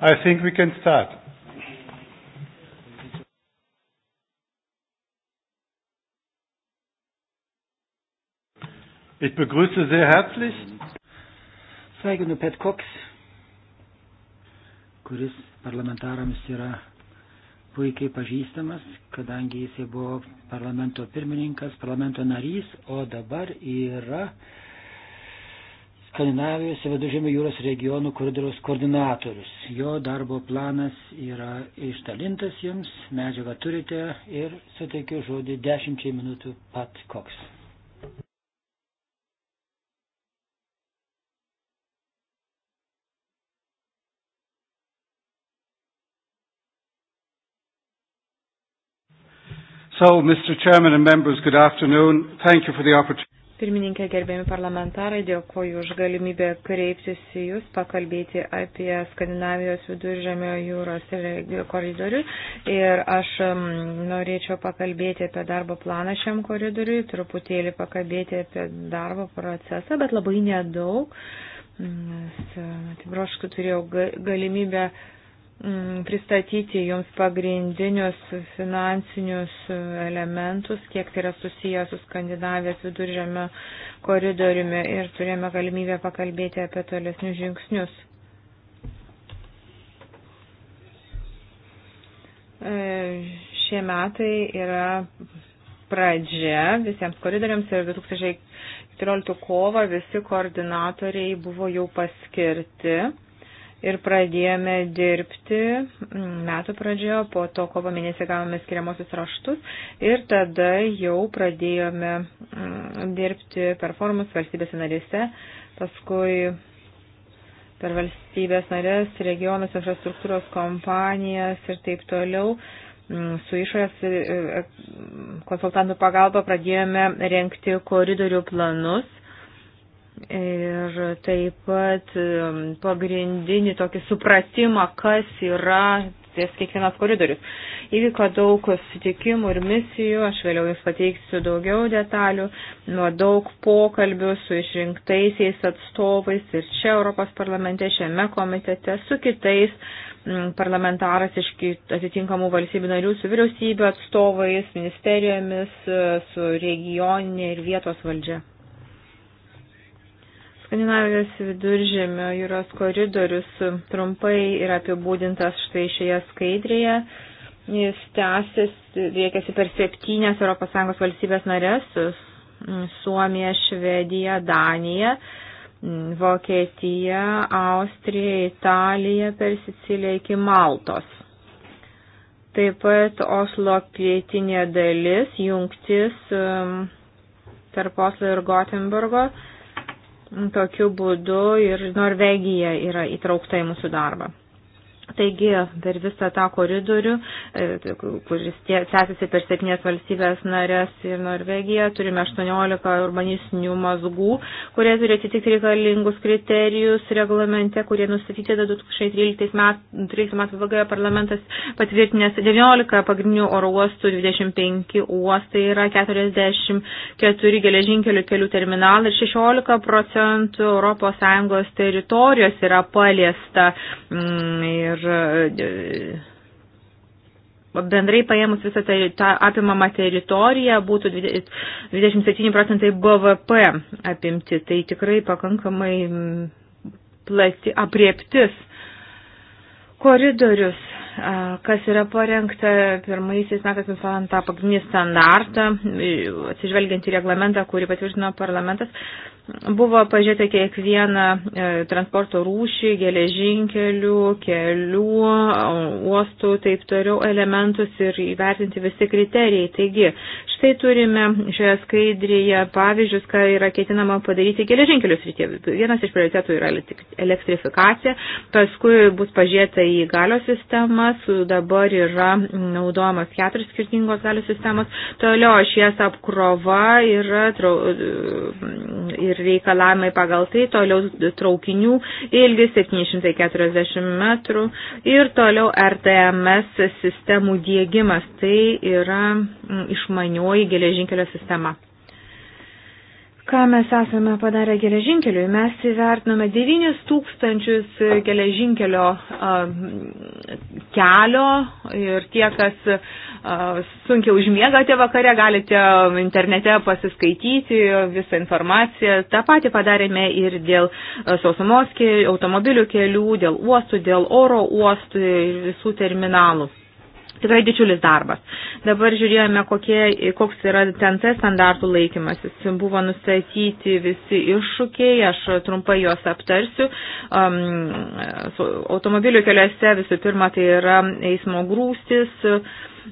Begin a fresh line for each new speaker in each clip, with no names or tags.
I think we can start. Ich begrüße sehr herzlich.
Sveikinu Pet Cox, kuris parlamentarams yra puikiai pažįstamas, kadangi jisai buvo parlamento pirmininkas, parlamento narys, o dabar yra uh, Skandinavijos ir Viduržėmio jūros regionų koridoriaus koordinatorius. Jo darbo planas yra išdalintas jums, medžiagą turite ir suteikiu žodį dešimčiai minutų pat koks.
So, Mr. Chairman and members, good afternoon. Thank you for the opportunity.
Pirmininkė, gerbėjami parlamentarai, dėkuoju už galimybę kreiptis į Jūs, pakalbėti apie Skandinavijos viduržemio jūros koridorių. Ir aš norėčiau pakalbėti apie darbo planą šiam koridoriui, truputėlį pakalbėti apie darbo procesą, bet labai nedaug, nes, atsiprašau, turėjau galimybę Mm, pristatyti jums pagrindinius finansinius elementus, kiek tai yra susijęs su Skandinavijos viduržėmio koridoriumi ir turėjome galimybę pakalbėti apie tolesnius žingsnius. E, šie metai yra pradžia visiems koridoriams ir 2014 kovo visi koordinatoriai buvo jau paskirti ir pradėjome dirbti metų pradžioje, po to kovo mėnesį gavome skiriamosius raštus ir tada jau pradėjome mm, dirbti performus valstybės narėse, paskui per valstybės narės, regionus, infrastruktūros kompanijas ir taip toliau. Mm, su išorės e, e, konsultantų pagalba pradėjome renkti koridorių planus Ir taip pat um, pagrindinį tokį supratimą, kas yra ties kiekvienas koridorius. Įvyko daug sutikimų ir misijų, aš vėliau jūs pateiksiu daugiau detalių, nuo daug pokalbių su išrinktaisiais atstovais ir čia Europos parlamente, šiame komitete, su kitais mm, parlamentaras iš atitinkamų valstybių narių, su vyriausybių atstovais, ministerijomis, su regioninė ir vietos valdžia. Skandinavijos viduržėmio jūros koridorius trumpai yra apibūdintas štai šioje skaidrėje. Jis tęsis, riekiasi per septynias ES valstybės narės - Suomija, Švedija, Danija, Vokietija, Austrija, Italija, per Siciliją iki Maltos. Taip pat Oslo pietinė dalis, jungtis um, tarp Oslo ir Gotenburgo Tokiu būdu ir Norvegija yra įtraukta į mūsų darbą. Taigi per visą tą koridorių, e, tai, kuris tęsiasi per septynės valstybės narės ir Norvegiją, turime 18 urbanistinių mazgų, kurie turi atitikti reikalingus kriterijus reglamente, kurie nustatyti 2013 metų, metų VG parlamentas patvirtinęs 19 pagrindinių oro uostų, 25 uostai yra 44 geležinkelių kelių terminalai ir 16 procentų ES teritorijos yra paliesta. Mm, ir ir e, bendrai paėmus visą tai, tą apimamą teritoriją būtų 27 procentai BVP apimti. Tai tikrai pakankamai mm, plati apriektis koridorius, kas yra parengta pirmaisiais metais nusavant tą pagrindinį standartą, atsižvelgiant į reglamentą, kurį patvirtino parlamentas, Buvo pažiūrėta kiekvieną e, transporto rūšį, geležinkelių, kelių, e, uostų, taip toliau elementus ir įvertinti visi kriterijai. Taigi, štai turime šioje skaidrėje pavyzdžius, ką yra ketinama padaryti geležinkelius rytie. Vienas iš prioritetų yra elektrifikacija, paskui bus pažiūrėta į galios sistemas, dabar yra naudojamas keturios skirtingos galios sistemos, toliau šies apkrova yra. E, ir ir reikalavimai pagal tai, toliau traukinių ilgis 740 metrų ir toliau RTMS sistemų dėgymas, tai yra mm, išmanioji geležinkelio sistema. Ką mes esame padarę geležinkeliui? Mes įvertinome 9 tūkstančius geležinkelio kelio ir tie, kas sunkiai užmiegate vakare, galite internete pasiskaityti visą informaciją. Ta pati padarėme ir dėl sausumos automobilių kelių, dėl uostų, dėl oro uostų ir visų terminalų. Tikrai didžiulis darbas. Dabar žiūrėjome, kokie, koks yra TNT standartų laikymasis. Buvo nustatyti visi iššūkiai, aš trumpai juos aptarsiu. Um, automobilių keliuose visų pirma tai yra eismo grūstis. Um,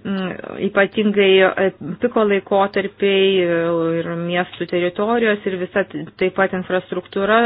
Mm, ypatingai e, piko laikotarpiai e, ir miestų teritorijos ir visa taip pat infrastruktūra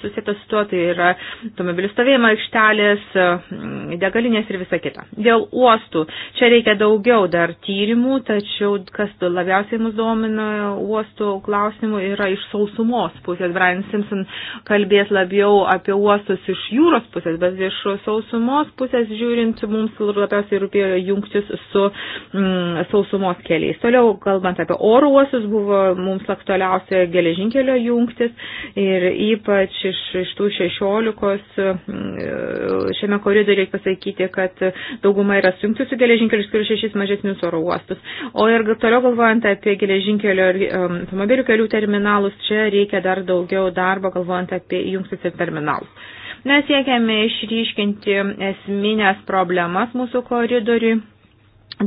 susita su tuo, tai yra automobilių stovėjimo aikštelės, e, mm, degalinės ir visa kita. Dėl uostų, čia reikia daugiau dar tyrimų, tačiau kas labiausiai mus domina uostų klausimų yra iš sausumos pusės. Brian Simpson kalbės labiau apie uostus iš jūros pusės, bet iš sausumos pusės žiūrint mums labiausiai rūpėjo jungtis su mm, sausumos keliais. Toliau, kalbant apie oro uosius, buvo mums aktualiausia geležinkelio jungtis ir ypač iš, iš tų šešiolikos mm, šiame koridoriu reikia pasakyti, kad dauguma yra sujungti su geležinkeliu, išskyrus šešis mažesnius oro uostus. O ir toliau galvojant apie geležinkelio ir um, automobilių kelių terminalus, čia reikia dar daugiau darbo, galvojant apie jungtis ir terminalus. Mes siekiame išryškinti esminės problemas mūsų koridoriui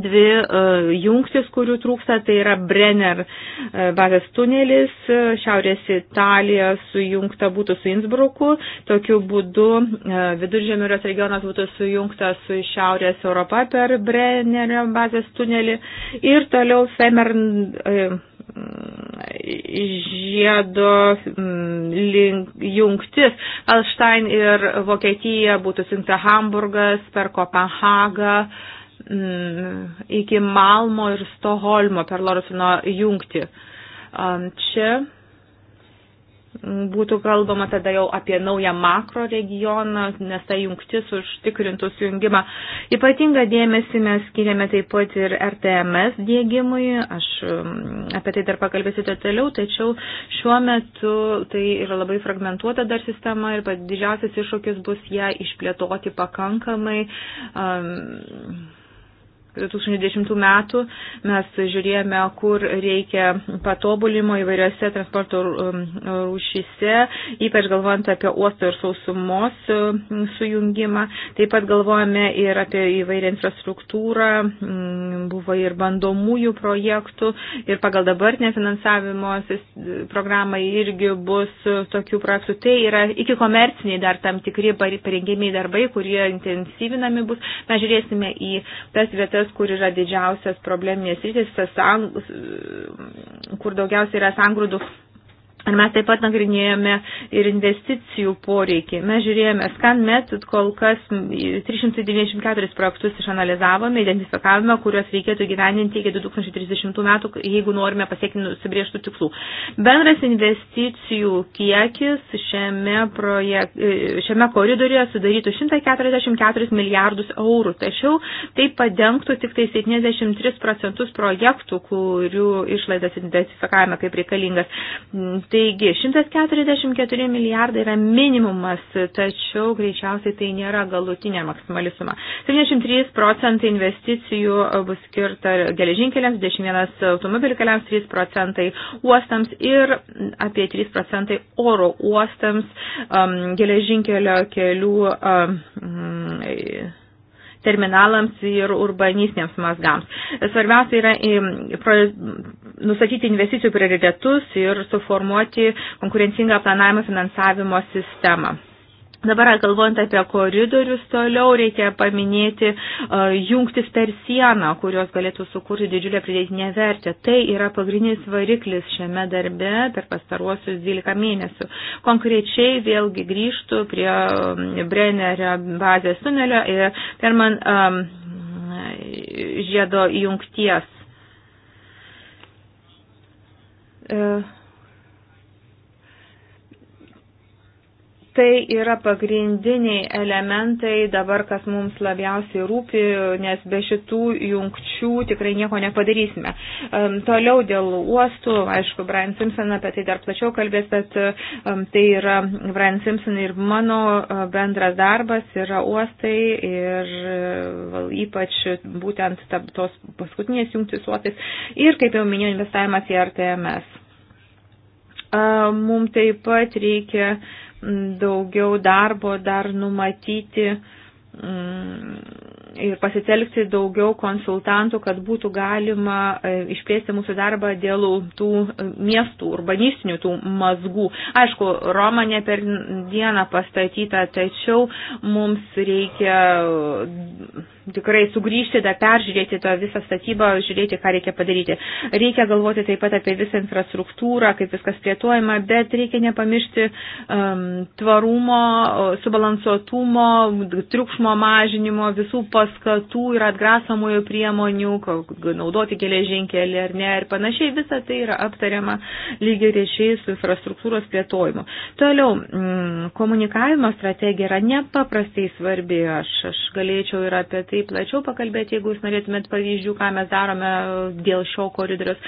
dvi uh, jungtis, kurių trūksta, tai yra Brenner uh, bazės tunelis, uh, šiaurės Italija sujungta būtų su Innsbruku, tokiu būdu uh, viduržėmiurios regionas būtų sujungta su šiaurės Europa per Brennerio bazės tunelį ir toliau Femer. Uh, žiedo link, jungtis. Alštain ir Vokietija būtų siunta Hamburgas per Kopenhagą. Uh, Mm, iki Malmo ir Stoholmo per Lorfino jungti. Čia būtų kalbama tada jau apie naują makro regioną, nes ta jungtis užtikrintų sujungimą. Ypatingą dėmesį mes skiriame taip pat ir RTMS dėgymui, aš mm, apie tai dar pakalbėsiu detaliau, tačiau šiuo metu tai yra labai fragmentuota dar sistema ir didžiausias iššūkis bus ją išplėtoti pakankamai. Um, 2010 metų mes žiūrėjome, kur reikia patobulimo įvairiose transporto um, rūšyse, ypač galvojant apie uosto ir sausumos um, sujungimą. Taip pat galvojame ir apie įvairią infrastruktūrą, mm, buvo ir bandomųjų projektų ir pagal dabartinę finansavimo programą irgi bus uh, tokių projektų. Tai yra iki komerciniai dar tam tikri parengėmiai darbai, kurie intensyvinami bus. Mes žiūrėsime į tas vietas sritis, kur yra didžiausias probleminės sritis, kur daugiausiai yra sangrūdų Ar mes taip pat nagrinėjome ir investicijų poreikį. Mes žiūrėjome ScanMet, kol kas 394 projektus išanalizavome, identifikavome, kuriuos reikėtų gyveninti iki 2030 metų, jeigu norime pasiekti nusibrieštų tikslų. Bendras investicijų kiekis šiame, projek... šiame koridoriuje sudarytų 144 milijardus eurų, tačiau tai padengtų tik tai 73 procentus projektų, kurių išlaidas identifikavome kaip reikalingas Taigi, 144 milijardai yra minimumas, tačiau greičiausiai tai nėra galutinė maksimali suma. 73 procentai investicijų bus skirta geležinkeliams, 21 automobilių keliams, 3 procentai uostams ir apie 3 procentai oro uostams, um, geležinkelio kelių. Um, terminalams ir urbanistiniams mazgams. Svarbiausia yra e, nustatyti investicijų prioritetus ir suformuoti konkurencingą planavimo finansavimo sistemą. Dabar, galvojant apie koridorius, toliau reikia paminėti uh, jungtis per sieną, kurios galėtų sukurti didžiulę pridėtinę vertę. Tai yra pagrindinis variklis šiame darbe per pastaruosius 12 mėnesių. Konkrečiai vėlgi grįžtų prie mm, Brennerio bazės tunelio ir per man um, žiedo jungties. Uh, Tai yra pagrindiniai elementai dabar, kas mums labiausiai rūpi, nes be šitų jungčių tikrai nieko nepadarysime. Um, toliau dėl uostų, aišku, Brian Simpson apie tai dar plačiau kalbės, bet um, tai yra Brian Simpson ir mano e, bendras darbas yra uostai ir val, e, ypač būtent ta, tos paskutinės jungtis uostais ir, kaip jau minėjau, investavimas į RTMS. Um, mums taip pat reikia uh, daugiau darbo dar numatyti mm, ir pasitelkti daugiau konsultantų, kad būtų galima e, išplėsti mūsų darbą dėl tų e, miestų, urbanistinių tų mazgų. Aišku, Roma ne per dieną pastatyta, tačiau mums reikia e, tikrai sugrįžti, dar peržiūrėti tą visą statybą, žiūrėti, ką reikia padaryti. Reikia galvoti taip pat apie visą infrastruktūrą, kaip viskas plėtojama, bet reikia nepamiršti um, tvarumo, subalansuotumo, triukšmo mažinimo, visų paslaugų paskatų ir atgrasomųjų priemonių, naudoti geležinkelį ar ne ir panašiai, visa tai yra aptariama lygiai rešiai su infrastruktūros plėtojimu. Toliau, mm, komunikavimo strategija yra nepaprastai svarbi, aš, aš galėčiau ir apie tai plačiau pakalbėti, jeigu jūs norėtumėt pavyzdžių, ką mes darome dėl šio koridorius,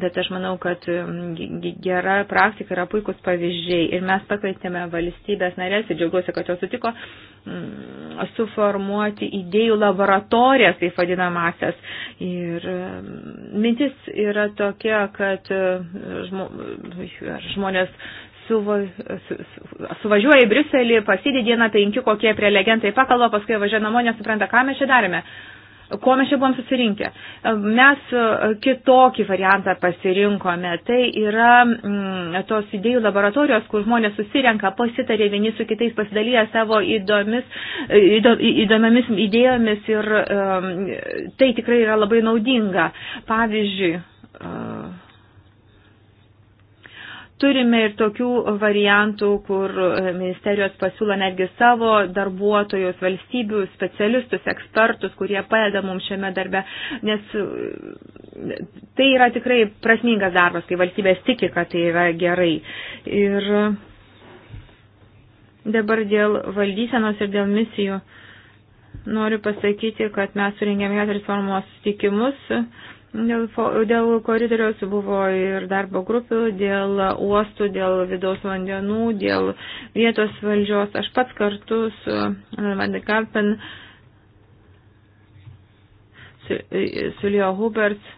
bet aš manau, kad mm, gera praktika yra puikus pavyzdžiai ir mes pakvietėme valstybės narės ir džiaugiuosi, kad jos sutiko mm, suformuoti idėjų laboratorijas, taip vadinamasias. Ir mintis yra tokia, kad e, žmo, žmonės suva, su, su, suvažiuoja į Briuselį, pasidė dieną penki kokie prelegentai pakalba, paskui važiuoja namo, nesupranta, ką mes čia darėme. Uh, Ko mes čia buvom susirinkę? Mes e, kitokį variantą pasirinkome. Tai yra m, mm, tos idėjų laboratorijos, kur žmonės susirenka, pasitarė vieni su kitais, pasidalyja savo įdomis, e, įdo, įdomiamis idėjomis ir e, m, tai tikrai yra labai naudinga. Pavyzdžiui, m, Turime ir tokių variantų, kur e, ministerijos pasiūlo netgi savo darbuotojus, valstybių specialistus, ekspertus, kurie padeda mums šiame darbe, nes e, tai yra tikrai prasmingas darbas, kai valstybės tiki, kad tai yra gerai. Ir dabar dėl valdysenos ir dėl misijų noriu pasakyti, kad mes surengėme keturis formos sutikimus Dėl, dėl koridoriaus buvo ir darbo grupių, dėl uostų, dėl vidaus vandenų, dėl vietos valdžios. Aš pats kartu su Vandekampen, su, su Leo Huberts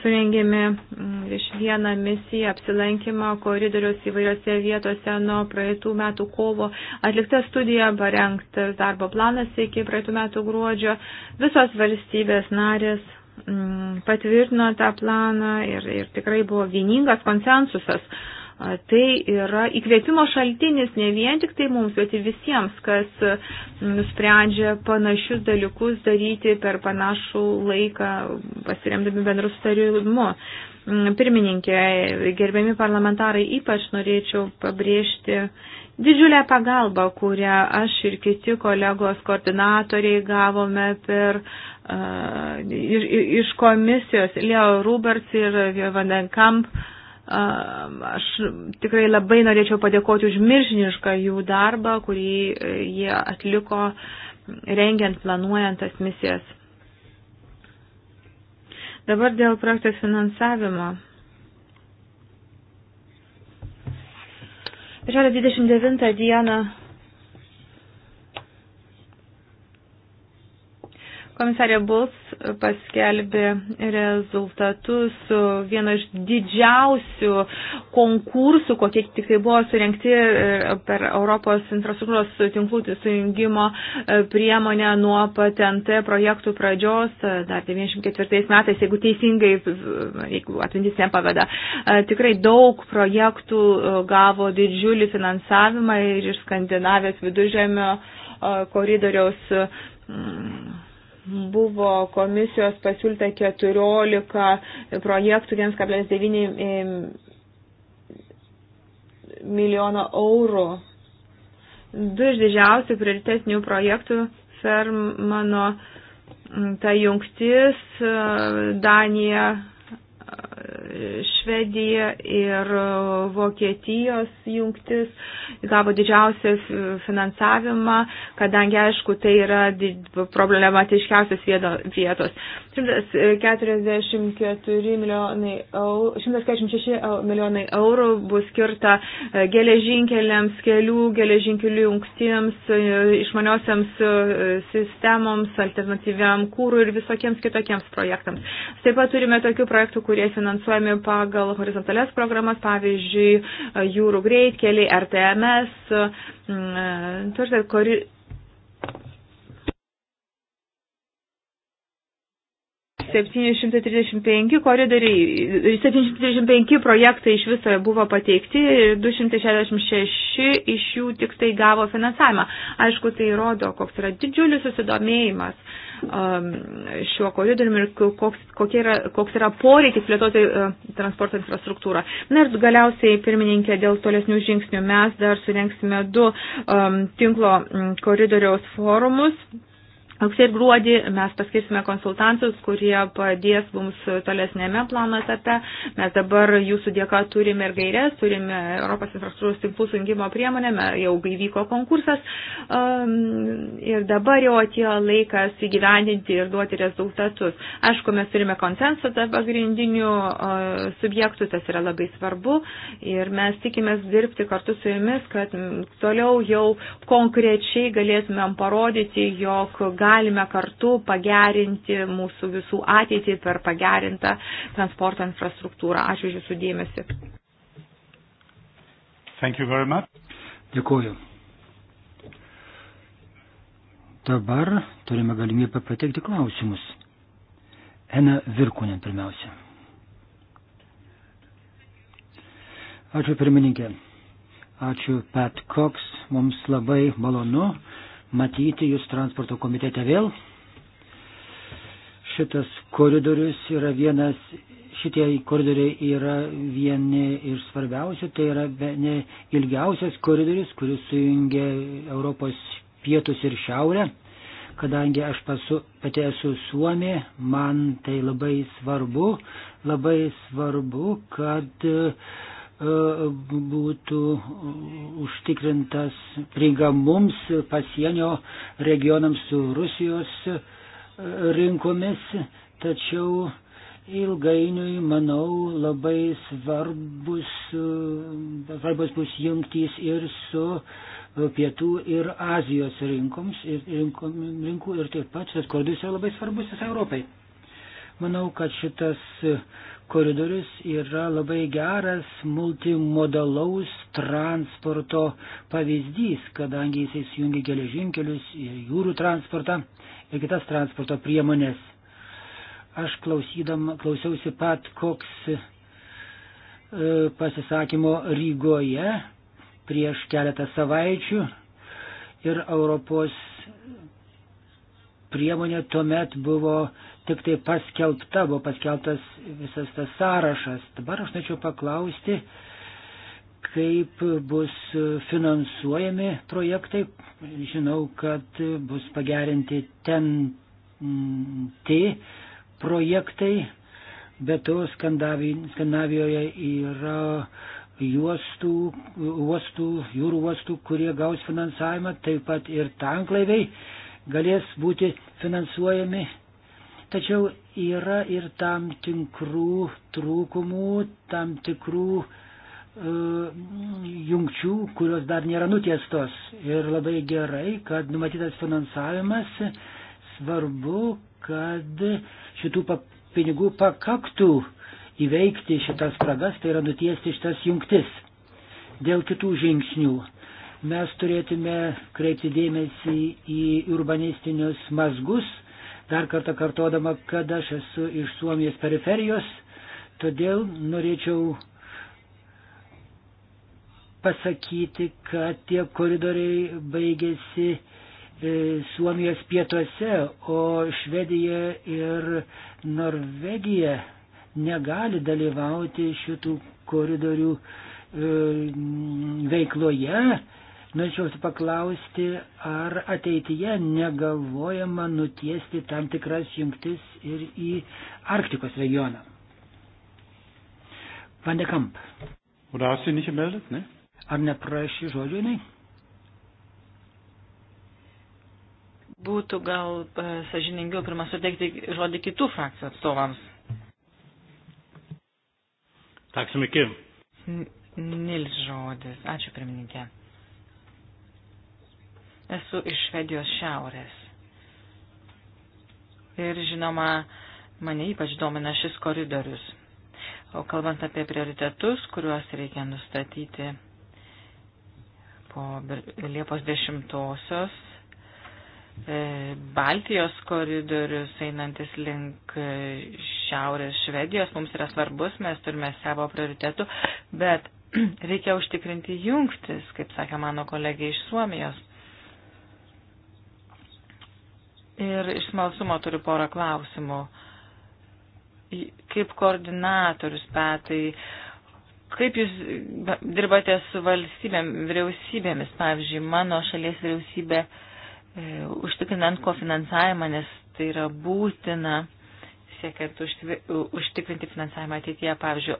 surengėme mm, vieną misiją apsilankymą koridorius įvairiose vietose nuo praeitų metų kovo. Atlikta studija, parengtas darbo planas iki praeitų metų gruodžio. Visos valstybės narės Mm, patvirtino tą planą ir, ir tikrai buvo vieningas konsensusas. Tai yra įkvėpimo šaltinis ne vien tik tai mums, bet ir visiems, kas mm, nusprendžia panašius dalykus daryti per panašų laiką, pasiremdami bendrus tarimu. Mm, pirmininkė, gerbiami parlamentarai, ypač norėčiau pabrėžti didžiulę pagalbą, kurią aš ir kiti kolegos koordinatoriai gavome per uh, iš, iš komisijos Leo Ruberts ir Vandenkamp. Aš tikrai labai norėčiau padėkoti už miržinišką jų darbą, kurį e, jie atliko rengiant, planuojant tas misijas. Dabar dėl projektos finansavimo. Birželio 29 dieną Komisarė Bus paskelbė rezultatus vieno iš didžiausių konkursų, kokie tik tai buvo surinkti e, per Europos infrastruktūros tinklų sujungimo e, priemonę nuo PTNT projektų pradžios e, dar 94 metais, jeigu teisingai, jeigu atmintis nepaveda. Tikrai daug projektų gavo didžiulį finansavimą ir iš Skandinavijos viduržėmio koridoriaus buvo komisijos pasiūlyta 14 projektų 1,9 milijono eurų. Du iš didžiausių prioritetinių projektų Fermano ta jungtis e, Danija Švedija ir Vokietijos jungtis gavo didžiausią finansavimą, kadangi, aišku, tai yra problematiškiausios vietos. 144 milijonai eurų, 146 milijonai eurų bus skirta e, geležinkeliams, kelių geležinkelių jungtims, e, išmaniosiams e, sistemoms, alternatyviam kūrui ir visokiems kitokiems projektams. Taip pat turime tokių projektų, kurie finansuoja finansuojami pagal horizontalias programas, pavyzdžiui, e, jūrų greitkeliai, RTMS, 735 koridoriai, 735 projektai iš viso buvo pateikti, 266 iš jų tik tai gavo finansavimą. Aišku, tai rodo, koks yra didžiulis susidomėjimas um, šiuo koridoriumi ir koks, yra, koks yra poreikis plėtoti uh, transporto infrastruktūrą. Na ir galiausiai, pirmininkė, dėl tolesnių žingsnių mes dar surenksime du um, tinklo mm, koridoriaus forumus Rugsėjo ir gruodį mes paskirsime konsultantus, kurie padės mums tolesnėme plano etape. Mes dabar jūsų dėka turime ir gairės, turime Europos infrastruktūros tinklų sujungimo priemonę, jau įvyko konkursas um, ir dabar jau atėjo laikas įgyvendinti ir duoti rezultatus. Aišku, mes turime konsensą tarp pagrindinių uh, subjektų, tas yra labai svarbu ir mes tikimės dirbti kartu su jumis, kad toliau jau konkrečiai galėtumėm parodyti, jog galime galime kartu pagerinti mūsų visų ateitį per pagerintą transporto infrastruktūrą. Ačiū už Jūsų dėmesį.
Dėkuoju. Dabar turime galimybę pateikti klausimus. Ena Virkunen pirmiausia. Ačiū pirmininkė. Ačiū Pat Cox. Mums labai malonu matyti jūs transporto komitete vėl. Šitas koridorius yra vienas, šitie koridoriai yra vieni iš svarbiausių, tai yra ne ilgiausias koridorius, kuris sujungia Europos pietus ir šiaurę. Kadangi aš pasu, pati esu Suomė, man tai labai svarbu, labai svarbu, kad uh, E, būtų užtikrintas prieiga mums pasienio regionams su Rusijos e, rinkomis, tačiau ilgainiui, manau, labai svarbus, e, svarbus bus jungtys ir su pietų ir Azijos rinkoms, ir, rinkom, rinkų ir taip pat šis kodus yra labai svarbus visai Europai. Manau, kad šitas koridorius yra labai geras multimodalaus transporto pavyzdys, kadangi jisai sujungia geležinkelius ir jūrų transportą ir kitas transporto priemonės. Aš klausydam, klausiausi pat koks e, pasisakymo Rygoje prieš keletą savaičių ir Europos priemonė tuomet buvo tik tai paskelbta, buvo paskelbtas visas tas sąrašas. Dabar aš norėčiau paklausti, kaip bus finansuojami projektai. Žinau, kad bus pagerinti ten T projektai, bet to Skandinavijoje yra juostų, uostų, jūrų uostų, kurie gaus finansavimą, taip pat ir tanklaiviai galės būti finansuojami Tačiau yra ir tam tikrų trūkumų, tam tikrų e, jungčių, kurios dar nėra nutiestos. Ir labai gerai, kad numatytas finansavimas svarbu, kad šitų pinigų pakaktų įveikti šitas spragas, tai yra nutiesti šitas jungtis. Dėl kitų žingsnių mes turėtume kreipti dėmesį į urbanistinius mazgus, dar kartą kartodama, kad aš esu iš Suomijos periferijos, todėl norėčiau pasakyti, kad tie koridoriai baigėsi e, Suomijos pietuose, o Švedija ir Norvegija negali dalyvauti šitų koridorių e, veikloje Norėčiau paklausti, ar ateityje negalvojama nutiesti tam tikras jungtis ir į Arktikos regioną. Vandekamp. Ne? Ar neprašy
žodžių, ne? Būtų gal e, sažiningiau pirmą suteikti žodį kitų frakcijų atstovams. Taksimikim. Nils žodis. Ačiū, pirmininkė. Esu iš Švedijos šiaurės. Ir žinoma, mane ypač domina šis koridorius. O kalbant apie prioritetus, kuriuos reikia nustatyti po Liepos 10-osios, e, Baltijos koridorius einantis link e, Šiaurės Švedijos mums yra svarbus, mes turime savo prioritetų, bet reikia užtikrinti jungtis, kaip sakė mano kolegė iš Suomijos. Ir iš smalsumo turiu porą klausimų. Kaip koordinatorius, Petai, kaip jūs dirbate su valstybėm, vyriausybėmis, pavyzdžiui, mano šalies vyriausybė, e, užtikrinant kofinansavimą, nes tai yra būtina siekiant užtikrinti finansavimą ateityje. Pavyzdžiui,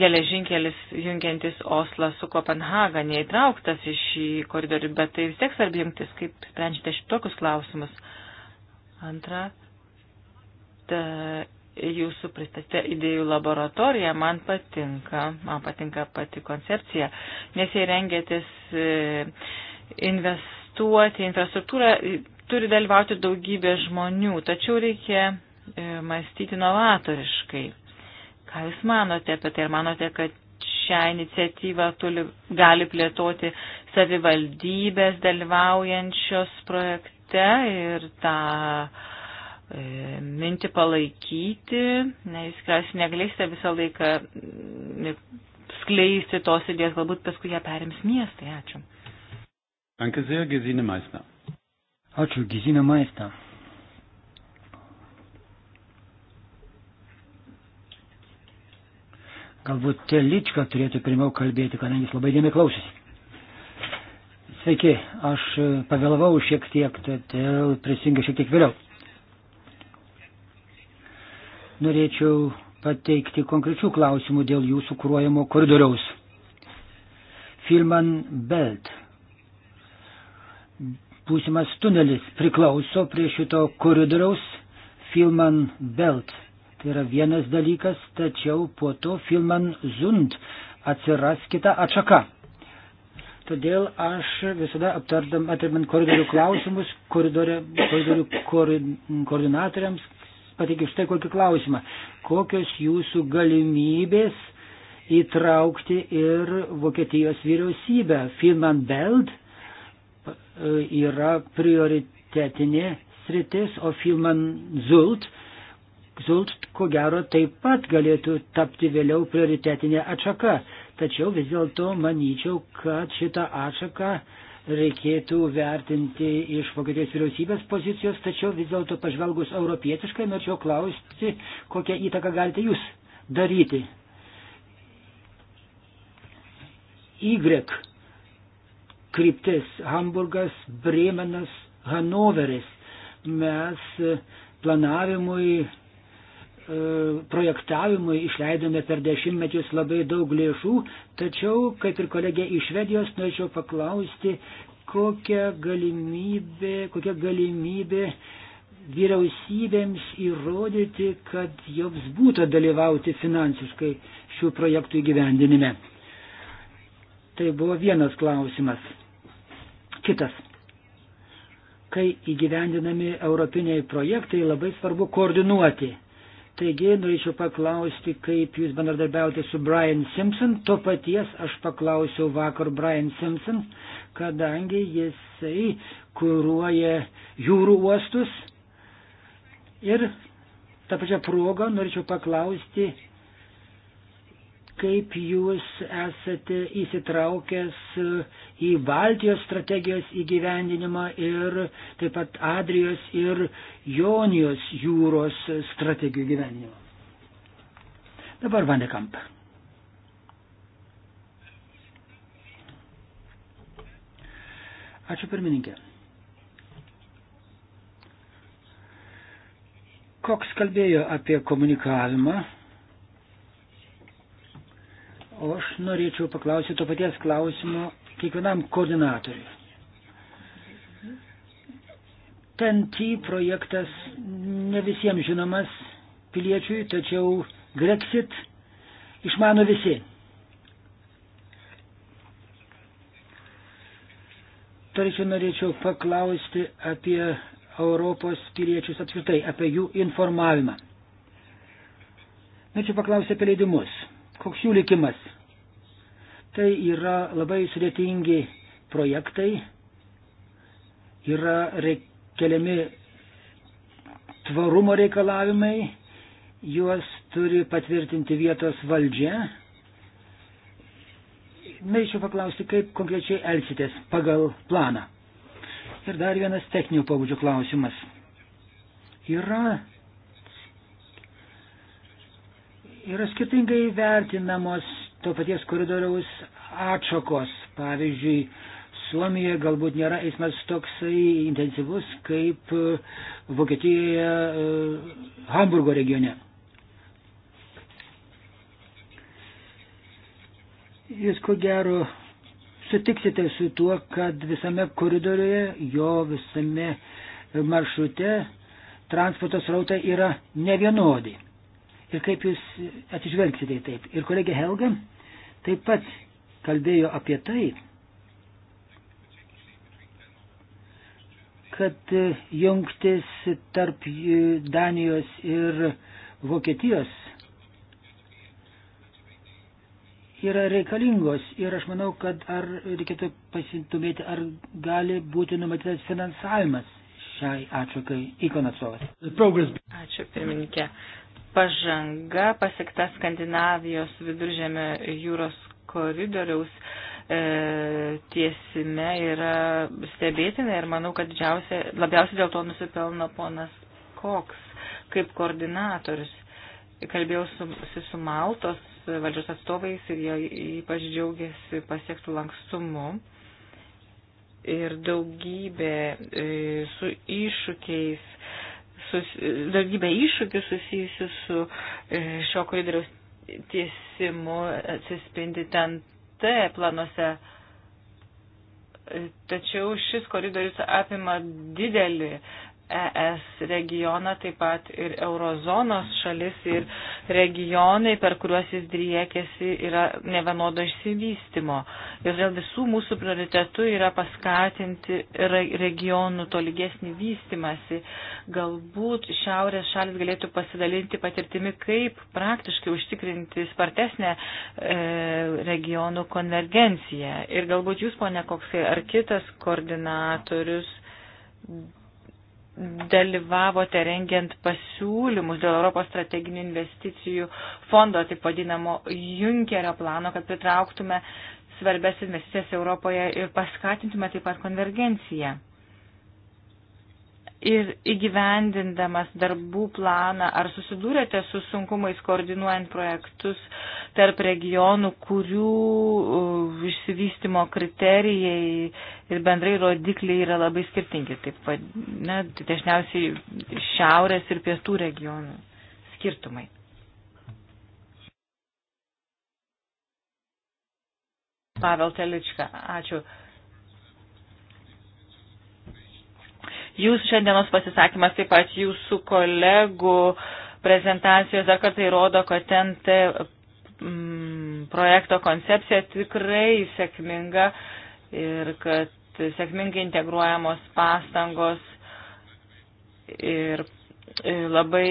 geležinkelis jungiantis Oslą su Kopenhaga neįtrauktas į šį koridorių, bet tai vis tiek svarbi jungtis, kaip sprendžiate šitokius klausimus. Antra, ta, jūsų pristatė idėjų laboratorija man patinka, man patinka pati koncepcija, nes jei rengėtis e, investuoti infrastruktūrą, turi dalyvauti daugybė žmonių, tačiau reikia E, mąstyti novatoriškai. Ką Jūs manote apie tai? Ar manote, kad šią iniciatyvą tuli, gali plėtoti savivaldybės dalyvaujančios projekte ir tą e, mintį palaikyti? Na, Jūs tikriausiai negalėsite visą laiką skleisti tos idėjos, galbūt paskui ją perims miestai. Ačiū.
Danke sehr, Gesine Meister. Ačiū, Gesine
Meister. Galbūt Telička turėtų pirmiau kalbėti, kadangi jis labai dėmiai klausėsi. Sveiki, aš e, pavėlavau šiek tiek, todėl prisijungiau šiek tiek vėliau. Norėčiau pateikti konkrečių klausimų dėl jūsų kūruojamo koridoriaus. Filman Belt. Būsimas tunelis priklauso prie šito koridoriaus Filman Belt Tai yra vienas dalykas, tačiau po to filman zund atsiras kita atšaka. Todėl aš visada aptardam, aptardam koridorių klausimus, koridorių koordinatoriams pateikiu štai kokį klausimą. Kokios jūsų galimybės įtraukti ir Vokietijos vyriausybę? Finland Belt e, yra prioritetinė sritis, o Filman Zult Zult, ko gero, taip pat galėtų tapti vėliau prioritetinė atšaka. Tačiau vis dėlto manyčiau, kad šitą atšaką reikėtų vertinti iš Vokietijos vyriausybės pozicijos, tačiau vis dėlto pažvelgus europietiškai, norėčiau klausti, kokią įtaką galite jūs daryti. Y kryptis Hamburgas, Bremenas, Hanoveris. Mes planavimui E, projektavimui išleidome per dešimtmečius labai daug lėšų, tačiau, kaip ir kolegė iš Švedijos, norėčiau paklausti, kokia galimybė, kokia galimybė vyriausybėms įrodyti, kad joms būtų dalyvauti finansiškai šių projektų įgyvendinime. Tai buvo vienas klausimas. Kitas. Kai įgyvendinami europiniai projektai, labai svarbu koordinuoti Taigi norėčiau paklausti, kaip jūs bendradarbiaujate su Brian Simpson. To paties aš paklausiau vakar Brian Simpson, kadangi jisai kūruoja jūrų uostus. Ir tą pačią progą norėčiau paklausti, kaip jūs esate įsitraukęs į Baltijos strategijos įgyvendinimą ir taip pat Adrijos ir Jonijos jūros strategijų įgyvendinimą. Dabar Vandekamp. Ačiū pirmininkė. Koks kalbėjo apie komunikavimą O aš norėčiau paklausyti to paties klausimo kiekvienam koordinatoriui. TNT projektas ne visiems žinomas piliečiui, tačiau Grexit išmano visi. Tačiau norėčiau paklausti apie Europos piliečius apskritai, apie jų informavimą. Norėčiau paklausti apie leidimus koks jų likimas. Tai yra labai sudėtingi projektai, yra keliami tvarumo reikalavimai, juos turi patvirtinti vietos valdžia. Norėčiau paklausti, kaip konkrečiai elgsitės pagal planą. Ir dar vienas techninio pabudžio klausimas. Yra yra skirtingai vertinamos to paties koridoriaus atšakos. Pavyzdžiui, Suomijoje galbūt nėra eismas toksai intensyvus kaip e, Vokietijoje e, Hamburgo regione. Jūs ko gero sutiksite su tuo, kad visame koridoriuje, jo visame maršrute transporto srautai yra nevienodi ir tai kaip jūs atsižvelgsite į taip. Ir kolegė Helga taip pat kalbėjo apie tai, kad jungtis tarp Danijos ir Vokietijos yra reikalingos ir aš manau, kad ar reikėtų pasidomėti, ar gali būti numatytas finansavimas šiai atšakai ikonatsovas. Ačiū pirmininkė
pažanga pasiekta Skandinavijos viduržėme jūros koridoriaus e, tiesime yra stebėtina ir manau, kad didžiausia, labiausiai dėl to nusipelno ponas Koks kaip koordinatorius. Kalbėjau su, su, su Maltos valdžios atstovais ir jie ypač džiaugiasi pasiektų lankstumu ir daugybė e, su iššūkiais sus, daugybę iššūkių susijusių su e, šio koridoriaus tiesimu atsispindi ten T planuose. E, tačiau šis koridorius apima didelį ES regioną, taip pat ir eurozonos šalis ir regionai, per kuriuos jis driekėsi, yra nevienodo išsivystimo. Ir dėl visų mūsų prioritetų yra paskatinti regionų tolygesnį vystimąsi. Galbūt šiaurės šalis galėtų pasidalinti patirtimi, kaip praktiškai užtikrinti spartesnę e, regionų konvergenciją. Ir galbūt jūs, ponia Koksai, ar kitas koordinatorius dalyvavote rengiant pasiūlymus dėl Europos strateginių investicijų fondo, taip vadinamo Junkerio plano, kad pritrauktume svarbės investicijas Europoje ir paskatintume taip pat konvergenciją. Ir įgyvendindamas darbų planą, ar susidūrėte su sunkumais koordinuojant projektus tarp regionų, kurių uh, išsivystimo kriterijai ir bendrai rodikliai yra labai skirtingi, taip pat, na, tai dažniausiai šiaurės ir pietų regionų skirtumai. Pavel Telička, ačiū. Jūsų šiandienos pasisakymas, taip pat jūsų kolegų prezentacijos dar kartai rodo, kad ten te, mm, projekto koncepcija tikrai sėkminga ir kad sėkmingai integruojamos pastangos ir labai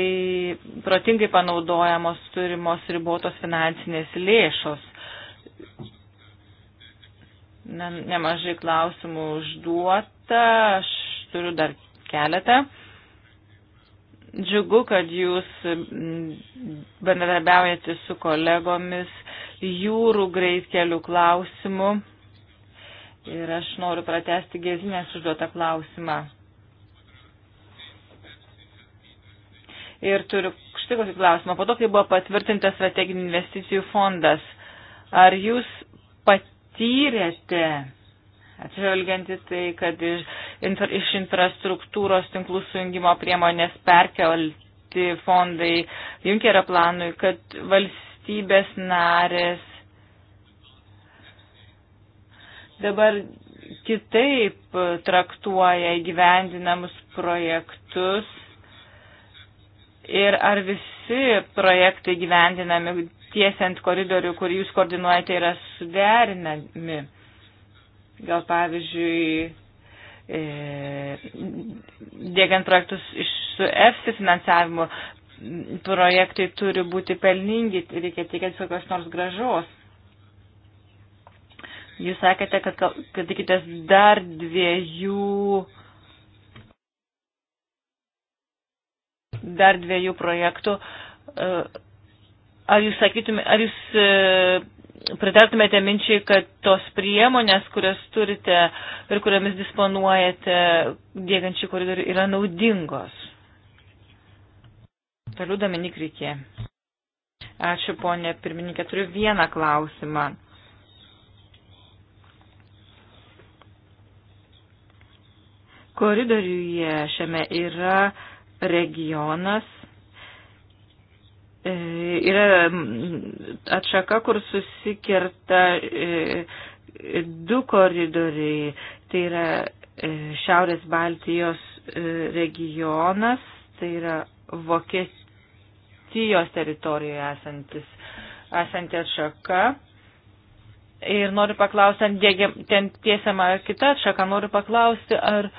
protingai panaudojamos turimos ribotos finansinės lėšos. Ne, nemažai klausimų užduota, aš turiu dar keletą. Džiugu, kad jūs mm, bendradarbiaujate su kolegomis jūrų greitkelių klausimu. Ir aš noriu pratesti gezinės užduotą klausimą. Ir turiu štai kokį klausimą. Po to, kai buvo patvirtintas strateginių investicijų fondas, ar jūs patyrėte Atsižvelgianti tai, kad iš, infra, iš infrastruktūros tinklų sujungimo priemonės perkelti fondai Junkerio planui, kad valstybės narės dabar kitaip traktuoja įgyvendinamus projektus ir ar visi projektai gyvendinami tiesiant koridorių, kurį jūs koordinuojate, yra suderinami. Gal pavyzdžiui, e, dėgiant projektus iš, su EFSI finansavimu, projektai turi būti pelningi, reikia tikėtis kokios nors gražos. Jūs sakėte, kad, kad tikitės dar dviejų, dar dviejų projektų. E, ar jūs sakytumėte, ar jūs e, pritartumėte minčiai, kad tos priemonės, kurias turite ir kuriamis disponuojate dėgiant šį koridorių, yra naudingos. Toliau Dominik Rykė. Ačiū, ponė pirmininkė. Turiu vieną klausimą. Koridoriuje šiame yra regionas, E, yra atšaka, kur susikerta e, du koridoriai. Tai yra e, Šiaurės Baltijos regionas, tai yra Vokietijos teritorijoje esantis, esanti atšaka. Ir noriu paklausti, ten tiesiama kita atšaka, noriu paklausti, ar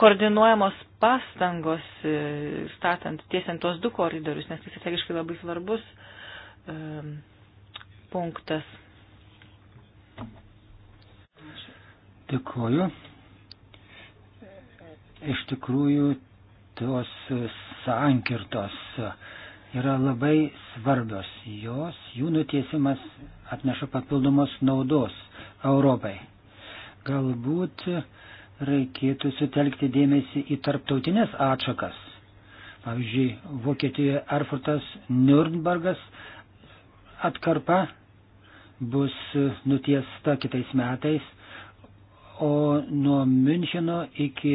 koordinuojamos pastangos e, statant, tiesiant tos du koridorius, nes tai strategiškai labai svarbus um, punktas.
Dėkuoju. Iš tikrųjų, tos sankirtos yra labai svarbios. Jos, jų nutiesimas atneša papildomos naudos Europai. Galbūt uh, reikėtų sutelkti dėmesį į tarptautinės atšakas. Pavyzdžiui, Vokietijoje Erfurtas, Nürnbergas atkarpa bus nutiesta kitais metais, o nuo Müncheno iki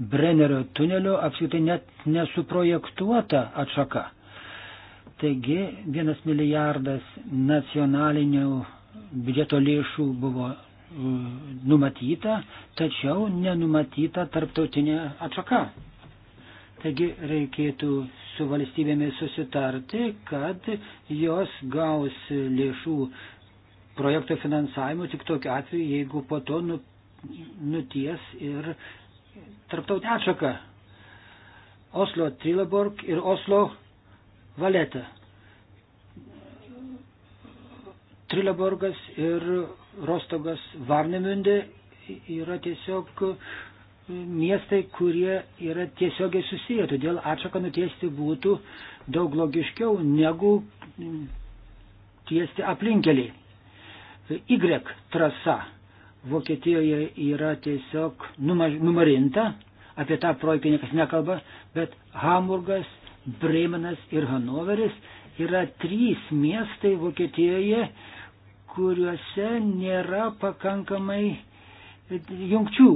Brennerio tunelio apskritai net nesuprojektuota atšaka. Taigi vienas milijardas nacionalinių biudžeto lėšų buvo Mm, numatyta, tačiau nenumatyta tarptautinė atšaka. Taigi reikėtų su valstybėmis susitarti, kad jos gaus lėšų projekto finansavimo tik tokiu atveju, jeigu po to nu, nuties ir tarptautinę atšaką. Oslo Trileborg ir Oslo Valeta. Trileborgas ir Rostogas, Varnemünde yra tiesiog e, miestai, kurie yra tiesiogiai susiję, todėl atšaką nutiesti būtų daug logiškiau negu tiesti aplinkeliai. Y trasa Vokietijoje yra tiesiog numarinta, apie tą projektą niekas nekalba, bet Hamburgas, Bremenas ir Hanoveris yra trys miestai Vokietijoje, kuriuose nėra pakankamai jungčių.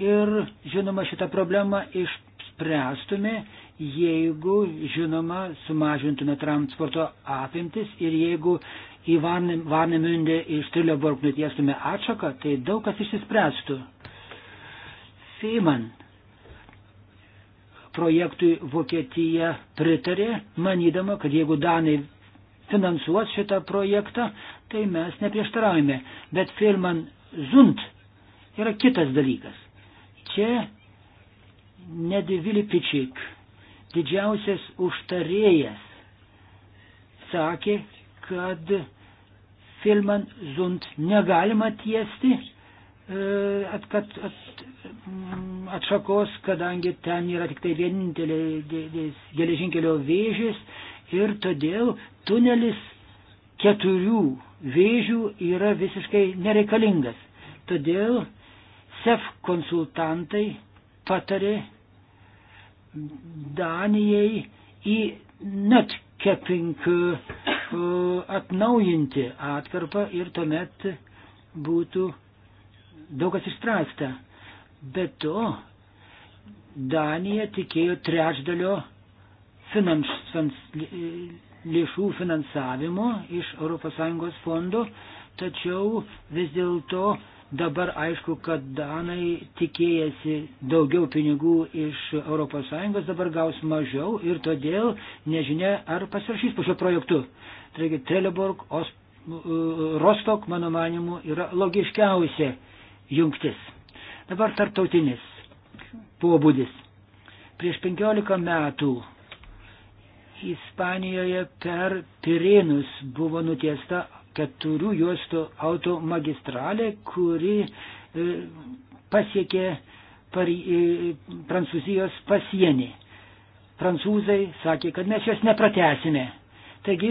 Ir žinoma, šitą problemą išspręstume, jeigu, žinoma, sumažintume transporto apimtis ir jeigu į Varnemündę iš Trileborg nutiestume atšaką, tai daug kas išsispręstų. Feiman projektui Vokietija pritarė, manydama, kad jeigu Danai finansuos šitą projektą, tai mes neprieštaraujame. Bet firman zunt yra kitas dalykas. Čia Nedivili Pičik, didžiausias užtarėjas, sakė, kad filman zunt negalima tiesti e, at, kad, at, mm, atšakos, kadangi ten yra tik tai vienintelis geležinkelio vėžis ir todėl tunelis keturių vėžių yra visiškai nereikalingas. Todėl SEF konsultantai patarė Danijai į netkepping uh, atnaujinti atkarpą ir tuomet būtų daug kas išspręsta. Be to, Danija tikėjo trečdalio finansų lėšų finansavimo iš ES fondo, tačiau vis dėlto dabar aišku, kad Danai tikėjasi daugiau pinigų iš ES, dabar gaus mažiau ir todėl nežinia, ar pasirašys po šio projektu. Taigi Trelleborg, Os, Rostok, mano manimu, yra logiškiausia jungtis. Dabar tarptautinis pobūdis. Prieš 15 metų Ispanijoje per Pirinus buvo nutiesta keturių juostų automagistralė, kuri e, pasiekė Pari, e, Prancūzijos pasienį. Prancūzai sakė, kad mes jos nepratesime. Taigi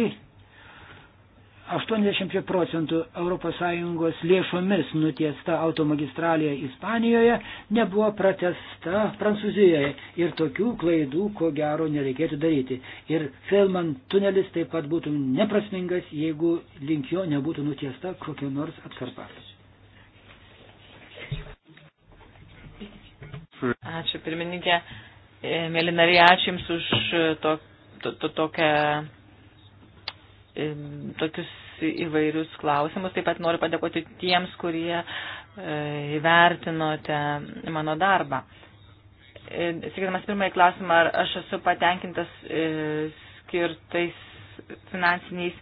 80 procentų ES lėšomis nutiesta automagistralė Ispanijoje nebuvo pratesta Prancūzijoje ir tokių klaidų, ko gero, nereikėtų daryti. Ir Felman tunelis taip pat būtų neprasmingas, jeigu link jo nebūtų nutiesta kokia nors apsarpa.
Ačiū pirmininkė. E, Mėlynarė, ačiū Jums už to, to, to, tokią tokius įvairius klausimus. Taip pat noriu padėkoti tiems, kurie e, įvertinote mano darbą. E, sakydamas pirmąjį klausimą, ar aš esu patenkintas e, skirtais finansiniais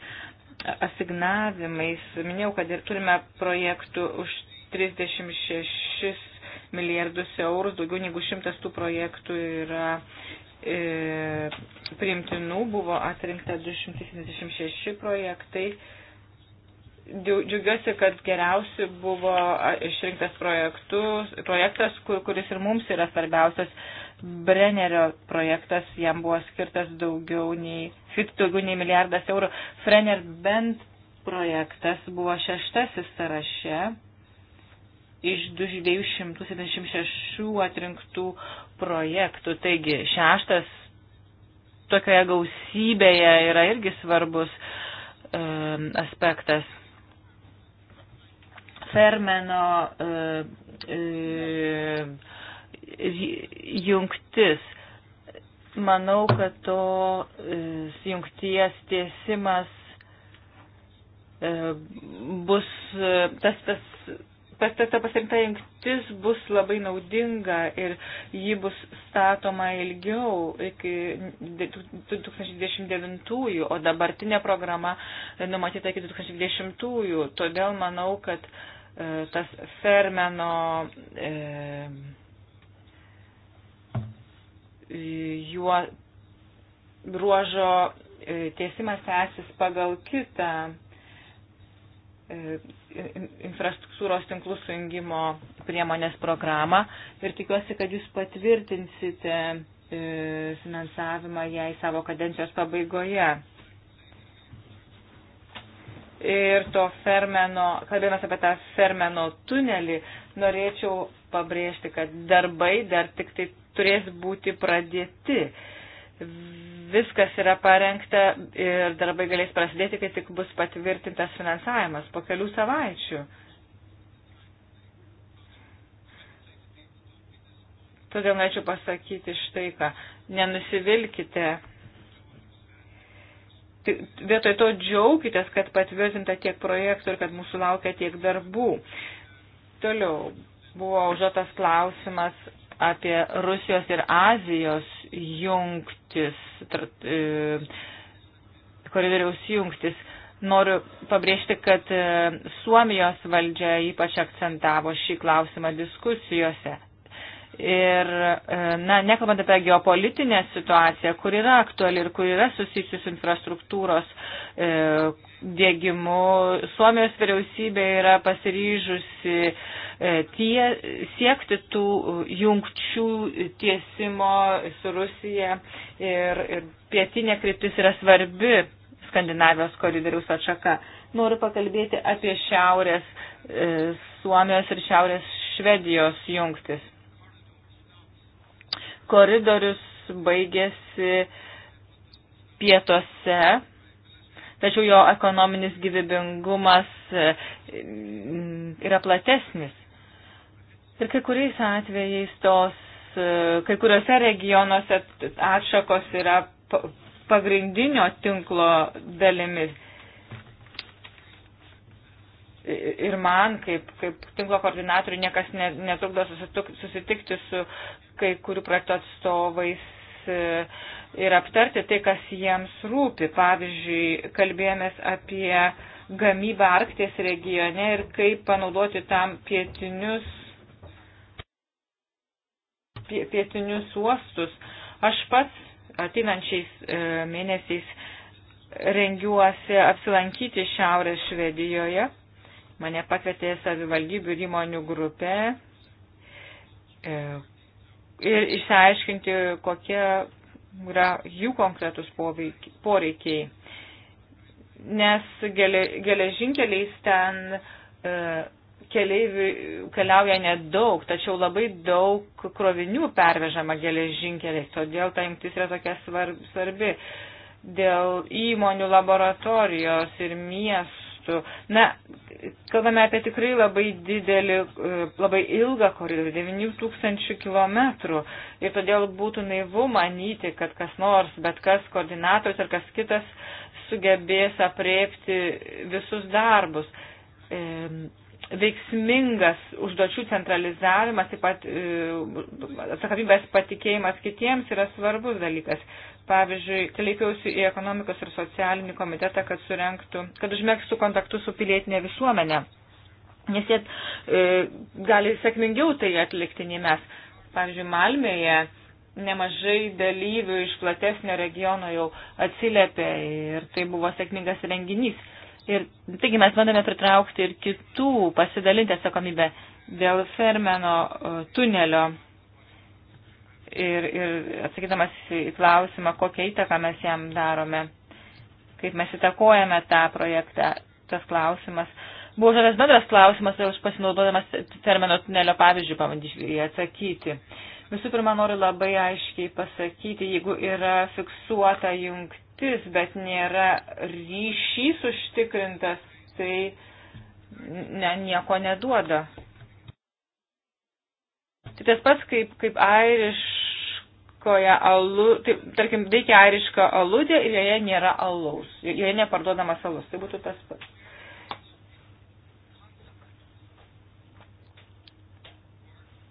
asignavimais. Minėjau, kad ir turime projektų už 36 milijardus eurų, daugiau negu šimtas tų projektų yra E, priimtinų buvo atrinkta 276 projektai. Džiugiuosi, kad geriausi buvo išrinktas projektas, kur, kuris ir mums yra svarbiausias. Brennerio projektas jam buvo skirtas daugiau nei, daugiau nei milijardas eurų. Frenner Bend projektas buvo šeštasis sąraše iš 276 atrinktų projektų. Taigi šeštas tokioje gausybėje yra irgi svarbus e, aspektas. Fermeno e, e, jungtis. Manau, kad to e, jungties tiesimas e, bus e, tas, tas ta pasirinkta jungtis bus labai naudinga ir ji bus statoma ilgiau iki 2029-ųjų, o dabartinė programa numatyta iki 2020-ųjų. Todėl manau, kad e, tas fermeno e, juo ruožo e, tiesimas tęsis pagal kitą E, infrastruktūros tinklų sujungimo priemonės programą ir tikiuosi, kad jūs patvirtinsite e, finansavimą jai savo kadencijos pabaigoje. Ir to fermeno, kalbėjimas apie tą fermeno tunelį, norėčiau pabrėžti, kad darbai dar tik tai turės būti pradėti viskas yra parengta ir darbai galės prasidėti, kai tik bus patvirtintas finansavimas po kelių savaičių. Todėl norėčiau pasakyti štai ką. Nenusivilkite. Vietoj to džiaukitės, kad patvirtinta tiek projektų ir kad mūsų laukia tiek darbų. Toliau buvo užduotas klausimas apie Rusijos ir Azijos jungtis, e, koridoriaus jungtis. Noriu pabrėžti, kad e, Suomijos valdžia ypač akcentavo šį klausimą diskusijose. Ir, e, na, nekalbant apie geopolitinę situaciją, kur yra aktuali ir kur yra susijusi su infrastruktūros e, dėgymu, Suomijos vyriausybė yra pasiryžusi e, tie, siekti tų jungčių tiesimo su Rusija ir, ir pietinė kryptis yra svarbi Skandinavijos koridoriaus atšaka. Noriu pakalbėti apie šiaurės e, Suomijos ir šiaurės Švedijos jungtis koridorius baigėsi pietuose, tačiau jo ekonominis gyvybingumas e, yra platesnis. Ir kai kuriais atvejais tos, e, kai kuriuose regionuose atšakos yra pagrindinio tinklo dalimis ir man, kaip, kaip tinklo koordinatoriui, niekas netrukdo susitikti su kai kurių projektų atstovais e, ir aptarti tai, kas jiems rūpi. Pavyzdžiui, kalbėjomės apie gamybą Arkties regione ir kaip panaudoti tam pietinius, pietinius uostus. Aš pats ateinančiais e, mėnesiais rengiuosi apsilankyti Šiaurės Švedijoje Mane pakvietė savivaldybių ir įmonių grupė e, ir išsiaiškinti, kokie yra jų konkretus poreikiai. Nes geležinkeliais ten e, keleivių keliauja nedaug, tačiau labai daug krovinių pervežama geležinkeliais, todėl ta imtis yra tokia svarbi. Dėl įmonių laboratorijos ir miestų metų. Na, kalbame apie tikrai labai didelį, e, labai ilgą koridorių, 9000 km. Ir todėl būtų naivu manyti, kad kas nors, bet kas koordinatorius ar kas kitas sugebės apriepti visus darbus. E, veiksmingas užduočių centralizavimas, taip pat e, atsakomybės patikėjimas kitiems yra svarbus dalykas. Pavyzdžiui, kreipiausi į ekonomikos ir socialinį komitetą, kad, surenktų, kad užmėgstų kontaktus su pilietinė visuomenė, nes jie e, gali sėkmingiau tai atlikti nei mes. Pavyzdžiui, Malmėje nemažai dalyvių iš platesnio regiono jau atsiliepė ir tai buvo sėkmingas renginys. Ir taigi mes bandome pritraukti ir kitų pasidalinti atsakomybę dėl Fermeno e, tunelio ir, ir atsakydamas į klausimą, kokią įtaką mes jam darome, kaip mes įtakojame tą projektą, tas klausimas. Buvo žodas bendras klausimas, tai aš pasinaudodamas termino tunelio pavyzdžių pabandysiu jį atsakyti. Visų pirma, noriu labai aiškiai pasakyti, jeigu yra fiksuota jungtis, bet nėra ryšys užtikrintas, tai ne, nieko neduoda. Tai tas pats kaip, kaip airiškoje alu, tai, tarkim, veikia airiška aludė ir joje nėra alaus, joje neparduodamas alus, tai būtų tas pats.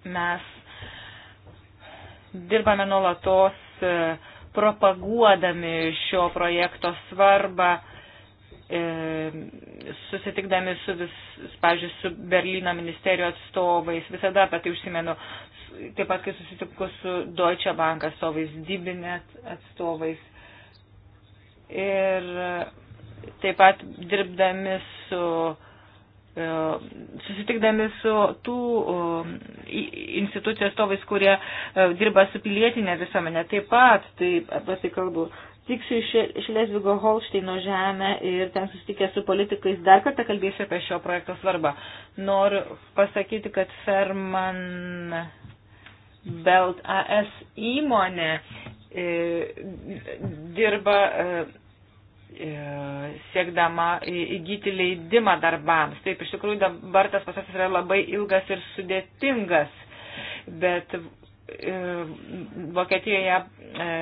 Mes dirbame nuolatos e, propaguodami šio projekto svarbą, e, susitikdami su vis, pavyzdžiui, su Berlyno ministerijos atstovais, visada apie tai užsimenu, taip pat, kai susitinku su Deutsche Bank atstovais, Dibinėt atstovais. Ir taip pat dirbdami su e, susitikdami su tų e, institucijų atstovais, kurie e, dirba su pilietinė visuomenė. Taip pat, taip, apie tai kalbu, vyksiu į Šlesvigo Holšteino žemę ir ten susitikę su politikais dar kartą kalbėsiu apie šio projekto svarbą. Noriu pasakyti, kad Ferman Belt AS įmonė e, dirba e, e siekdama įgyti leidimą darbams. Taip, iš tikrųjų dabar tas procesas yra labai ilgas ir sudėtingas, bet E, Vokietijoje e,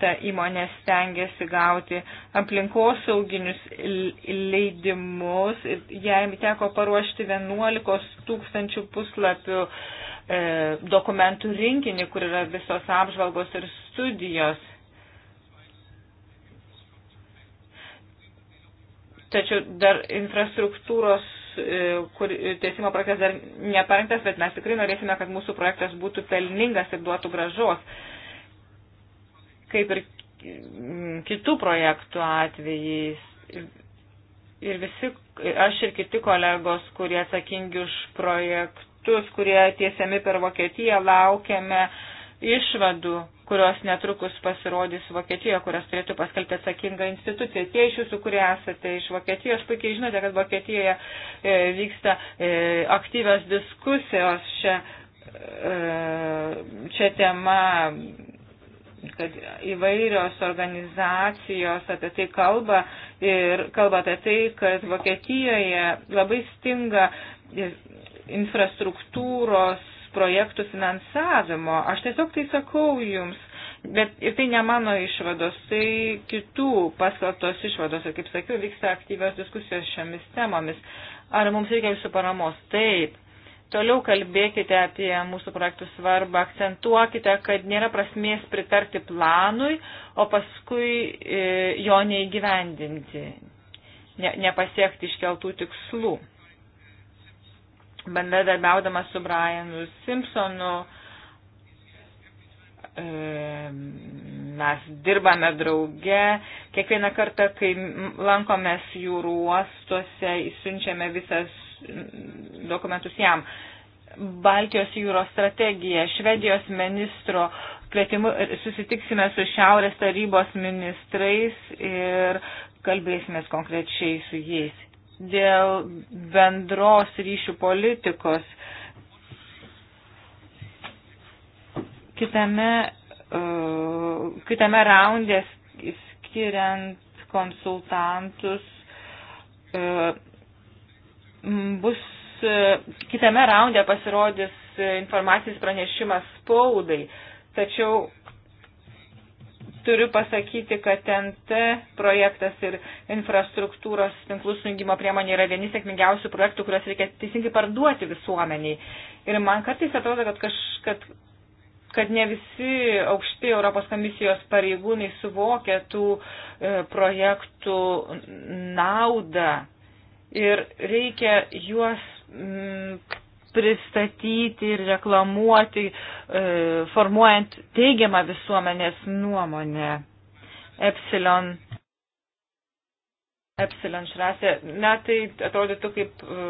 ta įmonė stengiasi gauti aplinkosauginius leidimus ir jai teko paruošti 11 tūkstančių puslapių e, dokumentų rinkinį, kur yra visos apžvalgos ir studijos. Tačiau dar infrastruktūros E, kur e, tiesimo projektas dar neparengtas, bet mes tikrai norėsime, kad mūsų projektas būtų pelningas ir duotų gražos. Kaip ir mm, kitų projektų atvejais. Ir visi, aš ir kiti kolegos, kurie atsakingi už projektus, kurie tiesiami per Vokietiją, laukiame uh, išvadų, kurios netrukus pasirodys Vokietijoje, kurias turėtų paskelbti atsakinga institucija. Tie iš jūsų, kurie esate iš Vokietijos, puikiai žinote, kad Vokietijoje e, vyksta e, aktyvios diskusijos šią, e, šią temą kad įvairios organizacijos apie tai kalba ir kalba apie tai, kad Vokietijoje labai stinga infrastruktūros projektų finansavimo. Aš tiesiog tai sakau jums. Bet ir tai ne mano išvados, tai kitų paskelbtos išvados. Ir kaip sakiau, vyksta aktyvios diskusijos šiomis temomis. Ar mums reikia jūsų paramos? Taip. Toliau kalbėkite apie mūsų projektų svarbą, akcentuokite, kad nėra prasmės pritarti planui, o paskui e, jo neįgyvendinti, ne, nepasiekti iškeltų tikslų bendradarbiaudamas su Brianu Simpsonu, e, mes dirbame drauge, kiekvieną kartą, kai lankomės jūrų uostuose, siunčiame visas dokumentus jam. Baltijos jūros strategija, Švedijos ministro kvietimu susitiksime su Šiaurės tarybos ministrais ir kalbėsime konkrečiai su jais dėl bendros ryšių politikos. Kitame, uh, kitame raundė skiriant konsultantus uh, bus, uh, kitame raundė pasirodys informacinis pranešimas spaudai. Tačiau turiu pasakyti, kad TNT projektas ir infrastruktūros tinklų sujungimo priemonė yra vieni sėkmingiausių projektų, kuriuos reikia teisingai parduoti visuomeniai. Ir man kartais atrodo, kad, kaž, kad, kad ne visi aukšti Europos komisijos pareigūnai suvokia tų e, projektų naudą ir reikia juos. Mm, pristatyti ir reklamuoti, e, formuojant teigiamą visuomenės nuomonę. Epsilon. Epsilon šrasė. Na, tai atrodytų kaip e,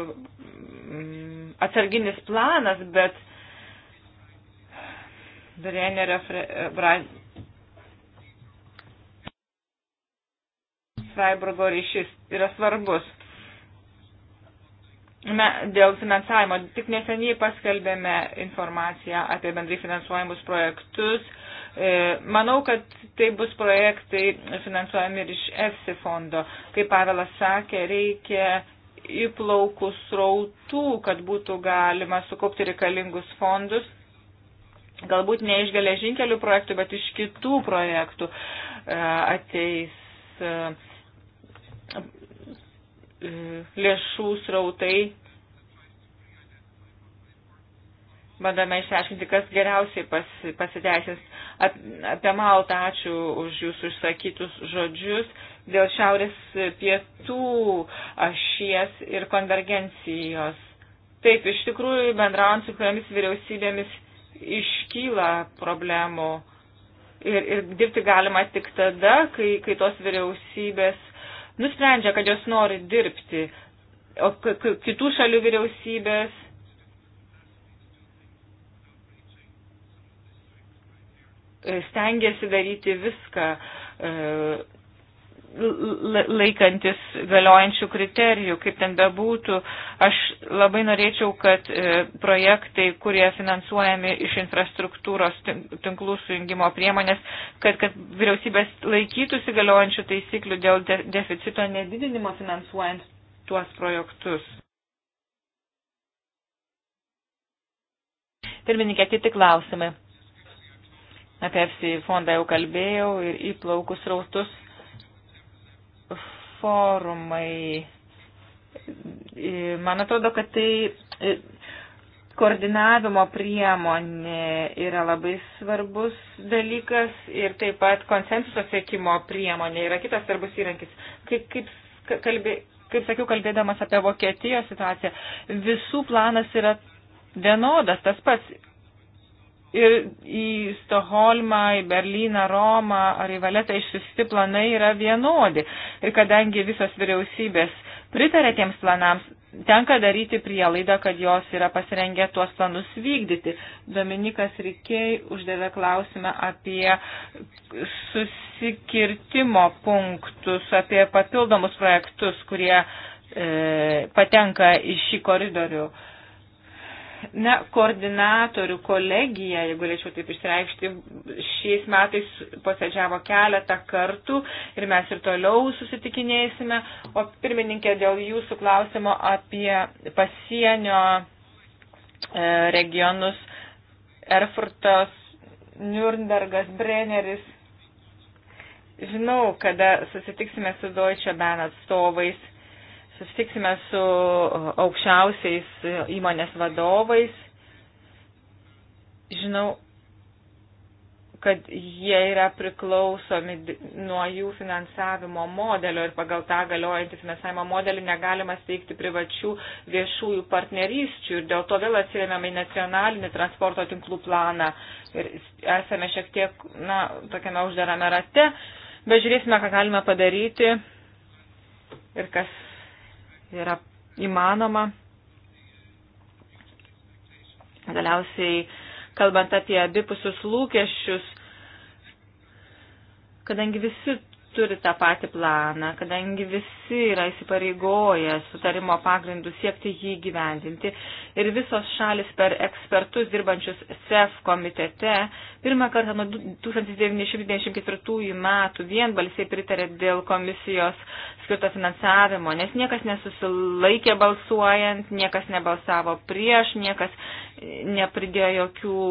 mm, atsarginis planas, bet Brenerio e, Freiburgo ryšys yra svarbus. Me, dėl finansavimo. Tik neseniai paskelbėme informaciją apie bendrai finansuojamus projektus. E, manau, kad tai bus projektai finansuojami ir iš EFSI fondo. Kaip Pavelas sakė, reikia įplaukų srautų, kad būtų galima sukaupti reikalingus fondus. Galbūt ne iš geležinkelių projektų, bet iš kitų projektų e, ateis. E, lėšų srautai. Bandome išsiaiškinti, kas geriausiai pas, pasiteisės. Apie Maltą ačiū už jūsų išsakytus žodžius dėl šiaurės pietų ašies ir konvergencijos. Taip, iš tikrųjų, bendraujant su kuriomis vyriausybėmis iškyla problemų. Ir, ir dirbti galima tik tada, kai, kai tos vyriausybės nusprendžia, kad jos nori dirbti, o kitų šalių vyriausybės stengiasi daryti viską, e, laikantis galiojančių kriterijų, kaip ten bebūtų. Aš labai norėčiau, kad e, projektai, kurie finansuojami iš infrastruktūros tinklų sujungimo priemonės, kad, kad vyriausybės laikytųsi galiojančių taisyklių dėl de deficito nedidinimo finansuojant tuos projektus. Pirmininkė, kiti klausimai. Apie FC fondą jau kalbėjau ir įplaukus rautus forumai. Man atrodo, kad tai koordinavimo priemonė yra labai svarbus dalykas ir taip pat konsensuso siekimo priemonė yra kitas svarbus įrankis. Kaip, kaip, kalbė, kaip sakiau, kalbėdamas apie Vokietijos situaciją, visų planas yra vienodas, tas pats Ir į Stoholmą, į Berliną, Romą ar į Valetą išsisti planai yra vienodi. Ir kadangi visos vyriausybės pritarė tiems planams, tenka daryti prielaidą, kad jos yra pasirengę tuos planus vykdyti. Dominikas Rikiai uždavė klausimą apie susikirtimo punktus, apie papildomus projektus, kurie e, patenka į šį koridorių. E, Na, koordinatorių kolegija, jeigu galėčiau taip išreikšti, šiais metais posėdžiavo keletą kartų ir mes ir toliau susitikinėsime. O pirmininkė, dėl jūsų klausimo apie pasienio e, regionus Erfurtas, Nürnbergas, Brenneris. Žinau, kada susitiksime su Deutsche Bahn atstovais Susitiksime su uh, aukščiausiais uh, įmonės vadovais. Žinau, kad jie yra priklausomi nuo jų finansavimo modelio ir pagal tą galiojantį finansavimo modelį negalima steigti privačių viešųjų partnerysčių ir dėl to vėl atsiriamėme į nacionalinį transporto tinklų planą ir esame šiek tiek, na, tokiame uždarame rate, bet žiūrėsime, ką galime padaryti ir kas yra įmanoma. Galiausiai, kalbant apie abipusius lūkesčius, kadangi visi turi tą patį planą, kadangi visi yra įsipareigoję sutarimo pagrindų siekti jį gyvendinti ir visos šalis per ekspertus dirbančius SEF komitete pirmą kartą nuo 1994 metų vienbalsiai pritarė dėl komisijos skirto finansavimo, nes niekas nesusilaikė balsuojant, niekas nebalsavo prieš, niekas nepridėjo jokių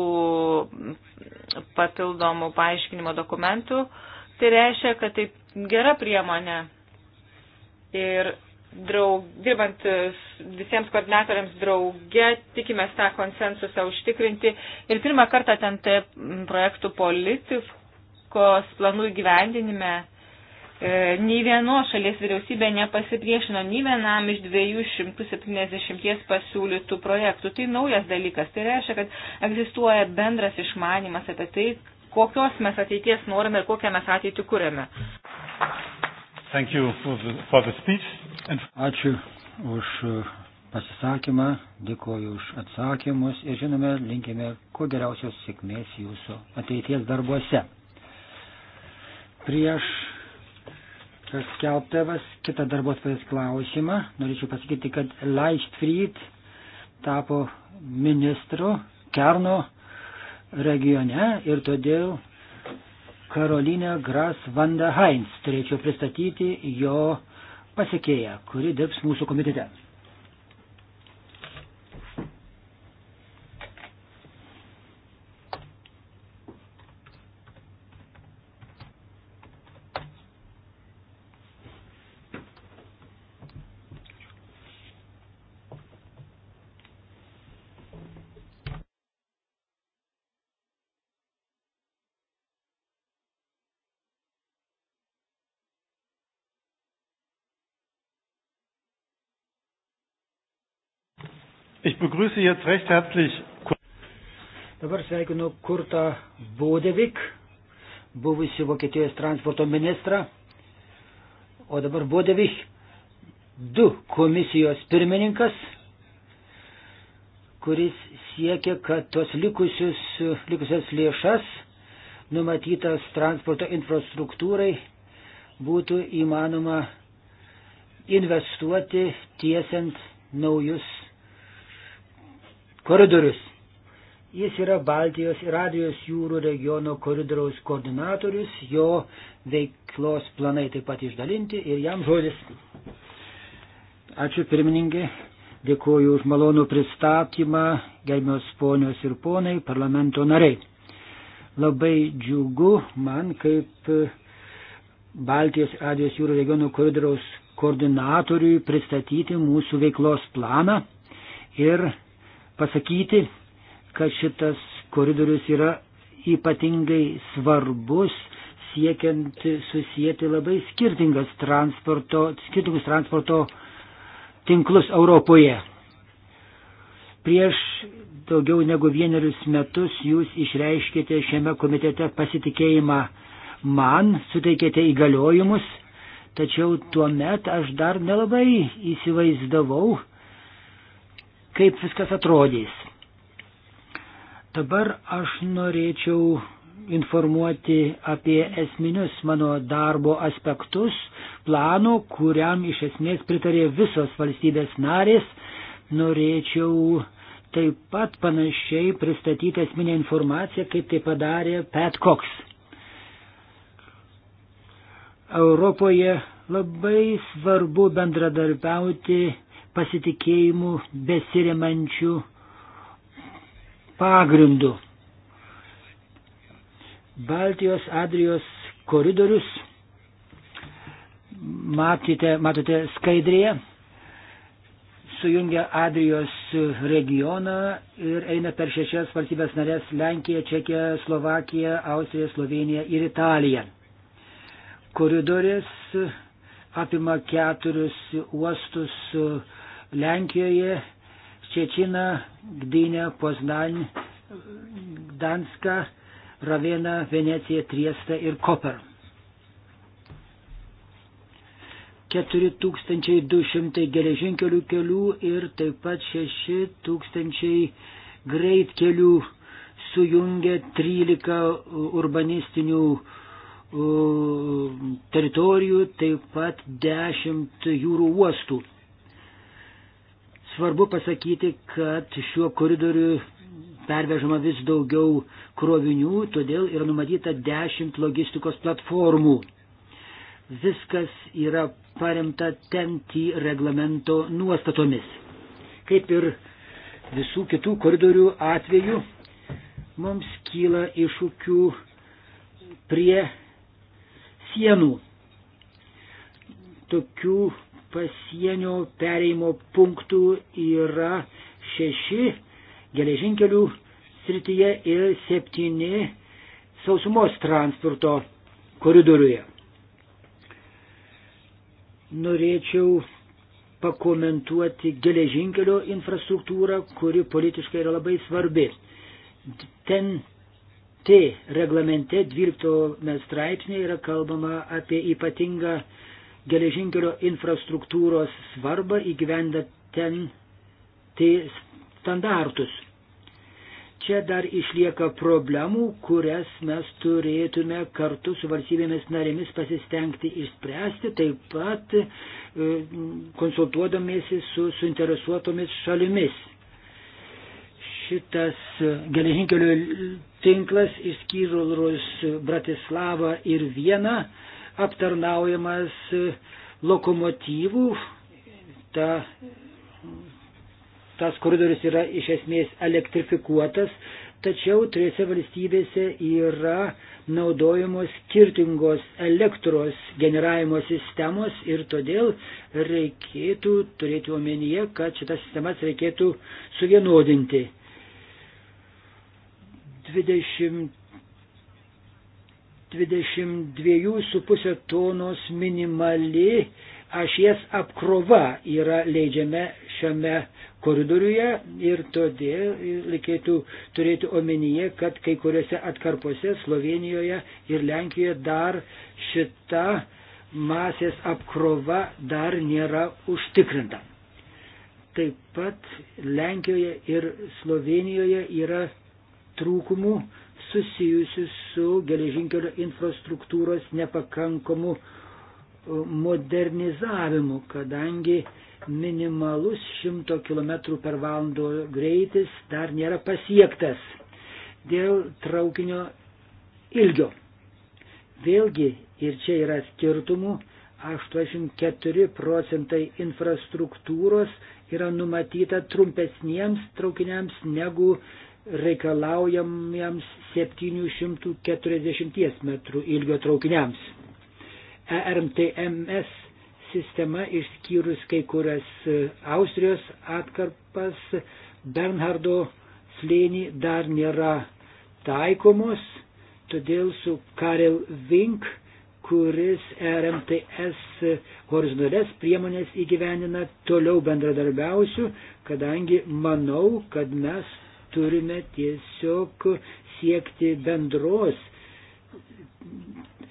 papildomų paaiškinimo dokumentų. Uh, Tai reiškia, kad tai gera priemonė. Ir draug, dirbant visiems koordinatoriams drauge, tikimės tą konsensusą užtikrinti. Ir pirmą kartą ten te projektų politikos planų įgyvendinime e, nei vienos šalies vyriausybė nepasipriešino nei vienam iš 270 pasiūlytų projektų. Tai naujas dalykas. Tai reiškia, kad egzistuoja bendras išmanimas apie tai, kokios mes ateities norime ir kokią mes ateitį kuriame.
For the, for the speech. And... Ačiū už e, pasisakymą, dėkoju už atsakymus ir žinome, linkime kuo geriausios sėkmės jūsų ateities darbuose. Prieš paskelbtavas kitą darbos klausimą, norėčiau pasakyti, kad Leichtfried tapo ministru Kerno regione ir todėl Karolinę Gras Vanda Heinz turėčiau pristatyti jo pasiekėją, kuri dirbs mūsų komitete.
Ich begrüße jetzt recht herzlich.
Dabar sveikinu Kurtą Bodevik, buvusi Vokietijos transporto ministrą. O dabar Bodevik, du komisijos pirmininkas, kuris siekia, kad tos likusius, likusias lėšas numatytas transporto infrastruktūrai būtų įmanoma investuoti tiesiant naujus koridorius. Jis yra Baltijos ir Radijos jūrų regiono koridoriaus koordinatorius, jo veiklos planai taip pat išdalinti ir jam žodis. Ačiū pirmininkė, dėkuoju už malonų pristatymą, gerbiamas ponios ir ponai, parlamento nariai. Labai džiugu man kaip Baltijos ir Radijos jūrų regiono koridoriaus koordinatoriui pristatyti mūsų veiklos planą ir pasakyti, kad šitas koridorius yra ypatingai svarbus siekiant susijęti labai skirtingas transporto, skirtingus transporto tinklus Europoje. Prieš daugiau negu vienerius metus jūs išreiškite šiame komitete pasitikėjimą man, suteikėte įgaliojimus, tačiau tuo met aš dar nelabai įsivaizdavau, kaip viskas atrodys. Dabar aš norėčiau informuoti apie esminius mano darbo aspektus, plano, kuriam iš esmės pritarė visos valstybės narės. Norėčiau taip pat panašiai pristatyti esminę informaciją, kaip tai padarė Pat Cox. Europoje labai svarbu bendradarbiauti pasitikėjimu besirimančių pagrindų. Baltijos Adrijos koridorius matėte, matote skaidrėje, sujungia Adrijos regioną ir eina per šešias valstybės narės - Lenkiją, Čekiją, Slovakiją, Austriją, Sloveniją ir Italiją. Koridorius apima keturis uostus Lenkijoje, Čečina, Gdynė, Poznan, Danska, Ravena, Venecija, Triesta ir Koper. 4200 geležinkelių kelių ir taip pat 6000 greitkelių sujungia 13 urbanistinių teritorijų, taip pat 10 jūrų uostų. Svarbu pasakyti, kad šiuo koridoriu pervežama vis daugiau krovinių, todėl yra numatyta 10 logistikos platformų. Viskas yra paremta TENTI reglamento nuostatomis. Kaip ir visų kitų koridorių atveju, mums kyla iššūkių prie sienų. Tokių pasienio pereimo punktų yra šeši geležinkelių srityje ir septyni sausumos transporto koridoriuje. Norėčiau pakomentuoti geležinkelio infrastruktūrą, kuri politiškai yra labai svarbi. Ten T reglamente 12 straipsnėje yra kalbama apie ypatingą geležinkelio infrastruktūros svarbą įgyvendę ten tai standartus. Čia dar išlieka problemų, kurias mes turėtume kartu su valstybėmis narėmis pasistengti išspręsti, taip pat e, konsultuodamiesi su suinteresuotomis šalimis. Šitas geležinkelio tinklas išskyrus Bratislavą ir Vieną aptarnaujamas e, lokomotyvų. Ta, tas koridorius yra iš esmės elektrifikuotas, tačiau trijose valstybėse yra naudojamos skirtingos elektros generavimo sistemos ir todėl reikėtų turėti omenyje, kad šitas sistemas reikėtų suvienodinti. 20 22,5 tonos minimali ašies apkrova yra leidžiame šiame koridoriuje ir todėl reikėtų turėti omenyje, kad kai kuriuose atkarpose Slovenijoje ir Lenkijoje dar šita masės apkrova dar nėra užtikrinta. Taip pat Lenkijoje ir Slovenijoje yra trūkumų susijusi su geležinkelio infrastruktūros nepakankamu e, modernizavimu, kadangi minimalus 100 km per valandą greitis dar nėra pasiektas dėl traukinio ilgio. Vėlgi ir čia yra skirtumų, 84 procentai infrastruktūros yra numatyta trumpesniems traukiniams negu reikalaujamiems 740 metrų ilgio traukiniams. ERMTMS sistema išskyrus kai kurias e, Austrijos atkarpas Bernhardo slėnį dar nėra taikomos, todėl su Karel Vink, kuris e RMTS horizontales priemonės įgyvenina, toliau bendradarbiausiu, kadangi manau, kad mes turime tiesiog siekti bendros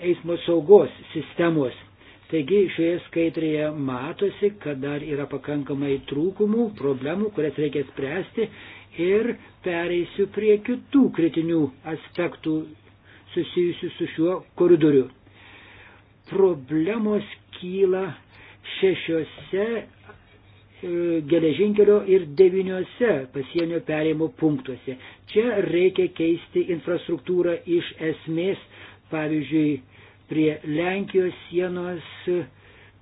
eismo saugos sistemos. Taigi šioje skaitrėje matosi, kad dar yra pakankamai trūkumų, problemų, kurias reikia spręsti ir pereisiu prie kitų kritinių aspektų susijusių su šiuo koridoriu. Problemos kyla šešiose E, geležinkelio ir devyniuose pasienio perėjimo punktuose. Čia reikia keisti infrastruktūrą iš esmės, pavyzdžiui, prie Lenkijos sienos,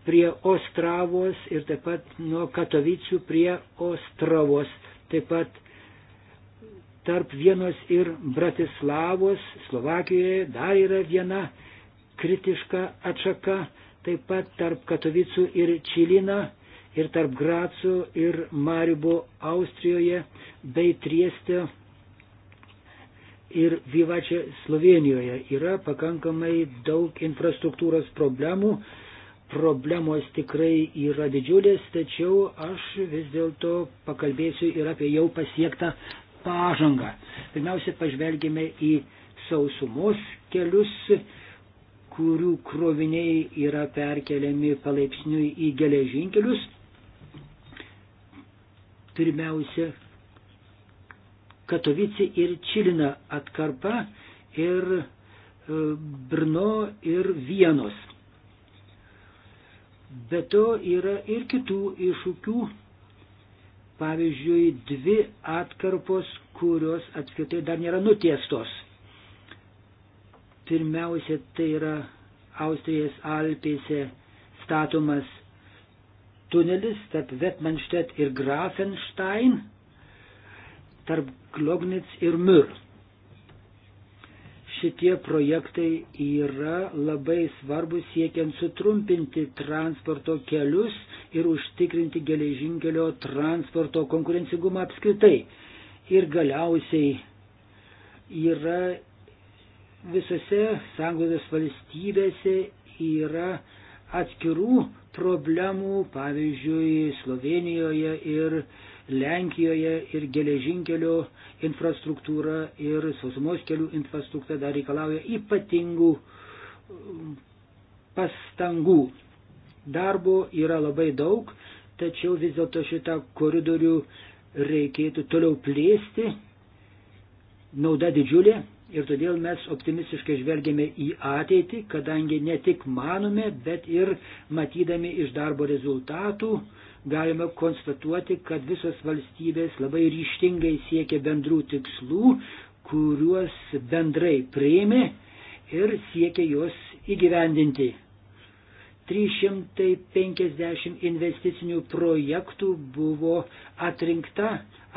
prie Ostravos ir taip pat nuo Katovicų prie Ostravos, taip pat tarp vienos ir Bratislavos, Slovakijoje dar yra viena kritiška atšaka, taip pat tarp Katovicų ir Čilina ir tarp Graco ir Maribo Austrijoje bei Trieste ir Vivačia Slovenijoje yra pakankamai daug infrastruktūros problemų. Problemos tikrai yra didžiulės, tačiau aš vis dėlto pakalbėsiu ir apie jau pasiektą pažangą. Pirmiausia, pažvelgime į sausumos kelius, kurių kroviniai yra perkeliami palaipsniui į geležinkelius pirmiausia Katovici ir Čilina atkarpa ir e, Brno ir Vienos. Be to yra ir kitų iššūkių, pavyzdžiui, dvi atkarpos, kurios apskritai dar nėra nutiestos. Pirmiausia, tai yra Austrijos Alpėse statomas tunelis tarp Vetmanštet ir Grafenstein, tarp Glognitz ir Mür. Šitie projektai yra labai svarbus siekiant sutrumpinti transporto kelius ir užtikrinti geležinkelio transporto konkurencingumą apskritai. Ir galiausiai yra visose sanglaudos valstybėse yra atskirų problemų, pavyzdžiui, Slovenijoje ir Lenkijoje ir geležinkelio infrastruktūra ir sausumos kelių infrastruktūra dar reikalauja ypatingų um, pastangų. Darbo yra labai daug, tačiau vis dėlto šitą koridorių reikėtų toliau plėsti. Nauda didžiulė, Ir todėl mes optimistiškai žvelgėme į ateitį, kadangi ne tik manome, bet ir matydami iš darbo rezultatų galime konstatuoti, kad visos valstybės labai ryštingai siekia bendrų tikslų, kuriuos bendrai prieimė ir siekia juos įgyvendinti. 350 investicinių projektų buvo atrinkta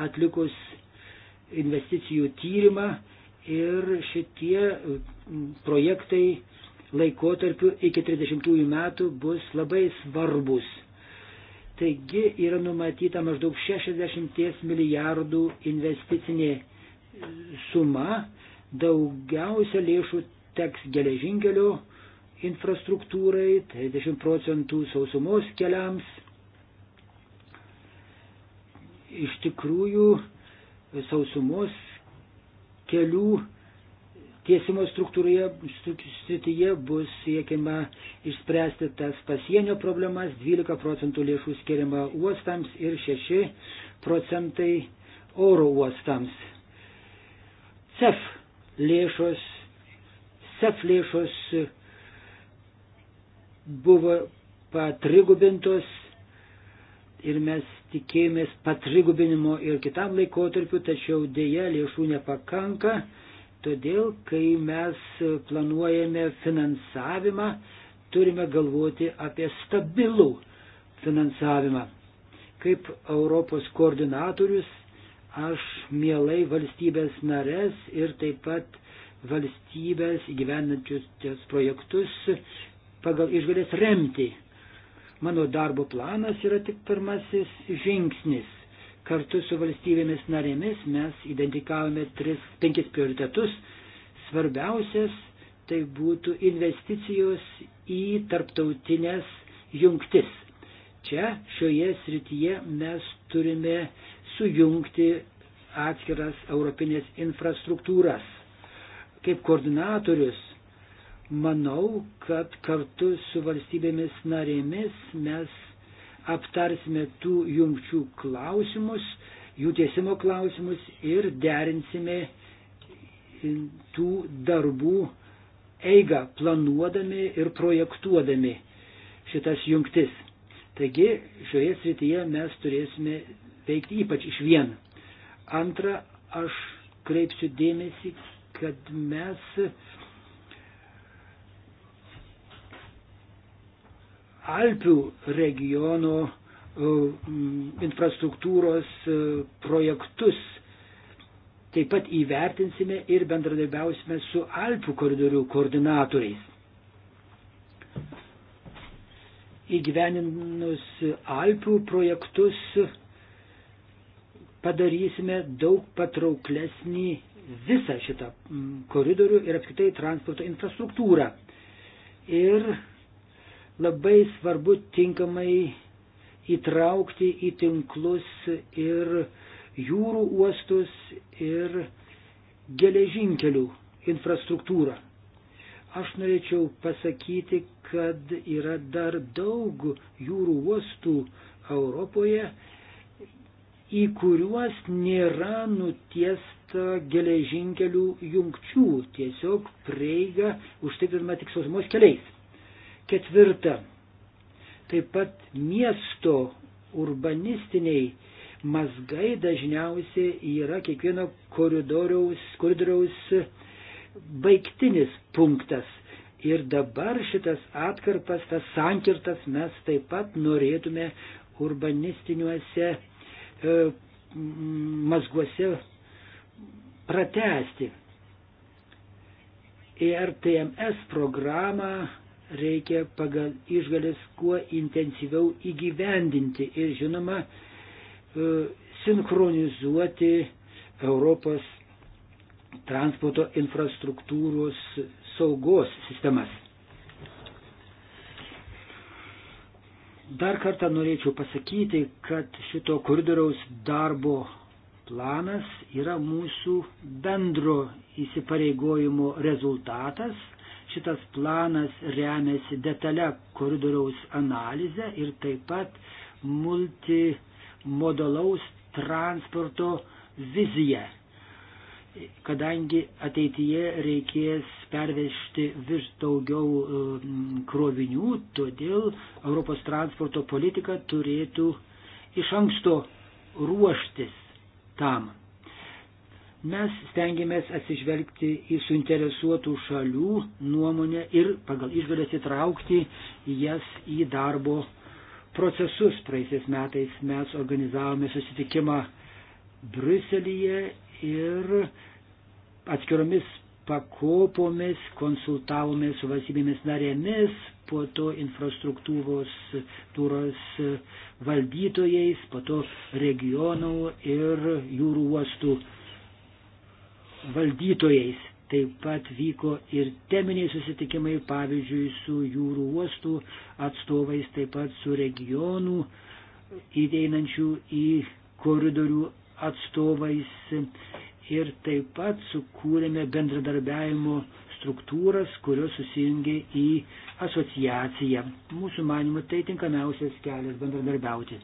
atlikus investicijų tyrimą ir šitie projektai laikotarpiu iki 30 metų bus labai svarbus. Taigi yra numatyta maždaug 60 milijardų investicinė suma, daugiausia lėšų teks geležinkelio infrastruktūrai, 30 procentų sausumos keliams. Iš tikrųjų, sausumos kelių tiesimo struktūroje bus siekiama išspręsti tas pasienio problemas, 12 procentų lėšų skiriama uostams ir 6 procentai oro uostams. CEF lėšos, CEF lėšos buvo patrigubintos ir mes tikėjomės patrigubinimo ir kitam laikotarpiu, tačiau dėja lėšų nepakanka, todėl kai mes planuojame finansavimą, turime galvoti apie stabilų finansavimą. Kaip Europos koordinatorius aš mielai valstybės narės ir taip pat valstybės įgyvendančius projektus pagal išgalės remti Mano darbo planas yra tik pirmasis žingsnis. Kartu su valstybėmis narėmis mes identifikavome tris, penkis prioritetus. Svarbiausias tai būtų investicijos į tarptautinės jungtis. Čia šioje srityje mes turime sujungti atskiras europinės infrastruktūras. Kaip koordinatorius manau, kad kartu su valstybėmis narėmis mes aptarsime tų jungčių klausimus, jų tiesimo klausimus ir derinsime tų darbų eigą planuodami ir projektuodami šitas jungtis. Taigi šioje srityje mes turėsime veikti ypač iš vien. Antra, aš kreipsiu dėmesį, kad mes Alpių regiono e, infrastruktūros e, projektus. Taip pat įvertinsime ir bendradarbiausime su Alpių koridorių koordinatoriais. Įgyveninus Alpių projektus padarysime daug patrauklesnį visą šitą koridorių ir apskritai transporto infrastruktūrą. Ir Labai svarbu tinkamai įtraukti į tinklus ir jūrų uostus ir geležinkelių infrastruktūrą. Aš norėčiau pasakyti, kad yra dar daug jūrų uostų Europoje, į kuriuos nėra nutiesta geležinkelių jungčių, tiesiog prieiga užtikrinama tik sausumos keliais. Ketvirta, taip pat miesto urbanistiniai mazgai dažniausiai yra kiekvieno koridoriaus, koridoriaus baigtinis punktas. Ir dabar šitas atkarpas, tas sankirtas mes taip pat norėtume urbanistiniuose e, mazguose pratesti. ERTMS programą reikia pagal išgalės kuo intensyviau įgyvendinti ir žinoma e, sinchronizuoti Europos transporto infrastruktūros saugos sistemas. Dar kartą norėčiau pasakyti, kad šito koridoriaus darbo planas yra mūsų bendro įsipareigojimo rezultatas Šitas planas remiasi detalę koridoriaus analizę ir taip pat multimodalaus transporto viziją, kadangi ateityje reikės pervežti vis daugiau mm, krovinių, todėl Europos transporto politika turėtų iš anksto ruoštis tam. Mes stengiamės atsižvelgti į suinteresuotų šalių nuomonę ir pagal išgalės įtraukti jas į darbo procesus. Praeisiais metais mes organizavome susitikimą Bruselėje ir atskiromis pakopomis konsultavome su valstybėmis narėmis, po to infrastruktūros turos valdytojais, po to regionų ir jūrų uostų valdytojais. Taip pat vyko ir teminiai susitikimai, pavyzdžiui, su jūrų uostų atstovais, taip pat su regionų įeinančių į koridorių atstovais ir taip pat sukūrėme bendradarbiavimo struktūras, kurios susijungė į asociaciją. Mūsų manimu, tai tinkamiausias kelias bendradarbiauti.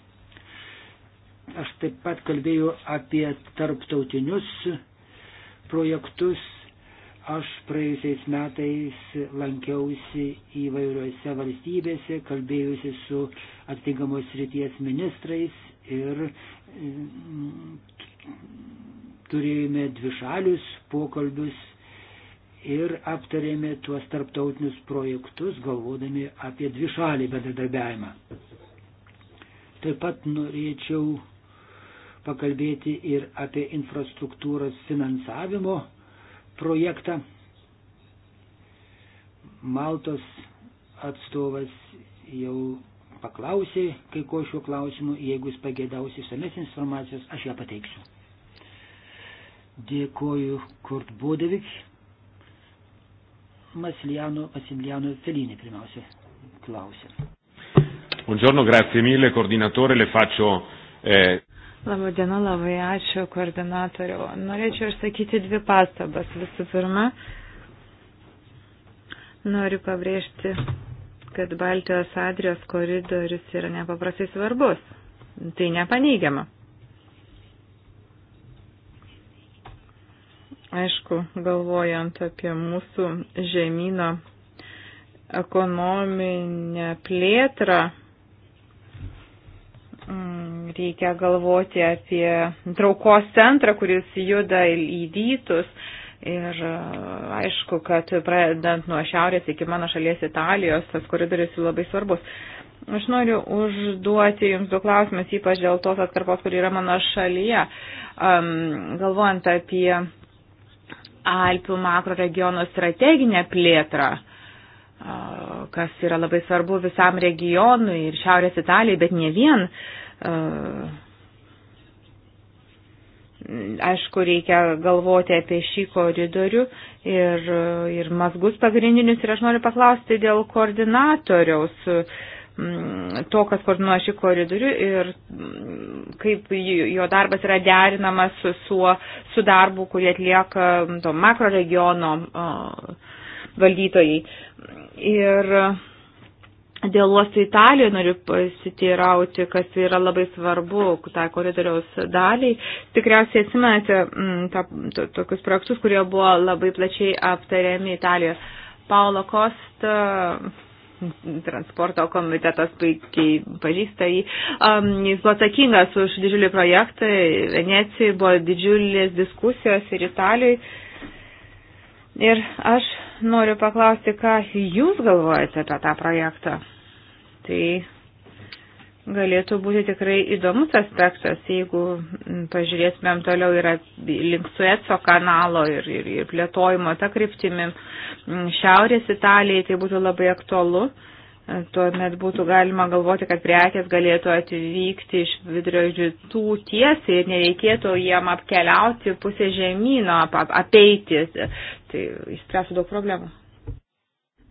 Aš taip pat kalbėjau apie tarptautinius projektus. Aš praėjusiais metais lankiausi įvairiuose valstybėse, kalbėjusi su atitinkamos ryties ministrais ir mm, turėjome dvišalius pokalbius ir aptarėme tuos tarptautinius projektus, galvodami apie dvišalį bendradarbiavimą. Taip pat norėčiau pakalbėti ir apie infrastruktūros finansavimo projektą. Maltos atstovas jau paklausė kai ko šiuo klausimu, jeigu jis pagėdaus išsames informacijos, aš ją pateiksiu. Dėkoju Kurt Bodevič, Masiliano, Masiliano Felinį pirmiausia klausė.
Buongiorno, grazie mille, coordinatore, le faccio. Eh...
Labą dieną, labai ačiū koordinatoriu. Norėčiau išsakyti dvi pastabas. Visų pirma, noriu pabrėžti, kad Baltijos Adrijos koridorius yra nepaprastai svarbus. Tai nepaneigiama. Aišku, galvojant apie mūsų žemyną ekonominę plėtrą, reikia galvoti apie traukos centrą, kuris juda į rytus. Ir e, aišku, kad pradedant nuo šiaurės iki mano šalies Italijos, tas koridorius labai svarbus. Aš noriu užduoti Jums du klausimus, ypač dėl tos atkarpos, kur yra mano šalyje, um, galvojant apie Alpių makro regiono strateginę plėtrą kas yra labai svarbu visam regionui ir Šiaurės Italijai, bet ne vien. Uh, Aišku, reikia galvoti apie šį koridorių ir, ir mazgus pagrindinius. Ir aš noriu paklausti dėl koordinatoriaus, mm, to, kas koordinuoja šį koridorių ir mm, kaip jo darbas yra derinamas su, su, su darbu, kurį atlieka mm, to makro regiono valdytojai. Ir Dėl uostų Italijoje noriu pasiteirauti, kas yra labai svarbu tą tai koridoriaus daliai. Tikriausiai atsimenate mm, ta, to, tokius projektus, kurie buvo labai plačiai aptariami Italijoje. Paulo Kosta, transporto komitetas puikiai pažįsta jį, um, jis buvo atsakingas už didžiulį projektą, Venecijai buvo didžiulės diskusijos ir Italijoje Ir aš noriu paklausti, ką jūs galvojate apie tą projektą. Tai galėtų būti tikrai įdomus aspektas, jeigu pažiūrėsimėm toliau yra link Sueco kanalo ir, ir, ir plėtojimo tą kryptimį Šiaurės Italijai, tai būtų labai aktualu. Tuomet būtų galima galvoti, kad prekės galėtų atvykti iš vidurio žytų tiesiai ir nereikėtų jiem apkeliauti pusę žemyno, apeiti tai išspręstų daug problemų.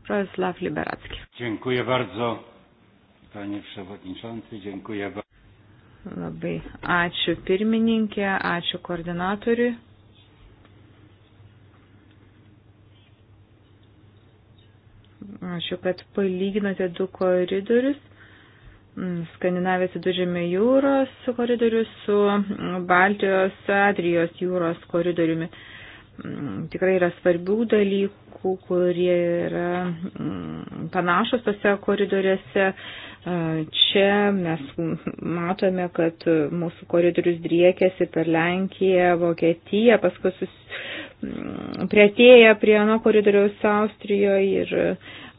Pravislav Liberacki.
Dziękuję bardzo, panie przewodniczący, dziękuję bardzo.
Labai ačiū pirmininkė, ačiū koordinatoriui. Ačiū, kad palyginote du koridorius. Mm, Skandinavijos viduržėmė jūros koridorius su Baltijos Adrijos jūros koridoriumi. Mm, tikrai yra svarbių dalykų, kurie yra mm, panašus tose koridoriuose. Čia mes matome, kad mūsų koridorius driekėsi per Lenkiją, Vokietiją, paskui sus... Mm, prieartėja prie ano koridoriaus Austrijoje ir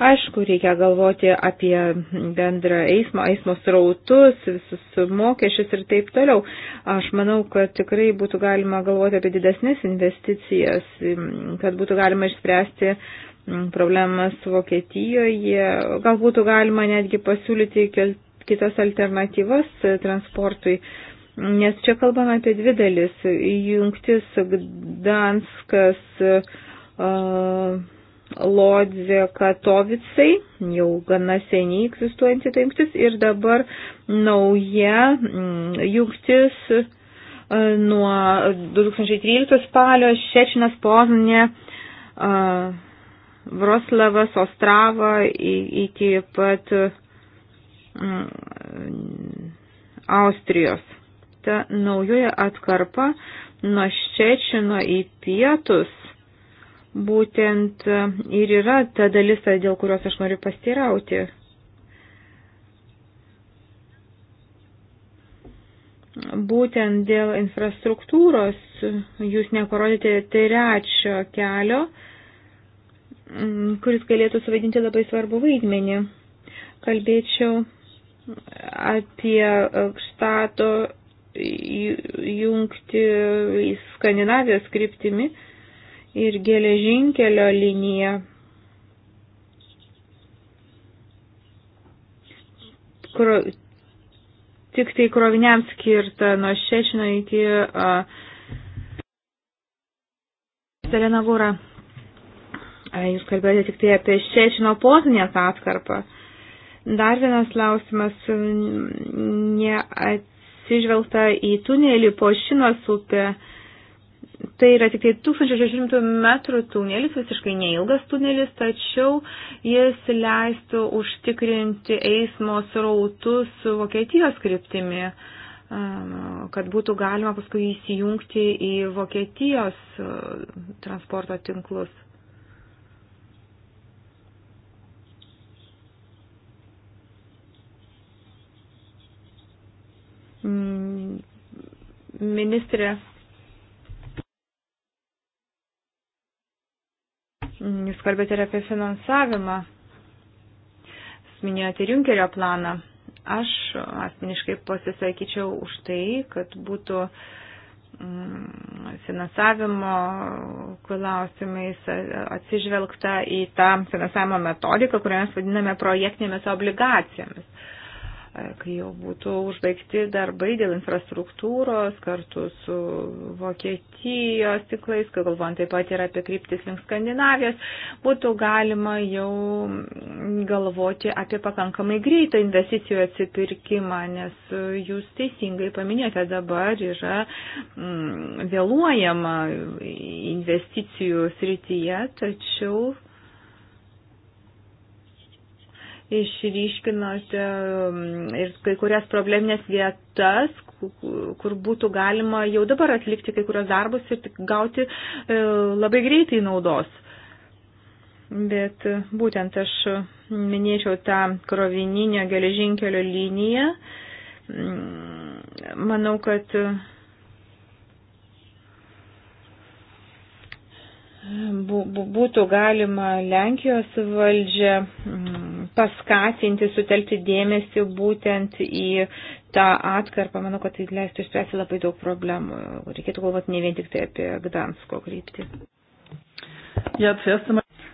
Aišku, reikia galvoti apie bendrą eismą, eismo srautus, visus mokesčius ir taip toliau. Aš manau, kad tikrai būtų galima galvoti apie didesnės investicijas, kad būtų galima išspręsti problemas Vokietijoje. Gal būtų galima netgi pasiūlyti kitas alternatyvas transportui. Nes čia kalbame apie dvi dalis. Jungtis Gdanskas. Uh, Lodzė Katovicai, jau gana seniai egzistuojanti ta jungtis ir dabar nauja mm, jungtis e, nuo 2013 spalio Šečinas Poznė, e, Vroslavas, Ostrava iki pat mm, Austrijos. Ta naujoje atkarpa nuo Šečino į pietus būtent e, ir yra ta dalis, dėl kurios aš noriu pastirauti. Būtent dėl infrastruktūros jūs neparodėte trečio kelio, kuris galėtų suvaidinti labai svarbu vaidmenį. Kalbėčiau apie štato e, jungti Skandinavijos kryptimi ir geležinkelio linija, kro, tik tai kroviniams skirta nuo Šešino iki Selenagūra. Jūs kalbėjote tik tai apie Šešino posminės atkarpą. Dar vienas klausimas. Neatsižvelgta į tunelį po Šinos upę. Tai yra tik tai 1600 metrų tunelis, visiškai neilgas tunelis, tačiau jis leistų užtikrinti eismo srautus Vokietijos kryptimi um, kad būtų galima paskui įsijungti į Vokietijos uh, transporto tinklus. Mm, ministrė Jūs kalbėte ir apie finansavimą. Jūs minėjote ir Junkerio planą. Aš asmeniškai pasisakyčiau už tai, kad būtų mm, finansavimo klausimais atsižvelgta į tą finansavimo metodiką, kurią mes vadiname projektinėmis obligacijomis. E, kai jau būtų užbaigti darbai dėl infrastruktūros kartu su Vokietijos tiklais, kai galvojant taip pat ir apie kryptis link Skandinavijos, būtų galima jau galvoti apie pakankamai greitą investicijų atsipirkimą, nes jūs teisingai paminėjote dabar yra mm, vėluojama investicijų srityje, tačiau išryškinote um, ir kai kurias probleminės vietas, kur būtų galima jau dabar atlikti kai kurios darbus ir gauti e, labai greitai naudos. Bet e, būtent aš minėčiau tą krovininio geležinkelio liniją. Mm, manau, kad būtų galima Lenkijos valdžią mm, paskatinti, sutelkti dėmesį būtent į tą atkarpą. Manau, kad tai leistų išspręsti labai daug problemų. Reikėtų galvoti ne vien tik tai apie Gdansko kryptį.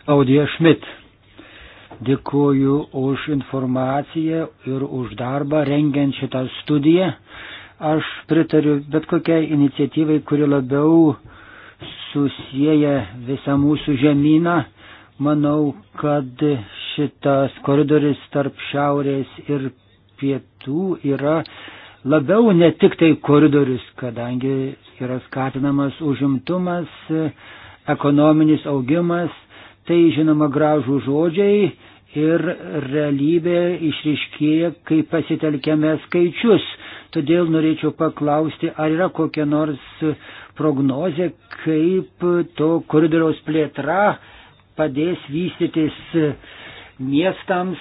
Audija Šmit. Dėkuoju už informaciją ir už darbą rengiant šitą studiją. Aš pritariu bet kokiai iniciatyvai, kuri labiau uh, susieja visą mūsų žemyną. Manau, kad šitas koridoris tarp šiaurės ir pietų yra labiau ne tik tai koridorius, kadangi yra skatinamas užimtumas, ekonominis augimas, tai žinoma gražų žodžiai ir realybė išriškėja, kai pasitelkiame skaičius. Todėl norėčiau paklausti, ar yra kokie nors prognozė, kaip to koridoriaus plėtra padės vystytis miestams,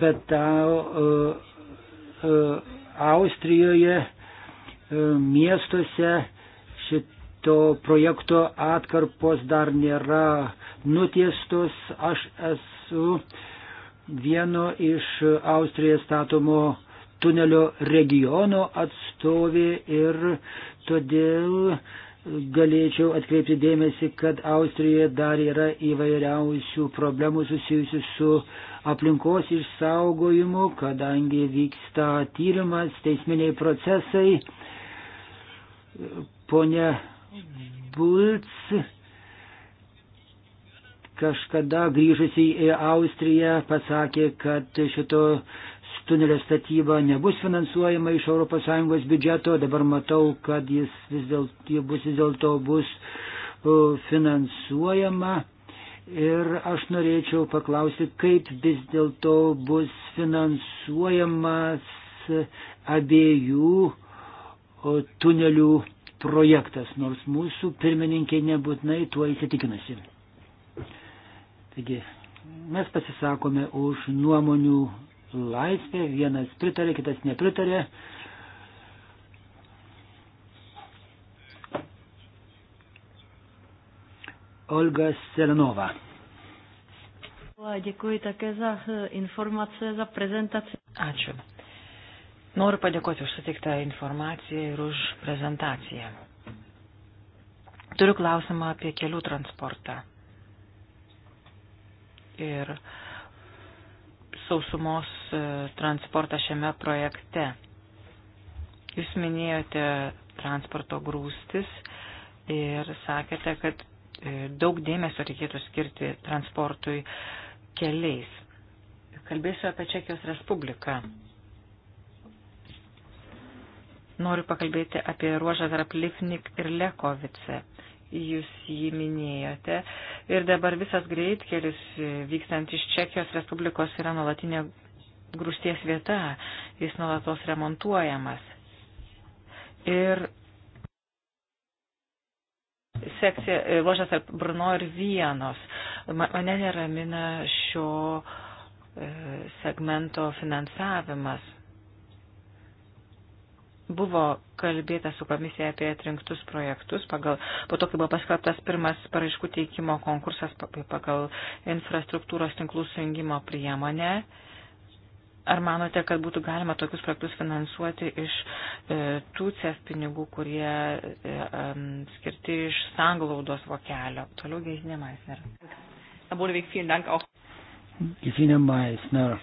bet ta, uh, uh, Austrijoje uh, miestuose šito projekto atkarpos dar nėra nutiestos. Aš esu vieno iš Austrijos statomo uh, tunelio regiono atstovė ir todėl galėčiau atkreipti dėmesį, kad Austrijoje dar yra įvairiausių problemų susijusių su aplinkos išsaugojimu, kadangi vyksta tyrimas, teisminiai procesai. Pone Bulc kažkada grįžusi į Austriją pasakė, kad šito tunelio statyba nebus finansuojama iš ES biudžeto, dabar matau, kad jis vis dėlto bus, vis dėlto bus finansuojama. Ir aš norėčiau paklausti, kaip vis dėlto bus finansuojamas abiejų tunelių projektas, nors mūsų pirmininkė nebūtinai tuo įsitikinusi. Taigi, mes pasisakome už nuomonių laisvė, vienas pritarė, kitas nepritarė. Olga Selenova.
Dėkui také za eh, informaciją, za prezentaciją. Ačiū. Noriu padėkoti už sutiktą informaciją ir už prezentaciją. Turiu klausimą apie kelių transportą. Ir uh, sausumos e, transportą šiame projekte. Jūs minėjote transporto grūstis ir sakėte, kad e, daug dėmesio reikėtų skirti transportui keliais. Kalbėsiu apie Čekijos Respubliką. Noriu pakalbėti apie ruožą tarp Lifnik ir Lekovice jūs jį minėjote. Ir dabar visas greitkelis e, vykstant iš Čekijos Respublikos yra nuolatinė grūsties vieta, jis nuolatos remontuojamas. Ir sekcija, ruožas e, tarp Bruno ir Vienos. Mane neramina šio e, segmento finansavimas Buvo kalbėta su komisija apie atrinktus projektus, pagal, po to, kai buvo paskelbtas pirmas paraiškų teikimo konkursas pagal infrastruktūros tinklų sujungimo priemonę. Ar manote, kad būtų galima tokius projektus finansuoti iš e, tų CEF pinigų, kurie e, e, skirti iš sanglaudos vokelio? Toliau Geisinė Maisner.
Gesinė Maisner.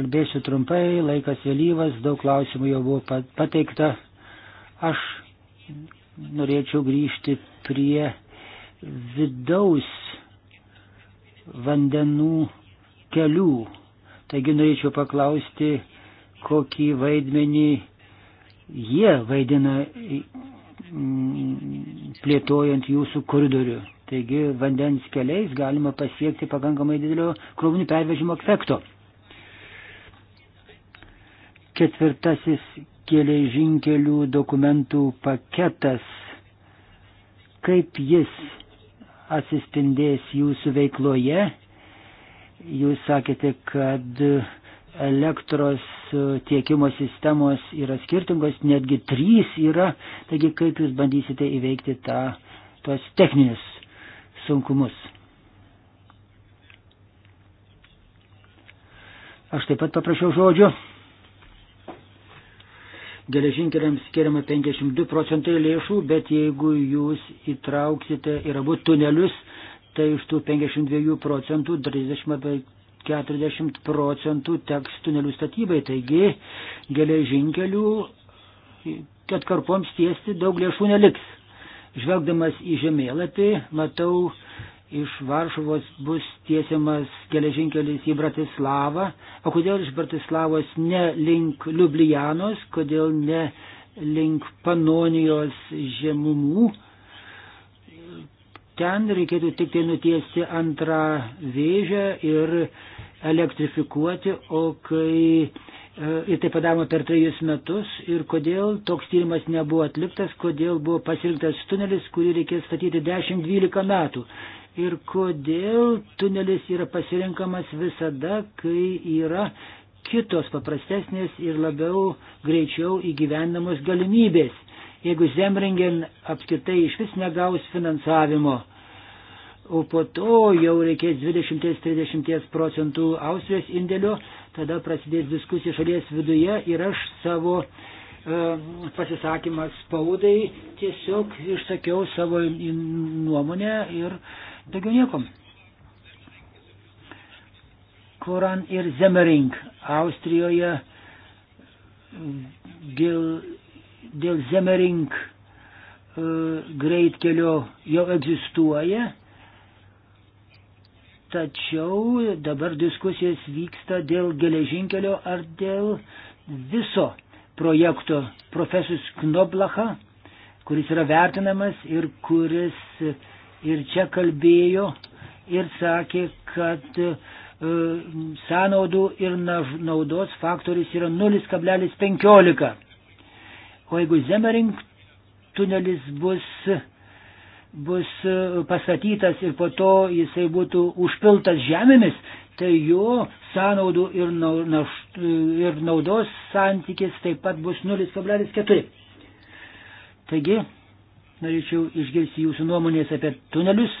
Kalbėsiu trumpai, laikas vėlyvas, daug klausimų jau buvo pateikta. Aš norėčiau grįžti prie vidaus vandenų kelių. Taigi norėčiau paklausti, kokį vaidmenį jie vaidina mm, plėtojant jūsų koridorių. Taigi vandens keliais galima pasiekti pakankamai didelio krovinių pervežimo efekto. Ketvirtasis geležinkelių dokumentų paketas. Kaip jis atsispindės jūsų veikloje? Jūs sakėte, kad elektros tiekimo sistemos yra skirtingos, netgi trys yra, taigi kaip jūs bandysite įveikti tą, tuos techninius sunkumus. Aš taip pat paprašiau žodžio geležinkeliams skiriama 52 procentai lėšų, bet jeigu jūs įtrauksite ir abu tunelius, tai iš tų 52 procentų 30 40 procentų teks tunelių statybai. Taigi geležinkelių atkarpoms tiesti daug lėšų neliks. Žvelgdamas į žemėlapį, matau iš Varšuvos bus tiesiamas geležinkelis į Bratislavą, o kodėl iš Bratislavos ne link Liublianos, kodėl ne link Panonijos žemumų. Ten reikėtų tik tai nutiesti antrą vėžę ir elektrifikuoti, o kai e, ir tai padaroma per trejus metus ir kodėl toks tyrimas nebuvo atliktas, kodėl buvo pasirinktas tunelis, kurį reikės statyti 10-12 metų ir kodėl tunelis yra pasirinkamas visada, kai yra kitos paprastesnės ir labiau greičiau įgyvendamos galimybės. Jeigu Zemringen apskritai iš vis negaus finansavimo, o po to jau reikės 20-30 procentų Austrijos indėlio, tada prasidės diskusija šalies viduje ir aš savo e, pasisakymą spaudai tiesiog išsakiau savo nuomonę ir Daugiau nieko. Koran ir Zemering Austrijoje dėl, dėl Zemering e, greitkelio jau egzistuoja, tačiau dabar diskusijas vyksta dėl geležinkelio ar dėl viso projekto. Profesorius Knoblacha, kuris yra vertinamas ir kuris uh, ir čia kalbėjo ir sakė, kad e, sąnaudų ir naudos faktorius yra 0,15. O jeigu Zemering tunelis bus, bus e, pastatytas ir po to jisai būtų užpiltas žemėmis, tai jo sąnaudų ir, naš, ir naudos santykis taip pat bus 0,4. Taigi, Norėčiau išgirsti jūsų nuomonės apie tunelius.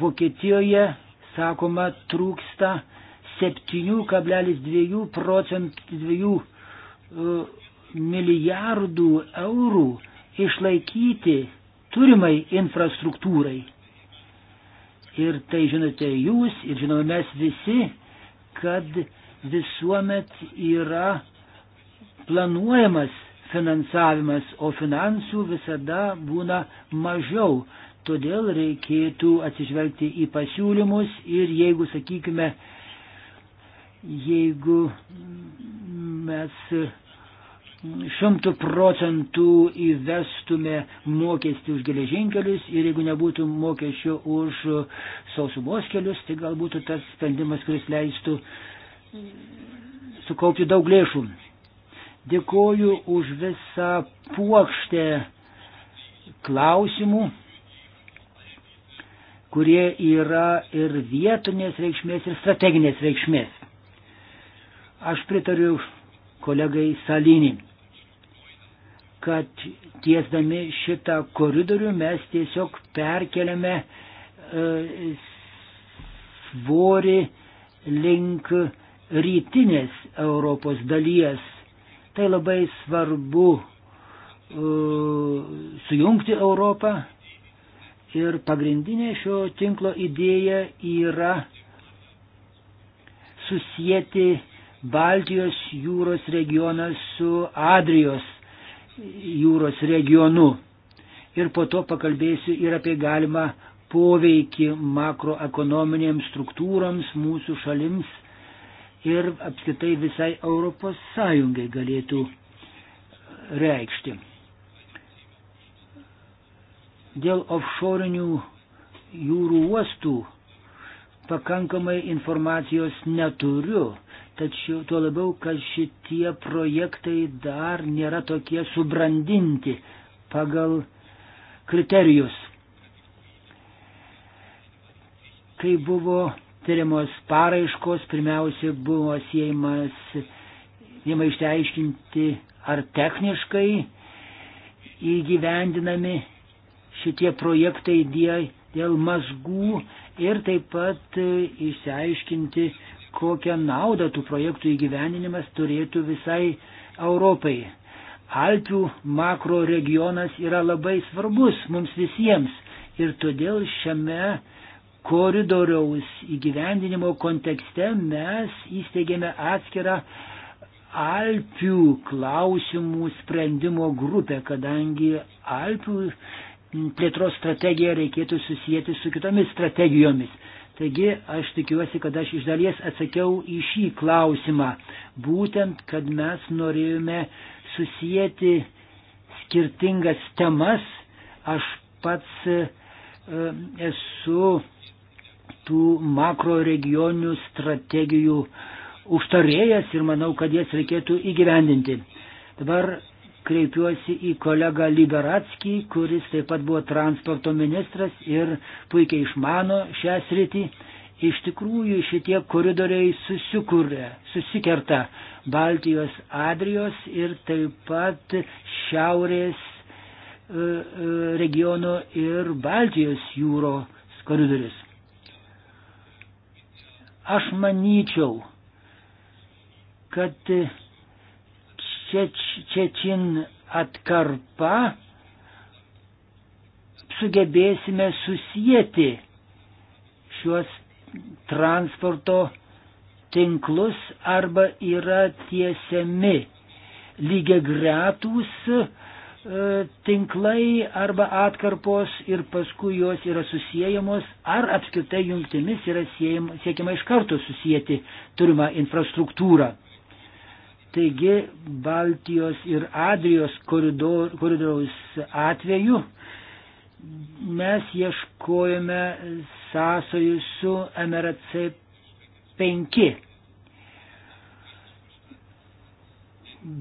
Vokietijoje, sakoma, trūksta 7,2 procentų e, milijardų eurų išlaikyti turimai infrastruktūrai. Ir tai žinote jūs ir žinome mes visi, kad visuomet yra planuojamas finansavimas, o finansų visada būna mažiau. Todėl reikėtų atsižvelgti į pasiūlymus ir jeigu, sakykime, jeigu mes šimtų procentų įvestume mokestį už geležinkelius ir jeigu nebūtų mokesčio už sausumos kelius, tai galbūt tas sprendimas, kuris leistų sukaupti daug lėšų. Dėkoju už visą puokštę klausimų, kurie yra ir vietinės reikšmės, ir strateginės reikšmės. Aš pritariu kolegai Salinį, kad tiesdami šitą koridorių mes tiesiog perkeliame e, svorį link rytinės Europos dalies Tai labai svarbu uh, sujungti Europą ir pagrindinė šio tinklo idėja yra susijęti Baltijos jūros regioną su Adrijos jūros regionu. Ir po to pakalbėsiu ir apie galimą poveikį makroekonominėms struktūroms mūsų šalims ir apskritai visai Europos Sąjungai galėtų reikšti. Dėl offshorinių jūrų uostų pakankamai informacijos neturiu, tačiau tuo labiau, kad šitie projektai dar nėra tokie subrandinti pagal kriterijus. Kai buvo tyrimos paraiškos pirmiausia buvo siejamas, jame išteiškinti, ar techniškai įgyvendinami šitie projektai dėl mazgų ir taip pat e, išsiaiškinti, kokią naudą tų projektų įgyvendinimas turėtų visai Europai. Alpių makro regionas yra labai svarbus mums visiems ir todėl šiame koridoriaus įgyvendinimo kontekste mes įsteigėme atskirą Alpių klausimų sprendimo grupę, kadangi Alpių plėtros strategiją reikėtų susijęti su kitomis strategijomis. Taigi aš tikiuosi, kad aš iš dalies atsakiau į šį klausimą. Būtent, kad mes norėjome susijęti skirtingas temas. Aš pats e, esu tų makro regioninių strategijų užtarėjas ir manau, kad jas reikėtų įgyvendinti. Dabar kreipiuosi į kolegą Liberatskį, kuris taip pat buvo transporto ministras ir puikiai išmano šią sritį. Iš tikrųjų šitie koridoriai susikūrė, susikerta Baltijos Adrijos ir taip pat šiaurės e, e, regiono ir Baltijos jūros koridorius. Aš manyčiau, kad Čečin atkarpa sugebėsime susijęti šiuos transporto tinklus arba yra tiesiami lygiai gretus E, tinklai arba atkarpos ir paskui jos yra susijęjamos, ar apskritai jungtimis yra siejama, siekiama iš karto susijęti turimą infrastruktūrą. Taigi Baltijos ir Adrijos koridor, koridoriaus atveju mes ieškojame sąsojų su MRC 5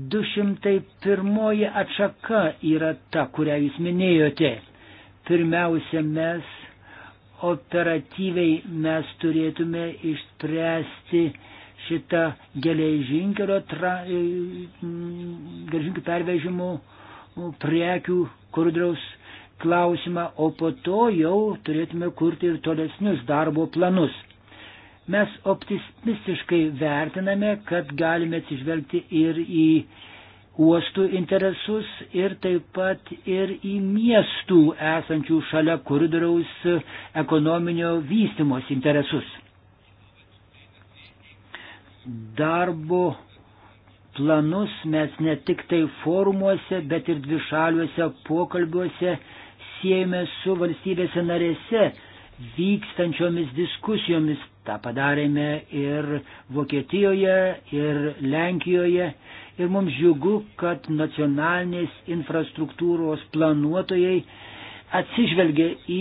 201 atšaka yra ta, kurią jūs minėjote. Pirmiausia, mes operatyviai mes turėtume išspręsti šitą geležinkelio tra... E, pervežimų prekių koridoriaus klausimą, o po to jau turėtume kurti ir tolesnius darbo planus. Mes optimistiškai vertiname, kad galime atsižvelgti ir į uostų interesus ir taip pat ir į miestų esančių šalia koridoriaus ekonominio vystimos interesus. Darbo planus mes ne tik tai forumuose, bet ir dvišaliuose pokalbiuose siejame su valstybėse narėse, vykstančiomis diskusijomis. Ta padarėme ir Vokietijoje, ir Lenkijoje. Ir mums džiugu, kad nacionalinės infrastruktūros planuotojai atsižvelgia į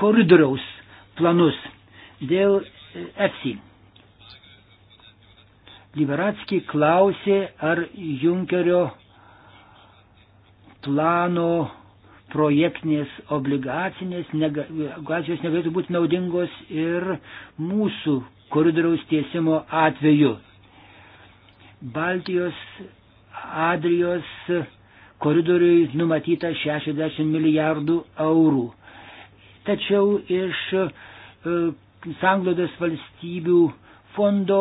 koridoriaus planus dėl EFSI. Liberatski klausė, ar Junkerio plano projektinės obligacinės nega, obligacijos negalėtų būti naudingos ir mūsų koridoriaus tiesimo atveju. Baltijos, Adrijos koridoriui numatyta 60 milijardų eurų. Tačiau iš e, sanglodos valstybių fondo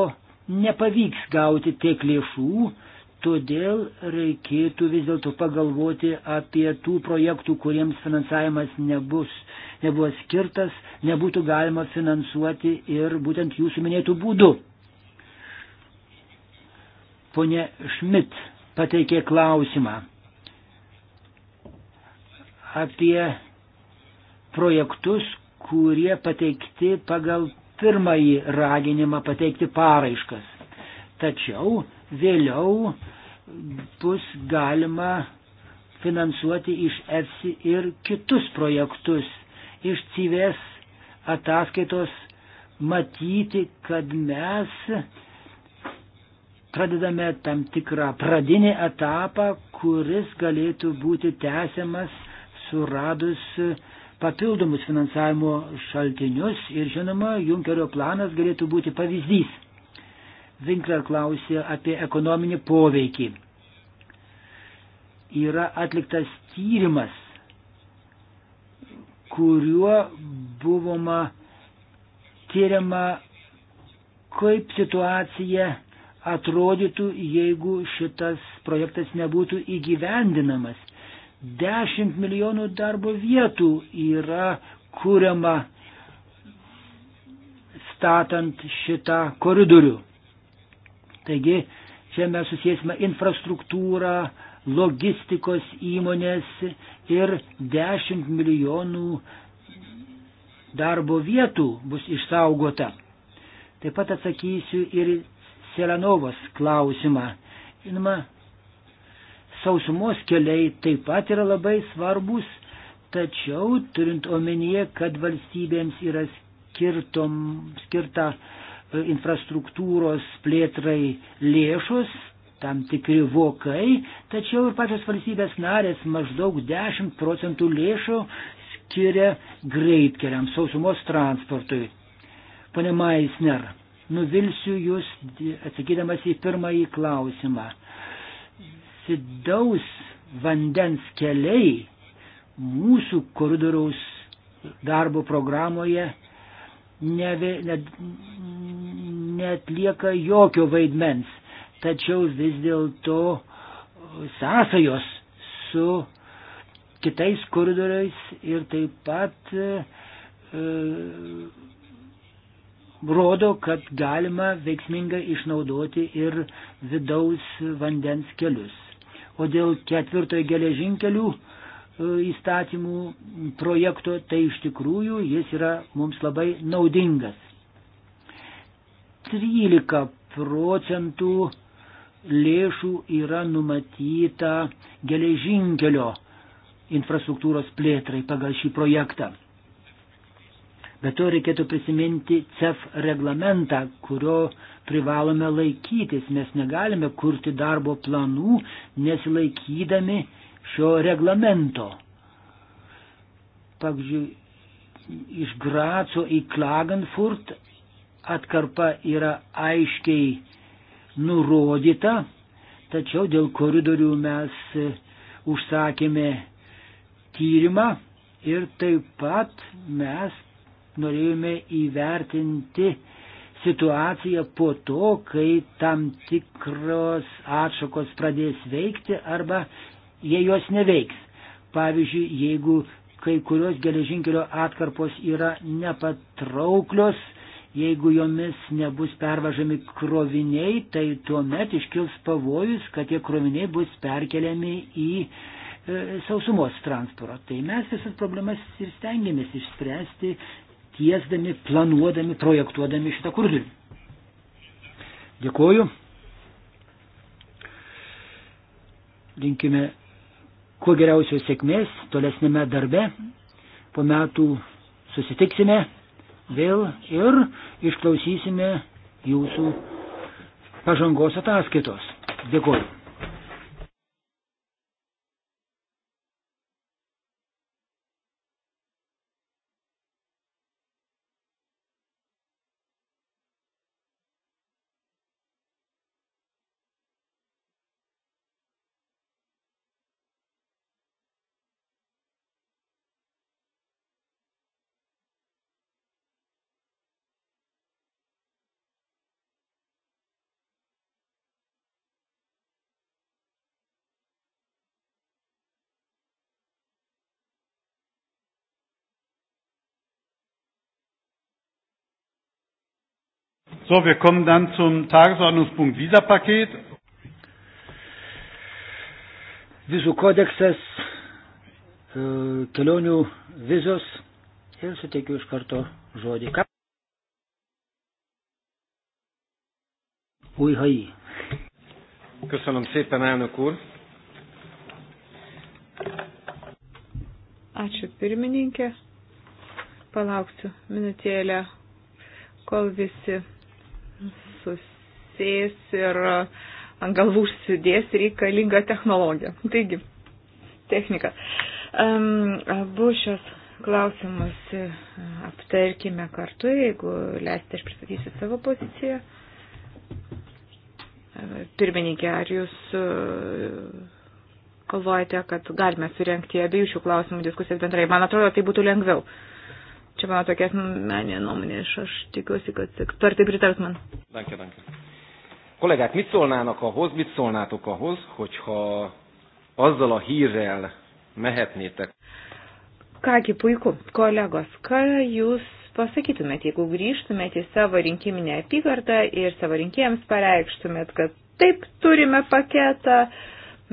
nepavyks gauti tiek lėšų, Todėl reikėtų vis dėlto pagalvoti apie tų projektų, kuriems finansavimas nebus, nebuvo skirtas, nebūtų galima finansuoti ir būtent jūsų minėtų būdų. Pone Šmit pateikė klausimą apie projektus, kurie pateikti pagal pirmąjį raginimą pateikti paraiškas. Tačiau vėliau bus galima finansuoti iš EFSI ir kitus projektus. Iš CIVES ataskaitos matyti, kad mes pradedame tam tikrą pradinį etapą, kuris galėtų būti tęsiamas suradus papildomus finansavimo šaltinius ir žinoma, Junkerio planas galėtų būti pavyzdys. Winkler klausė apie ekonominį poveikį. Yra atliktas tyrimas, kuriuo buvoma tyriama, kaip situacija atrodytų, jeigu šitas projektas nebūtų įgyvendinamas. 10 milijonų darbo vietų yra kuriama statant šitą koridorių. Taigi čia mes susijęsime infrastruktūrą, logistikos įmonės ir 10 milijonų darbo vietų bus išsaugota. Taip pat atsakysiu ir Selenovos klausimą. Inma, sausumos keliai taip pat yra labai svarbus, tačiau turint omenyje, kad valstybėms yra skirtom, skirta E, infrastruktūros plėtrai lėšos, tam tikri vokai, tačiau ir pačios valstybės narės maždaug 10 procentų lėšų skiria greitkeliams, sausumos transportui. Pone Maisner, nuvilsiu Jūs atsakydamas į pirmąjį klausimą. Vidaus vandens keliai mūsų koridoriaus darbo programoje ne, ne, netlieka jokio vaidmens, tačiau vis dėlto uh, sąsajos su kitais koridoriais ir taip pat e, rodo, kad galima veiksmingai išnaudoti ir vidaus vandens kelius. O dėl ketvirtojo geležinkelių įstatymų projekto, tai iš tikrųjų jis yra mums labai naudingas. 13 procentų lėšų yra numatyta geležinkelio infrastruktūros plėtrai pagal šį projektą. Bet to reikėtų prisiminti CEF reglamentą, kurio privalome laikytis. Mes negalime kurti darbo planų nesilaikydami šio reglamento. Pavyzdžiui, iš Graco į Klagenfurt atkarpa yra aiškiai nurodyta, tačiau dėl koridorių mes e, užsakėme tyrimą ir taip pat mes norėjome įvertinti situaciją po to, kai tam tikros atšakos pradės veikti arba jie jos neveiks. Pavyzdžiui, jeigu kai kurios geležinkelio atkarpos yra nepatrauklios, Jeigu jomis nebus pervažami kroviniai, tai tuomet iškils pavojus, kad tie kroviniai bus perkeliami į e, sausumos transportą. Tai mes visas problemas ir stengiamės išspręsti, tiesdami, planuodami, projektuodami šitą kurdulį. Dėkuoju. Linkime kuo geriausios sėkmės tolesnėme darbe. Po metų susitiksime vėl ir išklausysime jūsų pažangos ataskaitos. Dėkuoju.
So, wir kommen dann zum Tagesordnungspunkt Visapaket.
Vizų kodeksas, e, kelionių vizos ir suteikiu iš karto žodį. Újhai. Köszönöm szépen, elnök úr.
Ačiū pirmininkė. Palauksiu minutėlę, kol visi susės ir ant galvų užsidės reikalinga technologija. Taigi, technika. Um, abu šios klausimus aptarkime kartu, jeigu leisite, aš pristatysiu savo poziciją. Pirmininkė, ar jūs e, galvojate, kad galime surenkti abiejų šių klausimų diskusijas bendrai? Man atrodo, tai būtų lengviau. Uh, Čia mano tokia asmeninė nuomonė, aš, aš tikiuosi, kad ekspertai pritars man. Danke,
danke. Kollégák, mit szólnának ahhoz, mit szólnátok ahhoz, hogyha azzal a hírrel mehetnétek?
Kągi, puiku, kolegos, ką jūs pasakytumėt, jeigu grįžtumėt į savo rinkiminę apygardą ir savo rinkėjams pareikštumėt, kad taip turime paketą,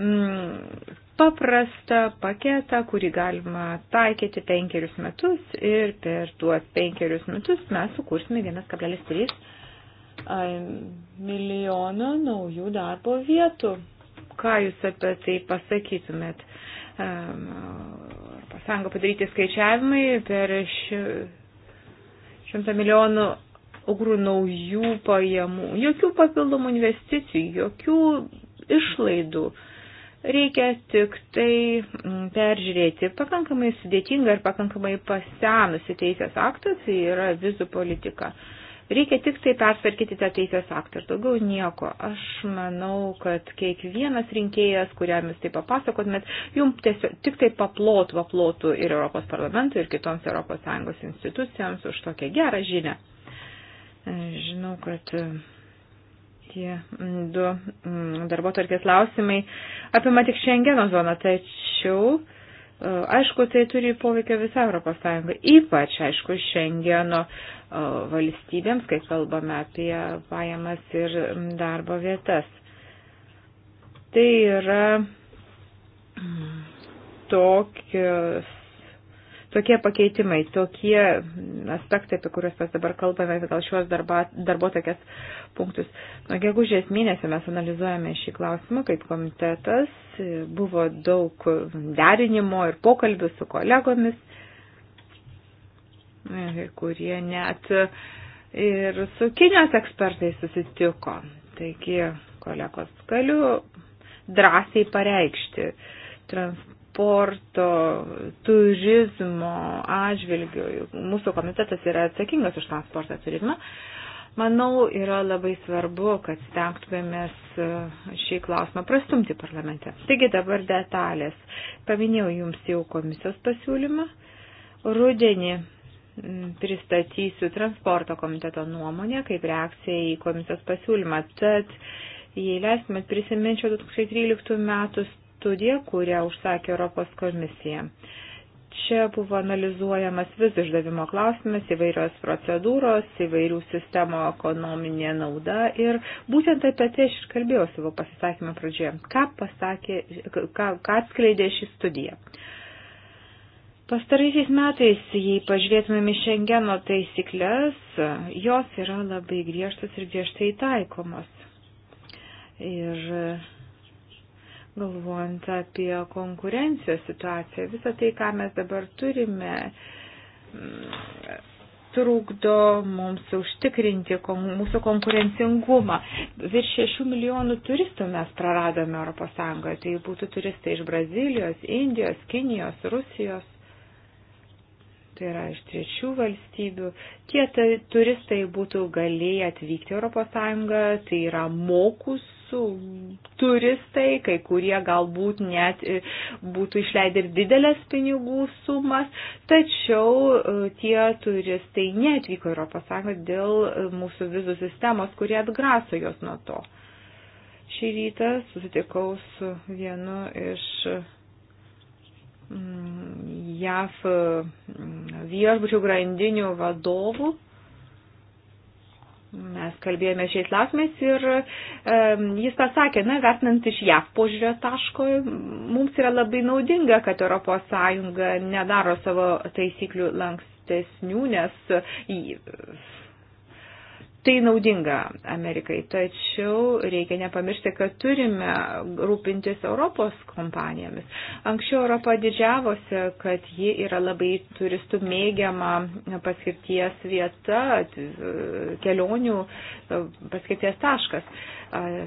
mm, paprastą paketą, kurį galima taikyti penkerius metus ir per tuos penkerius metus mes sukursime 1,3 milijono naujų darbo vietų. Ką Jūs apie tai pasakytumėt? Pasango padaryti skaičiavimai per šimtą milijonų ugrų naujų pajamų, jokių papildomų investicijų, jokių išlaidų. Uh, Reikia tik tai mm, peržiūrėti pakankamai sudėtingą ir pakankamai pasenusi teisės aktą, tai yra vizų politika. Reikia tik tai persvarkyti tą teisės aktą ir daugiau nieko. Aš manau, kad kiekvienas rinkėjas, kuriam jūs tai papasakotumėt, jums tiesiog tik tai paplotų, paplotų ir Europos parlamentui, ir kitoms ES institucijoms už tokią gerą žinę. Žinau, kad tie mm, du mm, darbo tarkės klausimai apima tik Šengeno zoną, tačiau, e, aišku, tai turi poveikio visą Europos Sąjungą, ypač, aišku, Šengeno e, valstybėms, kai kalbame apie pajamas ir mm, darbo vietas. Tai yra tokios tokie pakeitimai, tokie aspektai, apie kuriuos mes dabar kalbame, gal šiuos darba, darbo tokias punktus. Nuo gegužės mėnesio mes analizuojame šį klausimą kaip komitetas, buvo daug derinimo ir pokalbių su kolegomis, kurie net ir su Kinijos ekspertais susitiko. Taigi, kolegos, galiu drąsiai pareikšti. Trans, sporto, turizmo atžvilgių. Mūsų komitetas yra atsakingas už transportą turizmą. Manau, yra labai svarbu, kad stengtumėmės e, šį klausimą prastumti parlamente. Taigi dabar detalės. Paminėjau jums jau komisijos pasiūlymą. Rudenį pristatysiu transporto komiteto nuomonę kaip reakcija į komisijos pasiūlymą. Tad, jei leistumėt, prisiminčiau 2013 metų studiją, kurią užsakė Europos komisija. Čia buvo analizuojamas vis išdavimo klausimas, įvairios procedūros, įvairių sistemo ekonominė nauda ir būtent apie tai aš ir kalbėjau savo pasisakymą pradžioje. Ką, pasakė, ką, ką atskleidė ši studija? Pastaraisiais metais, jei pažiūrėtumėm į Šengeno taisyklės, jos yra labai griežtas ir griežtai taikomos. Ir galvojant apie konkurencijos situaciją. Visą tai, ką mes dabar turime, mm, trukdo mums užtikrinti mūsų konkurencingumą. Virš 6 milijonų turistų mes praradome ES. Tai būtų turistai iš Brazilijos, Indijos, Kinijos, Rusijos. Tai yra iš trečių valstybių. Tie tai, turistai būtų galėję atvykti ES, tai yra mokus tiesų turistai, kai kurie galbūt net e, būtų išleidę ir didelės pinigų sumas, tačiau e, tie turistai neatvyko Europos Sąjungą dėl e, mūsų vizų sistemos, kurie atgraso jos nuo to. Šį rytą susitikau su vienu iš mm, JAF mm, viešbučių grandinių vadovų Mes kalbėjome šiais klausimais ir um, jis pasakė, na, vertinant iš JAV požiūrio taško, mums yra labai naudinga, kad ES nedaro savo taisyklių lankstesnių, nes tai naudinga Amerikai. Tačiau reikia nepamiršti, kad turime rūpintis Europos kompanijomis. Anksčiau Europa didžiavosi, kad ji yra labai turistų mėgiama paskirties vieta, kelionių paskirties taškas.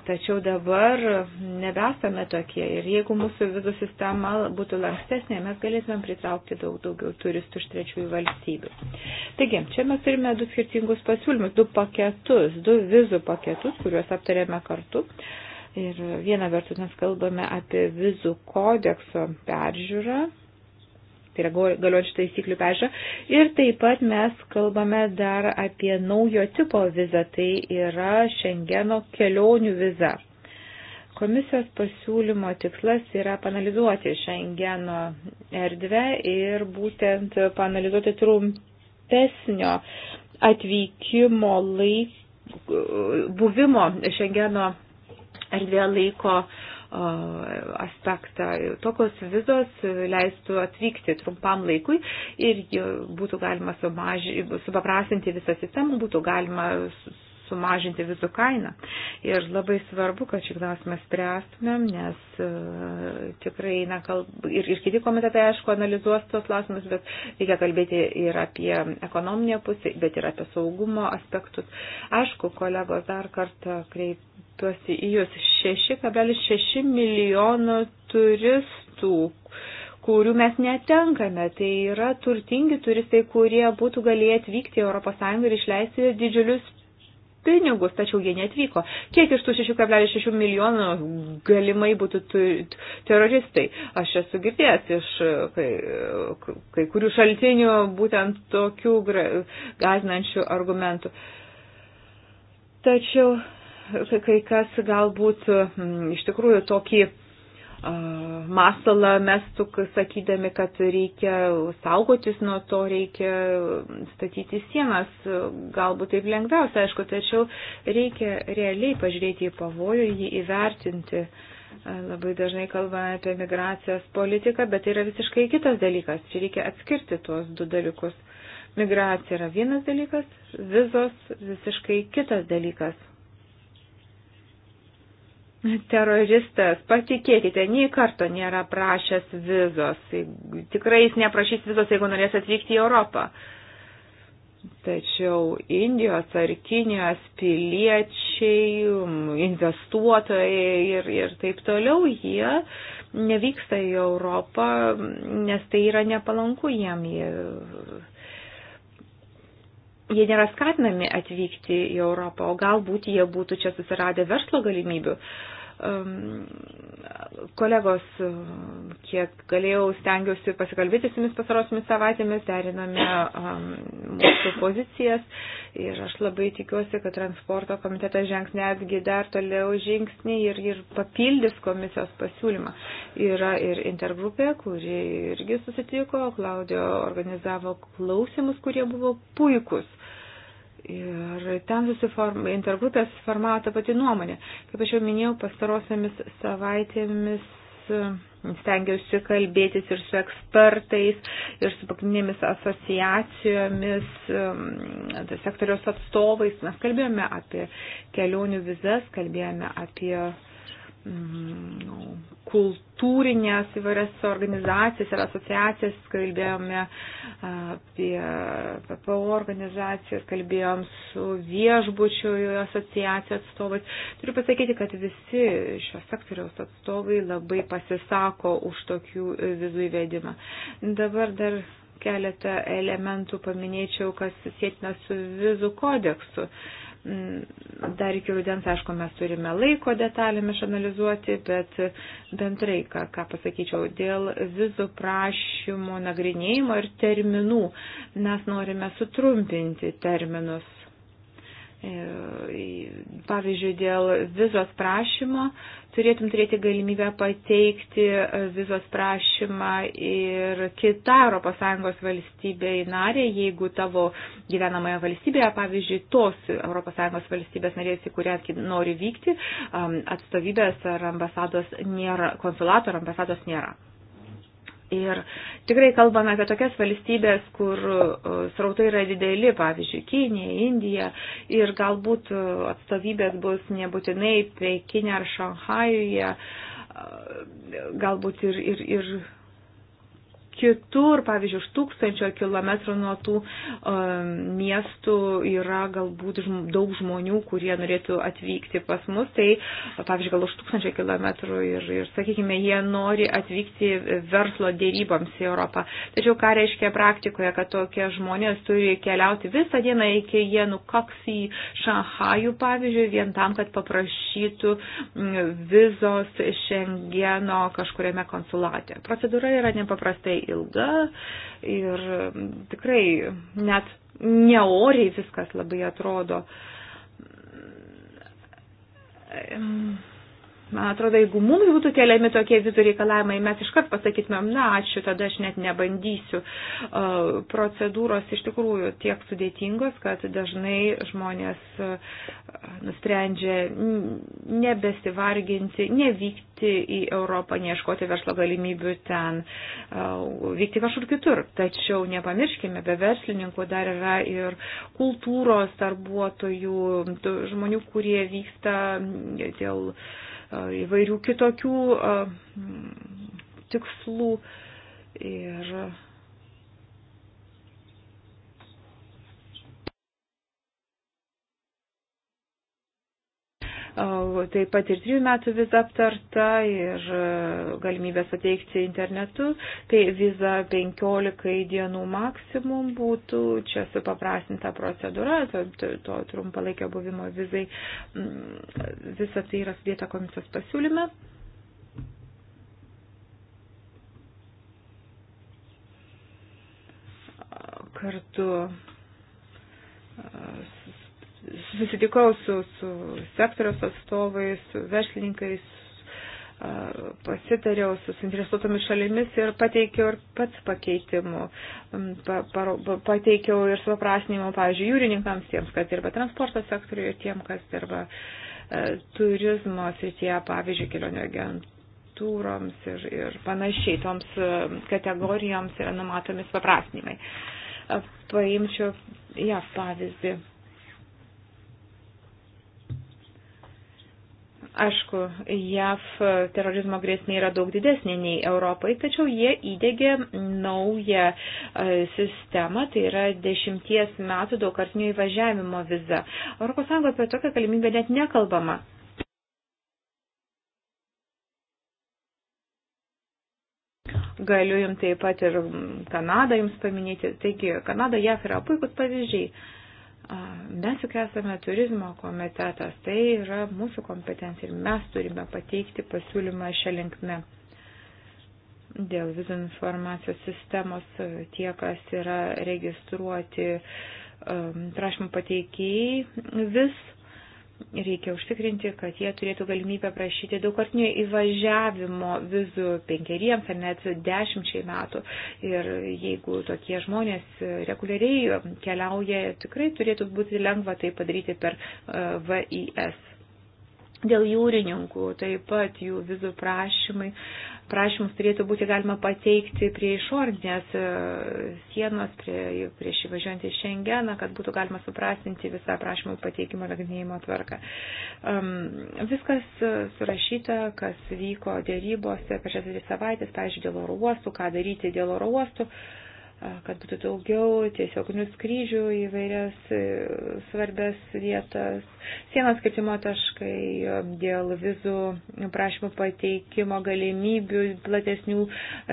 Tačiau dabar nebesame tokie ir jeigu mūsų vizų sistema būtų lankstesnė, mes galėtumėm pritraukti daug daugiau turistų iš trečiųjų valstybių. Taigi, čia mes turime du skirtingus pasiūlymus, du paketus, du vizų paketus, kuriuos aptarėme kartu. Ir viena vertus mes kalbame apie vizų kodekso peržiūrą, tai yra galiojančių taisyklių pežą. Ir taip pat mes kalbame dar apie naujo tipo vizą, tai yra Šengeno kelionių viza. Komisijos pasiūlymo tikslas yra panalizuoti Šengeno erdvę ir būtent panalizuoti trumpesnio atvykimo laiko buvimo Šengeno erdvėje laiko uh, aspektą. Tokios vizos leistų atvykti trumpam laikui ir būtų galima supaprastinti visą sistemą, būtų galima sumažinti vizų kainą. Ir labai svarbu, kad šį klausimą spręstumėm, nes e, tikrai na, kalb... ir, ir kiti komitetai, aišku, analizuos tos klausimus, bet reikia kalbėti ir apie ekonominę pusę, bet ir apie saugumo aspektus. Aišku, kolegos dar kartą kreip kreipiuosi į Jūs. 6,6 milijono turistų, kurių mes netenkame. Tai yra turtingi turistai, kurie būtų galėję atvykti į ES ir išleisti didžiulius pinigus, tačiau jie netvyko. Kiek iš tų 6,6 milijonų galimai būtų teroristai? Aš esu girdėjęs iš kai, kai kurių šaltinių būtent tokių gazinančių argumentų. Tačiau kai kas galbūt mm, iš tikrųjų tokį masalą mestų, sakydami, kad reikia saugotis nuo to, reikia statyti sienas. Galbūt taip lengviausia, aišku, tačiau reikia realiai pažiūrėti į pavojų, jį įvertinti. Labai dažnai kalbame apie migracijos politiką, bet tai yra visiškai kitas dalykas. Čia reikia atskirti tuos du dalykus. Migracija yra vienas dalykas, vizos visiškai kitas dalykas teroristas, patikėkite, nei karto nėra prašęs vizos. Tikrai jis neprašys vizos, jeigu norės atvykti į Europą. Tačiau Indijos ar Kinijos piliečiai, investuotojai ir, ir taip toliau, jie nevyksta į Europą, nes tai yra nepalanku jam. Jie jie nėra skatinami atvykti į Europą, o galbūt jie būtų čia susiradę verslo galimybių. Ehm, Kolegos, kiek galėjau, stengiuosi pasikalbėti su jumis pasarosiamis savaitėmis, deriname um, mūsų pozicijas ir aš labai tikiuosi, kad transporto komitetas žengs netgi dar toliau žingsnį ir, ir papildys komisijos pasiūlymą. Yra ir intergrupė, kuri irgi susitiko, Klaudio organizavo klausimus, kurie buvo puikus. Ir ten susiform, intergrupės formavo tą patį nuomonę. Kaip aš jau minėjau, pastarosiamis savaitėmis e, stengiausi kalbėtis ir su ekspertais, ir su pagrindinėmis asociacijomis, e, tai sektoriaus atstovais. Mes kalbėjome apie kelionių vizas, kalbėjome apie Mm, kultūrinės įvairias organizacijas ir asociacijas, kalbėjome apie PPO organizacijas, kalbėjom su viešbučių asociacijų atstovais. Turiu pasakyti, kad visi šio sektoriaus atstovai labai pasisako už tokių vizų įvedimą. Dabar dar keletą elementų paminėčiau, kas sėtina su vizų kodeksu. Uh, Mm, dar iki rudens, aišku, mes turime laiko detalėm išanalizuoti, bet bendrai, ką, ką pasakyčiau, dėl vizų prašymo nagrinėjimo ir terminų mes norime sutrumpinti terminus E, pavyzdžiui, dėl vizos prašymo turėtum turėti galimybę pateikti e, vizos prašymą ir kitą ES valstybei narė, jeigu tavo gyvenamoje valstybėje, pavyzdžiui, tos ES valstybės narės, į kurią nori vykti, atstovybės ar ambasados nėra, konsulato ar ambasados nėra. Ir tikrai kalbame apie tokias valstybės, kur e, srautai yra dideli, pavyzdžiui, Kinija, Indija, ir galbūt e, atstovybės bus nebūtinai Pekinė ar Šanhajuje, e, galbūt ir, ir, ir kitur, pavyzdžiui, už tūkstančio kilometrų nuo tų um, miestų yra galbūt žm daug žmonių, kurie norėtų atvykti pas mus, tai, pavyzdžiui, gal už tūkstančio kilometrų ir, ir, sakykime, jie nori atvykti verslo dėryboms į Europą. Tačiau ką reiškia praktikoje, kad tokie žmonės turi keliauti visą dieną iki jie nukaks į Šanhajų, pavyzdžiui, vien tam, kad paprašytų mm, vizos Šengeno kažkuriame konsulate. Procedūra yra nepaprastai ilga ir tikrai net neoriai viskas labai atrodo. Man atrodo, jeigu mums būtų keliami tokie vizų reikalavimai, mes iškart pasakytumėm, na, ačiū, tada aš net nebandysiu. Procedūros iš tikrųjų tiek sudėtingos, kad dažnai žmonės nusprendžia nebesivarginti, nevykti į Europą, neieškoti verslo galimybių ten, vykti kažkur kitur. Tačiau nepamirškime, be verslininkų dar yra ir kultūros darbuotojų, žmonių, kurie vyksta dėl. Uh, įvairių kitokių tikslų. Ir taip pat ir trijų metų viza aptarta ir e, galimybė suteikti internetu, tai viza 15 dienų maksimum būtų, čia supaprastinta procedūra, to, to, to trumpalaikio buvimo vizai, mm, visa tai yra sudėta komisijos pasiūlyme. kartu e, susitikau su, su sektoriaus atstovais, su verslininkais, pasitariau su suinteresuotomis šalimis ir pateikiau ir pats pakeitimų. Mm, pa, pa, pateikiau ir suprasnimo, pavyzdžiui, jūrininkams tiems, kas dirba transporto sektoriuje ir tiem, kas dirba e, turizmo srityje, pavyzdžiui, kelionių agentų agentūroms ir, ir panašiai, toms e, kategorijoms yra numatomi suprasnimai. Paimčiau JAV pavyzdį Aišku, JAV terorizmo grėsmė yra daug didesnė nei Europai, tačiau jie įdėgė naują e, sistemą, tai yra dešimties metų daugkartinio įvažiavimo viza. ES apie tokią galimybę net nekalbama. Galiu jums taip pat ir Kanadą jums paminėti. Taigi, Kanada, JAF yra puikus pavyzdžiai. Mes juk esame turizmo komitetas, tai yra mūsų kompetencija ir mes turime pateikti pasiūlymą šią linkmę. Dėl vizų informacijos sistemos e, tie, kas yra registruoti e, prašymų pateikėjai, vis reikia užtikrinti, kad jie turėtų galimybę prašyti daugkartinio įvažiavimo vizų penkeriems ar net dešimčiai metų. Ir jeigu tokie žmonės reguliariai um, keliauja, tikrai turėtų būti lengva tai padaryti per uh, VIS. Dėl jūrininkų taip pat jų vizų prašymai prašymus turėtų būti galima pateikti prie išorinės e, sienos, prie, prieš įvažiuojant į Šengeną, kad būtų galima suprastinti visą prašymų pateikimo nagrinėjimo tvarką. Um, viskas e, surašyta, kas vyko dėrybose per šias dvi savaitės, pavyzdžiui, dėl oro uostų, ką daryti dėl oro uostų. Uh, kad būtų daugiau tiesioginių skrydžių į vairias e, svarbės vietas, sienos skirtimo taškai, dėl vizų prašymų pateikimo galimybių platesnių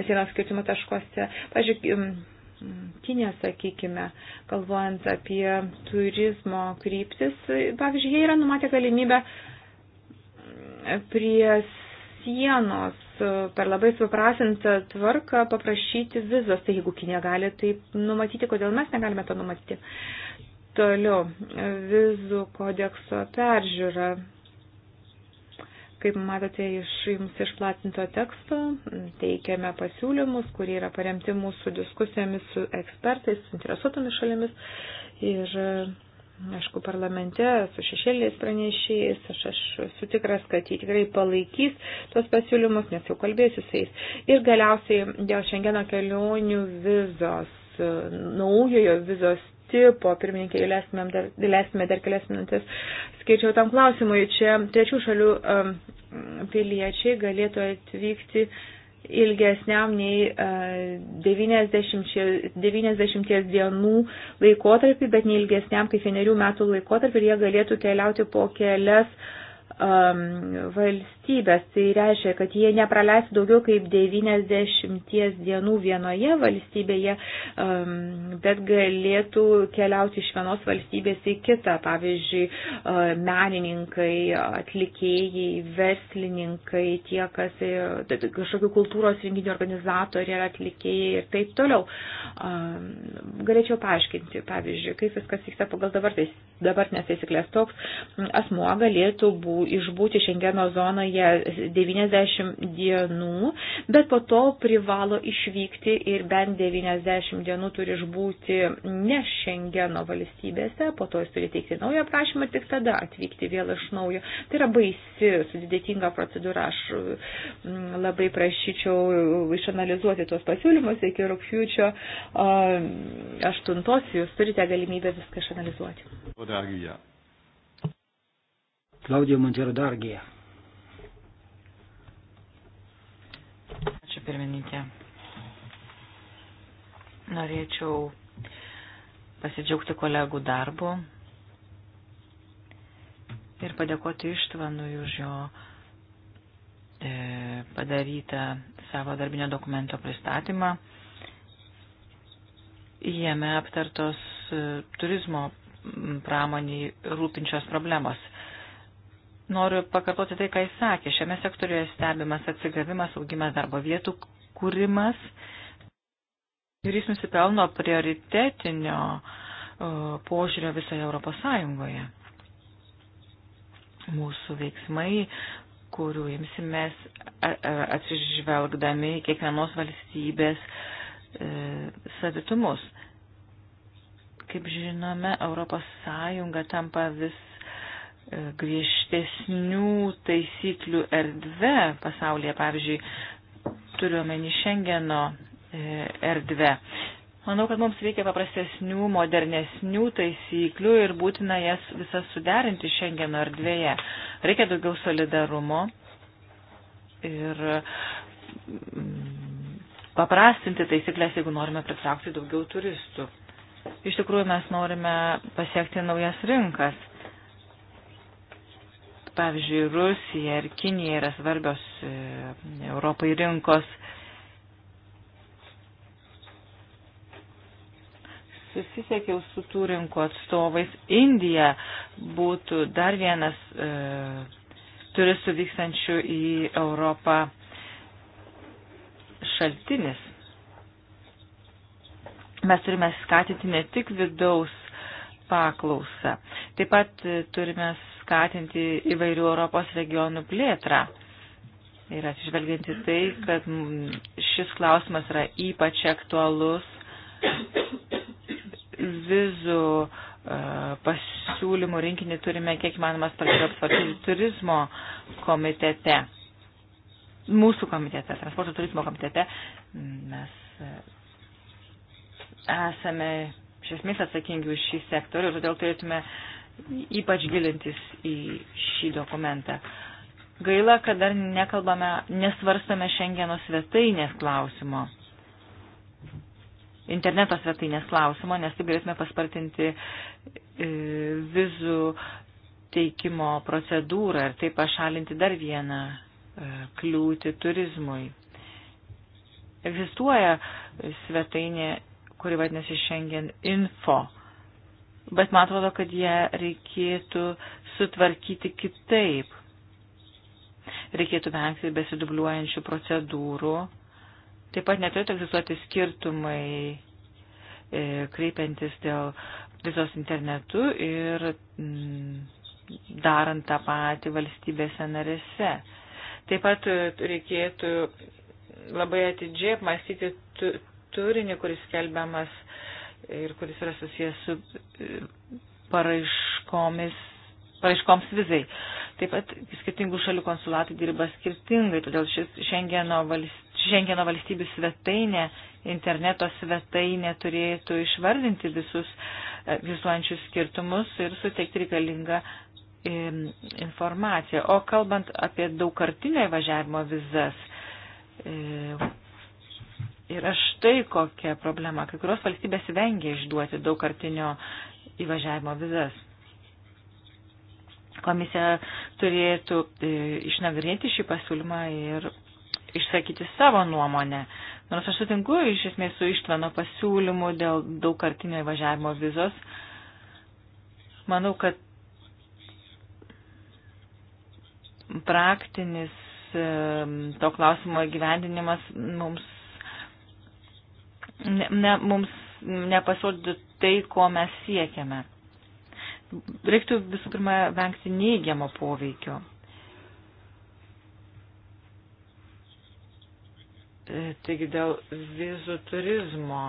sienos skirtimo taškose. Pažiūrėk, Kinė, sakykime, galvojant apie turizmo kryptis, pavyzdžiui, jie yra numatę galimybę prie sienos E, per labai suprasintą tvarką paprašyti vizos. Tai jeigu Kinė gali tai numatyti, kodėl mes negalime to numatyti? Toliau, e, vizų kodekso peržiūra. Kaip matote iš jums išplatinto teksto, teikiame pasiūlymus, kurie yra paremti mūsų diskusijomis su ekspertais, su interesuotomis šalimis. Ir aišku, parlamente su šešėliais pranešėjais, aš, aš esu tikras, kad jie tikrai palaikys tos pasiūlymus, nes jau kalbėsiu su jais. Ir galiausiai dėl šiandieno kelionių vizos, naujojo vizos tipo, pirmininkai, leisime dar, leisime dar kelias minutės, skirčiau tam klausimui, čia trečių šalių um, piliečiai galėtų atvykti uh, ilgesniam nei 90, e, 90 dienų laikotarpį, bet neilgesniam kaip vienerių metų laikotarpį ir jie galėtų keliauti po kelias uh, um, valstybės. Tai reiškia, kad jie nepraleis daugiau kaip 90 dienų vienoje valstybėje, um, bet galėtų keliauti iš vienos valstybės į kitą. Pavyzdžiui, uh, menininkai, atlikėjai, verslininkai, tie, kas e, kažkokių kultūros renginių organizatoriai ir atlikėjai ir taip toliau. Um, galėčiau paaiškinti, pavyzdžiui, kaip viskas vyksta pagal dabartinės taisyklės. Toks asmuo galėtų būti išbūti Šengeno zonoje 90 dienų, bet po to privalo išvykti ir bent 90 dienų turi išbūti ne Šengeno valstybėse, po to jis turi teikti naują prašymą ir tik tada atvykti vėl iš naujo. Tai yra baisi, sudėtinga procedūra. Aš mm, labai prašyčiau išanalizuoti tuos pasiūlymus iki rūpjūčio 8. Jūs turite galimybę viską išanalizuoti.
Vodagia. Klaudija Montero Dargija.
Ačiū pirmininkė. Norėčiau pasidžiaugti kolegų darbu ir padėkoti Ištvanui už jo e, padarytą savo darbinio dokumento pristatymą. Jame aptartos e, turizmo pramonį rūpinčios problemos. Noriu pakartoti tai, ką jis sakė. Šiame sektoriuje stebimas atsigavimas, augimas darbo vietų kūrimas ir jis nusipelno prioritetinio požiūrio visoje Europos Sąjungoje. Mūsų veiksmai, kurių imsimės atsižvelgdami kiekvienos valstybės e, savitumus. Kaip žinome, Europos Sąjunga tampa vis E, griežtesnių taisyklių erdve pasaulyje, pavyzdžiui, turiuomenį Šengeno e, erdve. Manau, kad mums reikia paprastesnių, modernesnių taisyklių ir būtina jas visas suderinti Šengeno erdvėje. Reikia daugiau solidarumo ir mm, paprastinti taisyklės, jeigu norime pritraukti daugiau turistų. Iš tikrųjų, mes norime pasiekti naujas rinkas pavyzdžiui, Rusija ir Kinija yra svarbios e, Europai rinkos. Susisiekiau su tų rinkų atstovais. Indija būtų dar vienas e, turistų vykstančių į Europą šaltinis. Mes turime skatinti ne tik vidaus paklausą. Taip pat e, turime skatinti įvairių Europos regionų plėtrą. Ir atsižvelgianti tai, kad šis klausimas yra ypač aktualus vizų e, pasiūlymų rinkinį turime kiek įmanoma sparčiau apsvarstyti turizmo komitete. Mūsų komitete, transporto turizmo komitete, mes e, esame iš esmės atsakingi už šį sektorių ir todėl turėtume ypač gilintis į šį dokumentą. Gaila, kad dar nekalbame, nesvarstame Šengeno svetainės klausimo. Interneto svetainės klausimo, nes taip galėtume paspartinti e, vizų teikimo procedūrą ir taip pašalinti dar vieną e, kliūtį turizmui. Egzistuoja svetainė, kuri vadinasi Schengen Info bet man atrodo, kad ją reikėtų sutvarkyti kitaip. Reikėtų vengti besidubliuojančių procedūrų. Taip pat neturėtų egzistuoti skirtumai e, kreipiantis dėl visos internetu ir mm, darant tą patį valstybėse narėse. Taip pat e, reikėtų labai atidžiai apmastyti turinį, kuris skelbiamas uh, ir kuris yra susijęs su e, paraiškomis, paraiškoms vizai. Taip pat skirtingų šalių konsulatai dirba skirtingai, todėl šis Šengeno, valst, Šengeno valstybių svetainė, interneto svetainė turėtų išvardinti visus vizuojančius e, skirtumus ir suteikti reikalingą e, informaciją. O kalbant apie daugkartinio įvažiavimo vizas, Ir aš tai kokia problema. Kai kurios valstybės vengia išduoti daugkartinio įvažiavimo vizas. Komisija turėtų e, išnagrinėti šį pasiūlymą ir išsakyti savo nuomonę. Nors aš sutinku iš esmės su Ištvano pasiūlymu dėl daugkartinio įvažiavimo vizos, manau, kad praktinis e, to klausimo įgyvendinimas mums ne, ne, mums nepasirodytų tai, ko mes siekiame. Reiktų visų pirma vengti neigiamo poveikio. E, taigi dėl vizų turizmo.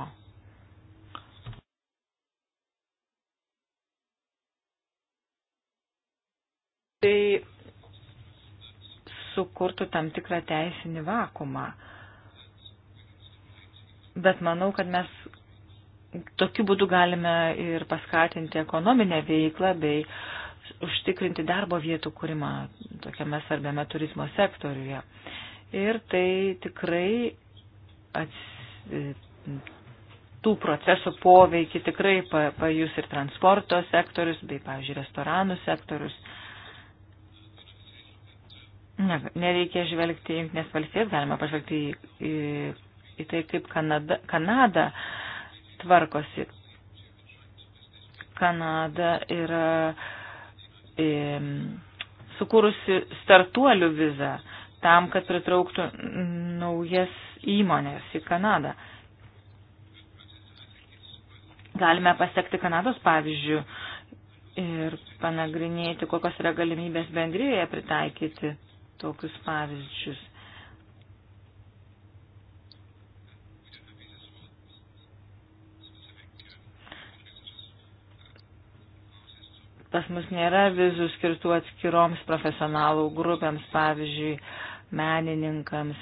Tai sukurtų tam tikrą teisinį vakumą bet manau, kad mes tokiu būdu galime ir paskatinti ekonominę veiklą bei užtikrinti darbo vietų kūrimą tokiame svarbiame turizmo sektoriuje. Ir tai tikrai ats, e, tų procesų poveikį tikrai pajus ir transporto sektorius, bei, pavyzdžiui, restoranų sektorius. Ne, nereikia žvelgti į Junktinės valstijas, galima pažvelgti į, į į tai, kaip Kanada, Kanada tvarkosi. Kanada yra e, sukūrusi startuolių vizą tam, kad pritrauktų naujas įmonės į Kanadą. Galime pasiekti Kanados pavyzdžių ir panagrinėti, kokios yra galimybės bendrijoje pritaikyti tokius pavyzdžius. Pas mus nėra vizų skirtų atskiroms profesionalų grupėms, pavyzdžiui, menininkams,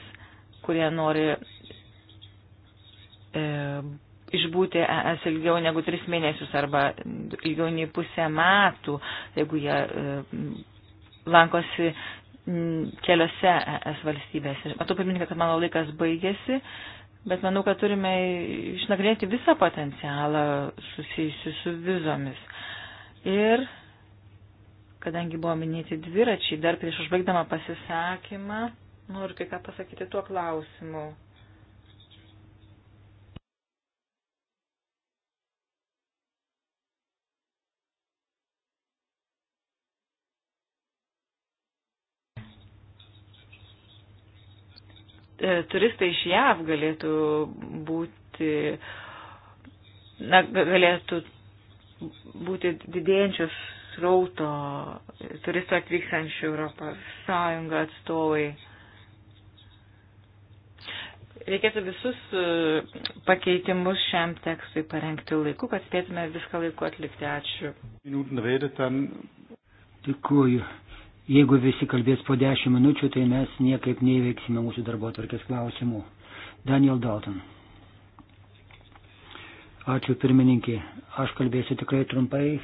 kurie nori e, išbūti es ilgiau negu tris mėnesius arba ilgiau nei pusę metų, jeigu jie e, lankosi keliose es valstybėse. Matau, pirmininkai, kad mano laikas baigėsi, bet manau, kad turime išnagrinėti visą potencialą susijusiu su vizomis. Ir kadangi buvo minėti dviračiai, dar prieš užbaigdama pasisakymą, noriu kai ką pasakyti tuo klausimu. E, turistai iš JAV galėtų būti, na, galėtų būti didėjančios srauto turistų atvykstančių Europos Sąjungą atstovai. Reikėtų visus e, pakeitimus šiam tekstui parengti laiku, kad spėtume viską laiku atlikti. Ačiū.
Dėkuoju. Jeigu visi kalbės po 10 minučių, tai mes niekaip neįveiksime mūsų darbo atvarkės klausimų. Daniel Dalton. Ačiū pirmininkė. Aš kalbėsiu tikrai trumpai,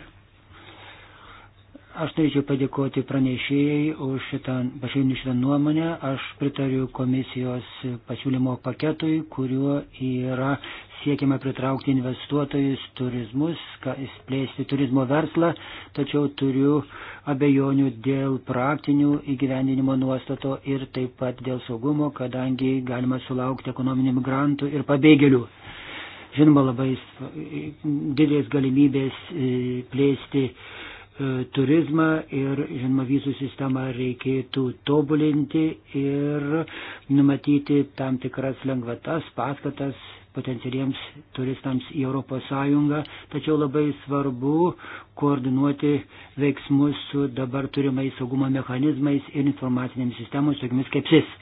Aš norėčiau padėkoti pranešėjai už šitą pašalinį šitą nuomonę. Aš pritariu komisijos pasiūlymo paketui, kuriuo yra siekiama pritraukti investuotojus, turizmus, plėsti turizmo verslą, tačiau turiu abejonių dėl praktinių įgyvendinimo nuostato ir taip pat dėl saugumo, kadangi galima sulaukti ekonominių migrantų ir pabėgėlių. Žinoma, labai didelės galimybės e, plėsti E, turizmą ir, žinoma, vizų sistemą reikėtų tobulinti ir numatyti tam tikras lengvatas, paskatas potencialiems turistams į ES, tačiau labai svarbu koordinuoti veiksmus su dabar turimais saugumo mechanizmais ir informacinėmis sistemomis, tokiamis kaip SIS.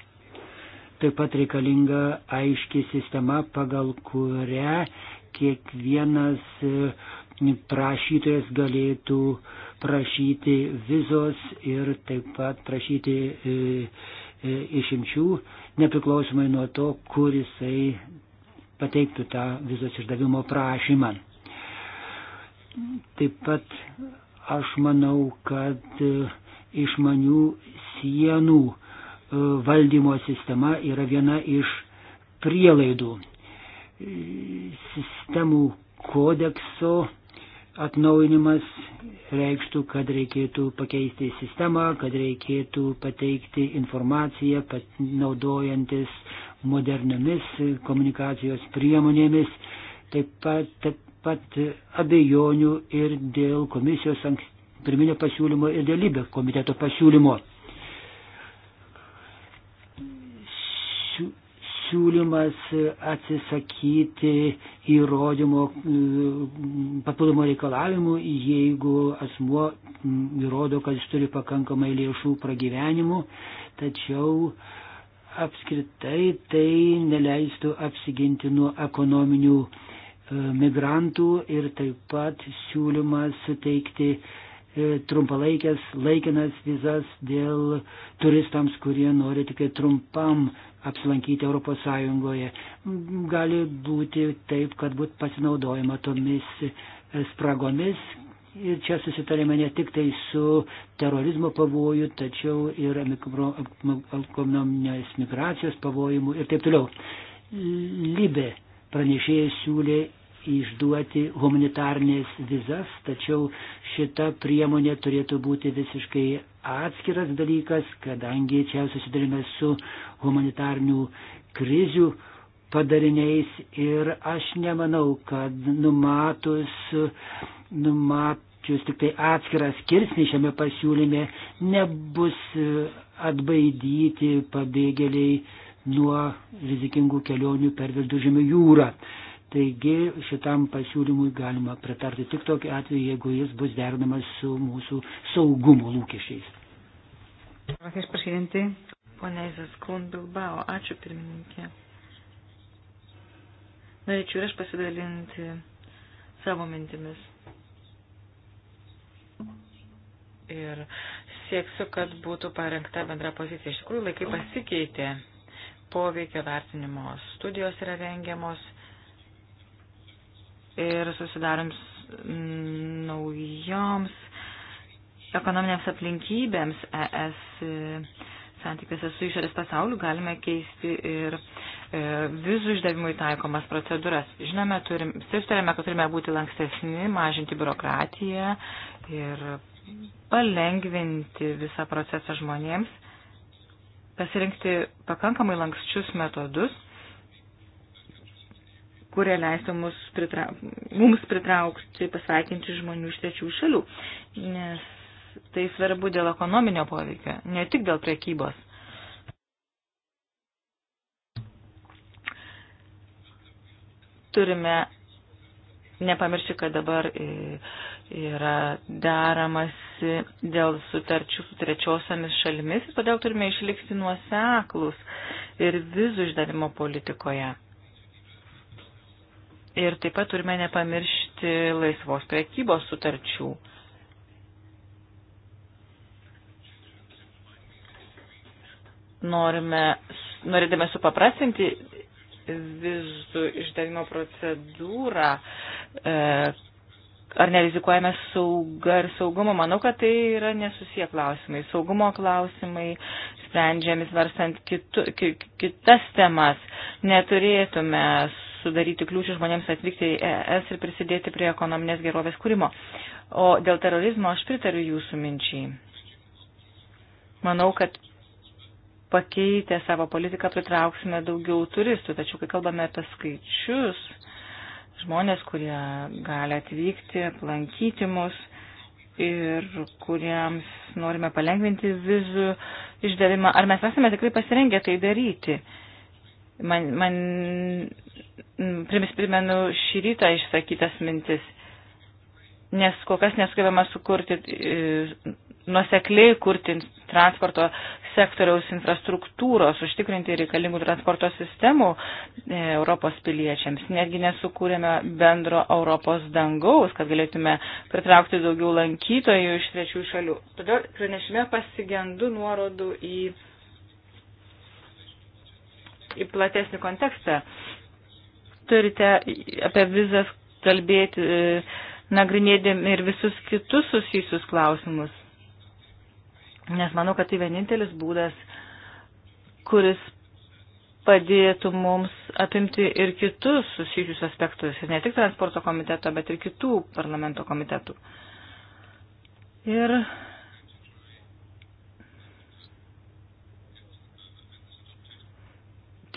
Taip pat reikalinga aiški sistema, pagal kurią kiekvienas e, prašytojas galėtų uh, prašyti vizos ir taip pat prašyti e, e, išimčių, nepriklausomai nuo to, kur jisai pateiktų tą vizos išdavimo prašymą. Taip pat aš manau, kad e, išmanių sienų valdymo sistema yra viena iš prielaidų sistemų kodekso atnaujinimas reikštų, kad reikėtų pakeisti sistemą, kad reikėtų pateikti informaciją, pat, naudojantis moderniamis komunikacijos priemonėmis. Taip pat, taip pat abejonių ir dėl komisijos pirminio pasiūlymo ir dėl lybė komiteto pasiūlymo. siūlymas atsisakyti įrodymo mm, papildomo reikalavimų, jeigu asmuo mm, įrodo, kad jis turi pakankamai lėšų pragyvenimų, tačiau apskritai tai neleistų apsiginti nuo ekonominių e, migrantų ir taip pat siūlymas suteikti E, trumpalaikės laikinas vizas dėl turistams, kurie nori tik tai trumpam apsilankyti ES. Gali būti taip, kad būt pasinaudojama tomis e, spragomis. Ir čia susitarėme ne tik tai su terorizmo pavoju, tačiau ir ekonominės migracijos pavojimu ir taip toliau.
Libė
pranešėjai siūlė išduoti humanitarnės vizas, tačiau šita priemonė turėtų būti visiškai atskiras dalykas, kadangi čia susidurime su humanitarnių krizių padariniais ir aš nemanau, kad numatus, numačius tik tai atskirą skirsnį šiame pasiūlyme nebus atbaidyti pabėgėliai nuo rizikingų kelionių per viduržėmio jūrą. Taigi šitam pasiūlymui galima pritarti tik tokiu atveju, jeigu jis bus derinamas su mūsų saugumo lūkesčiais.
Gracias, presidente. Pone Izaskun Bilbao, ačiū pirmininkė. Norėčiau ir aš pasidalinti savo mintimis. Ir sieksiu, kad būtų parengta bendra pozicija. Iš tikrųjų, laikai pasikeitė. Poveikio vertinimo studijos yra rengiamos ir susidariams mm, naujoms ekonominėms aplinkybėms ES e, santykiuose su išorės pasauliu galime keisti ir e, vizų išdavimui taikomas procedūras. Žinome, turim, susitarėme, kad turime būti lankstesni, mažinti biurokratiją ir palengvinti visą procesą žmonėms, pasirinkti pakankamai lankščius metodus kurie leistų mums, pritra, mums pritraukti, pasveikinti žmonių iš trečių šalių. Nes tai svarbu dėl ekonominio poveikio, ne tik dėl prekybos. Turime nepamiršti, kad dabar e, yra daramasi dėl sutarčių su trečiosiamis šalimis ir todėl turime išlikti nuoseklus ir vizų išdavimo politikoje. Ir taip pat turime nepamiršti laisvos prekybos sutarčių. Norime, norėdame supaprastinti vizų išdavimo procedūrą, e, ar nerizikuojame saugą ir saugumo. Manau, kad tai yra nesusiję klausimai. Saugumo klausimai sprendžiami svarstant kitu, ki, kitas temas. Neturėtume sudaryti kliūčių žmonėms atvykti į ES ir prisidėti prie ekonominės gerovės kūrimo. O dėl terorizmo aš pritariu jūsų minčiai. Manau, kad pakeitę savo politiką pritrauksime daugiau turistų, tačiau kai kalbame apie skaičius, žmonės, kurie gali atvykti, aplankyti mus ir kuriems norime palengvinti vizų išdavimą, ar mes esame tikrai pasirengę tai daryti? man, man primis primenu šį rytą išsakytas mintis, nes kol kas nesugebama sukurti, e, nuosekliai kurti transporto sektoriaus infrastruktūros, užtikrinti reikalingų transporto sistemų e, Europos piliečiams. Netgi nesukūrėme bendro Europos dangaus, kad galėtume pritraukti daugiau lankytojų iš trečių šalių. Todėl pranešime pasigendu nuorodų į į platesnį kontekstą. Turite apie vizas kalbėti, e, nagrinėdami ir visus kitus susijusius klausimus. Nes manau, kad tai vienintelis būdas, kuris padėtų mums apimti ir kitus susijusius aspektus, ir ne tik transporto komiteto, bet ir kitų parlamento komitetų. Ir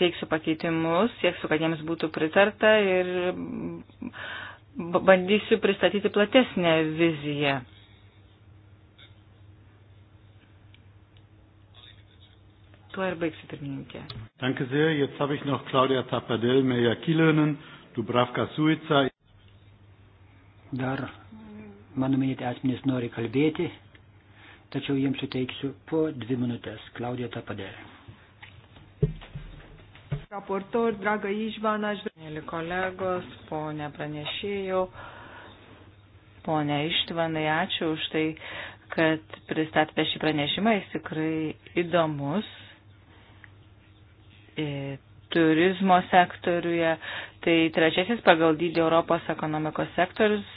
teiksiu pakeitimus, sieksiu, kad jiems būtų pritarta ir bandysiu pristatyti platesnę viziją. Tuo ir baigsiu, pirmininkė.
Danke sehr. Jetzt habe ich noch Claudia Tapadel, Meja Kilönen, Dubravka Suica.
Dar mano minėti asmenys nori kalbėti, tačiau jiems suteiksiu po dvi minutės. Claudia Tapadel.
Raportor, draga Išvana, aš. Mėly kolegos, ponė pranešėjau, ponė Ištvanai, ačiū už tai, kad pristatėte šį pranešimą, jis tikrai įdomus. E, turizmo sektoriuje, tai trečiasis pagal dydį Europos ekonomikos sektorius,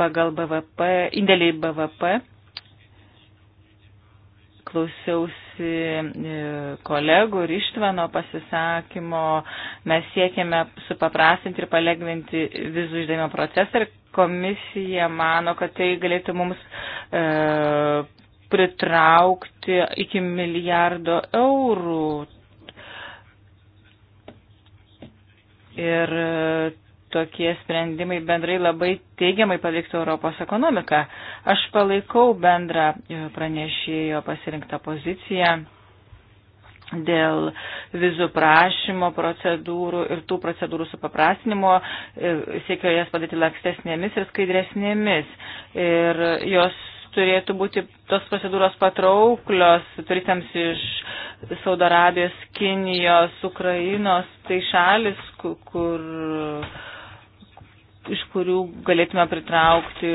pagal BVP, indėlį BVP. Klausiausi tikiuosi e, kolegų ir ištveno pasisakymo. Mes siekiame supaprastinti ir palengvinti vizų išdavimo procesą ir komisija mano, kad tai galėtų mums e, pritraukti iki milijardo eurų. Ir tokie sprendimai bendrai labai teigiamai paveiktų Europos ekonomiką. Aš palaikau bendrą e, pranešėjo pasirinktą poziciją dėl vizų prašymo procedūrų ir tų procedūrų supaprastinimo, e, siekio jas padaryti lankstesnėmis ir skaidresnėmis. Ir jos turėtų būti tos procedūros patrauklios turistams iš Saudo Arabijos, Kinijos, Ukrainos, tai šalis, kur iš kurių galėtume pritraukti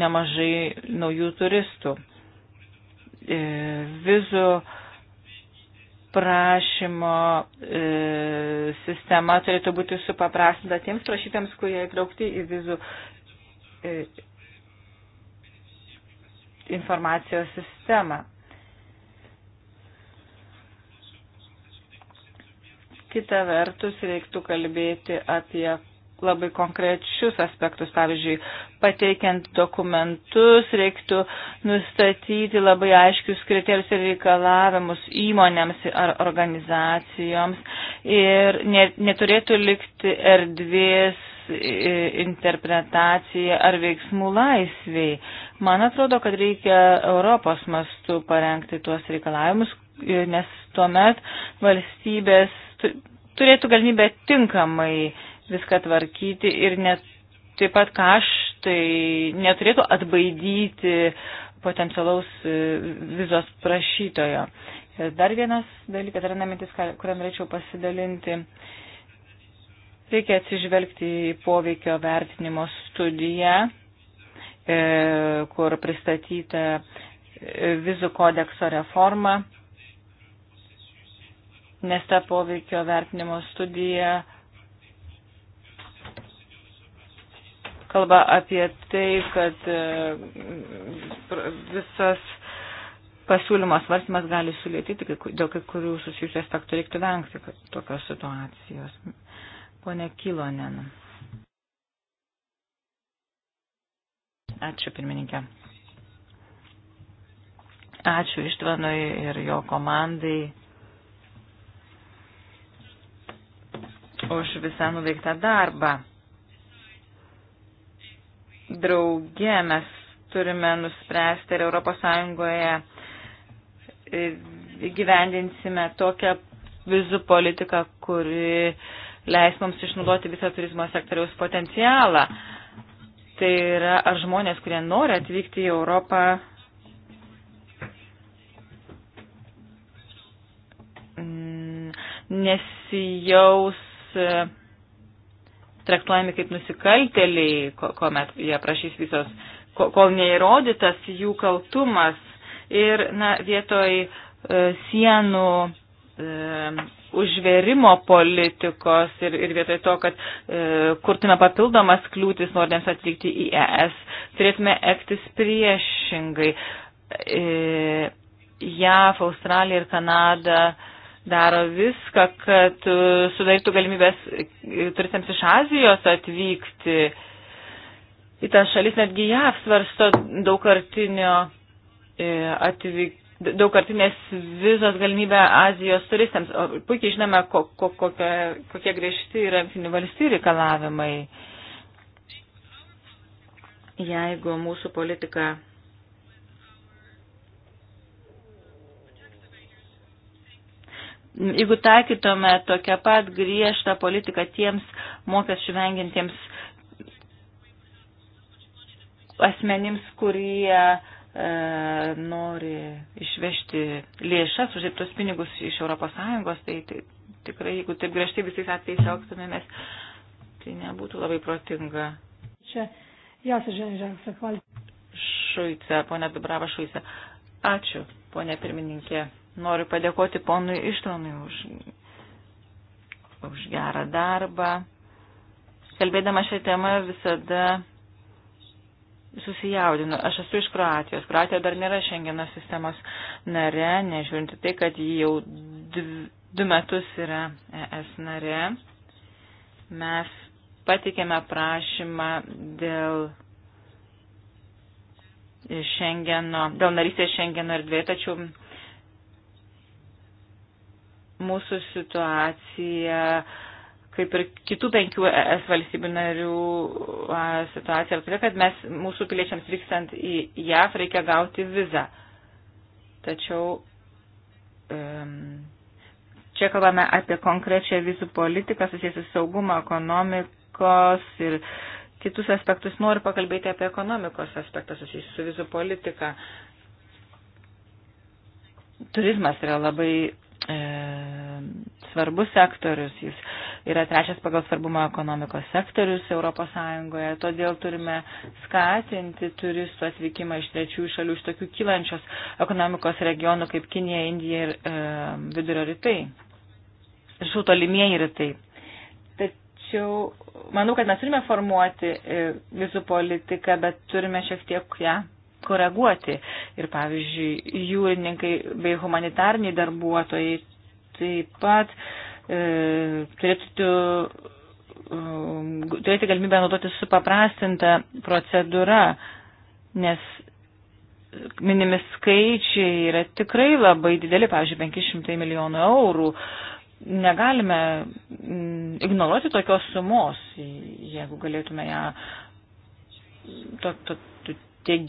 nemažai naujų turistų. E, vizų prašymo e, sistema turėtų būti supaprastinta tiems prašytams, kurie įtraukti į vizų e, informacijos sistemą. Kita vertus, reiktų kalbėti apie labai konkrečius aspektus. Pavyzdžiui, pateikiant dokumentus reiktų nustatyti labai aiškius kriterijus ir reikalavimus įmonėms ar organizacijoms ir neturėtų likti erdvės interpretacija ar veiksmų laisviai. Man atrodo, kad reikia Europos mastu parengti tuos reikalavimus, nes tuomet valstybės turėtų galimybę tinkamai uh, viską tvarkyti ir net taip pat kaštai neturėtų atbaidyti potencialaus e, vizos prašytojo. Ir dar vienas dalykas, dar viena mintis, kurią norėčiau pasidalinti. Reikia atsižvelgti į poveikio vertinimo studiją, e, kur pristatyta e, vizų kodekso reforma, nes ta poveikio vertinimo studija kalba apie tai, kad e, visas pasiūlymas svarstymas gali sulėtyti, dėl kai kurių susijusių aspektų reiktų vengti tokios situacijos. Pone Kilonen. Ačiū pirmininkė. Ačiū Ištvanui ir jo komandai už visą nuveiktą darbą drauge mes turime nuspręsti, ar ES e, gyvendinsime tokią vizų politiką, kuri leis mums išnaudoti visą turizmo sektoriaus potencialą. Tai yra, ar žmonės, kurie nori atvykti į Europą, nesijaus e, traktuojami kaip nusikalteliai, kuomet jie prašys visos, kol neįrodytas jų kaltumas. Ir na, vietoj e, sienų e, užverimo politikos ir, ir vietoj to, kad e, kurtume papildomas kliūtis norintiems atvykti į ES, turėtume ektis priešingai. E, JAV, Australija ir Kanada e, daro viską, kad e, sudarytų galimybės e, turistams iš Azijos atvykti į tą šalis, netgi JAV svarsto daugkartinio e, atvyk, daugkartinės vizos galimybę Azijos turistams. O puikiai žinome, ko, ko, kokie, kokie griežti yra valstybių reikalavimai. Jeigu mūsų politika Jeigu taikytume tokią pat griežtą politiką tiems mokesčių vengintiems asmenims, kurie e, nori išvežti lėšas, uždirbtus pinigus iš ES, tai, tai tikrai, jeigu taip griežtai visais atvejais elgtumėmės, tai nebūtų labai protinga. Čia, jas, žinai, sakval. Šuica, ponia Dubrava Šuica. Ačiū, ponia pirmininkė. Noriu padėkoti ponui Ištvanui už, už gerą darbą. Kalbėdama šią temą visada susijaudinu. Aš esu iš Kroatijos. Kroatija dar nėra Šengeno sistemos nare, nežiūrinti tai, kad ji jau dvi, du metus yra ES nare. Mes patikėme prašymą dėl Šengeno, dėl narystės Šengeno erdvėje, tačiau mūsų situacija, kaip ir kitų penkių ES valstybių narių situacija, yra tokia, kad mes, mūsų piliečiams vykstant į JAV reikia gauti vizą. Tačiau čia kalbame apie konkrečią vizų politiką susijusią su saugumo, ekonomikos ir kitus aspektus. Noriu pakalbėti apie ekonomikos aspektą susijusią su vizų politika. Turizmas yra labai e, svarbus sektorius, jis yra trečias pagal svarbumą ekonomikos sektorius ES, todėl turime skatinti turistų atvykimą iš trečiųjų šalių, iš tokių kylančios ekonomikos regionų kaip Kinija, Indija ir e, vidurio rytai, šių tolimieji rytai. Tačiau manau, kad mes turime formuoti e, vizų politiką, bet turime šiek tiek ją. Ja, koreguoti. Ir pavyzdžiui, jūrininkai bei humanitarniai darbuotojai taip pat e, turėtų um, turėti galimybę naudoti supaprastintą procedūrą, nes minimi skaičiai yra tikrai labai dideli, pavyzdžiui, 500 milijonų eurų. Negalime mm, ignoruoti tokios sumos, jeigu galėtume ją to, to, tiek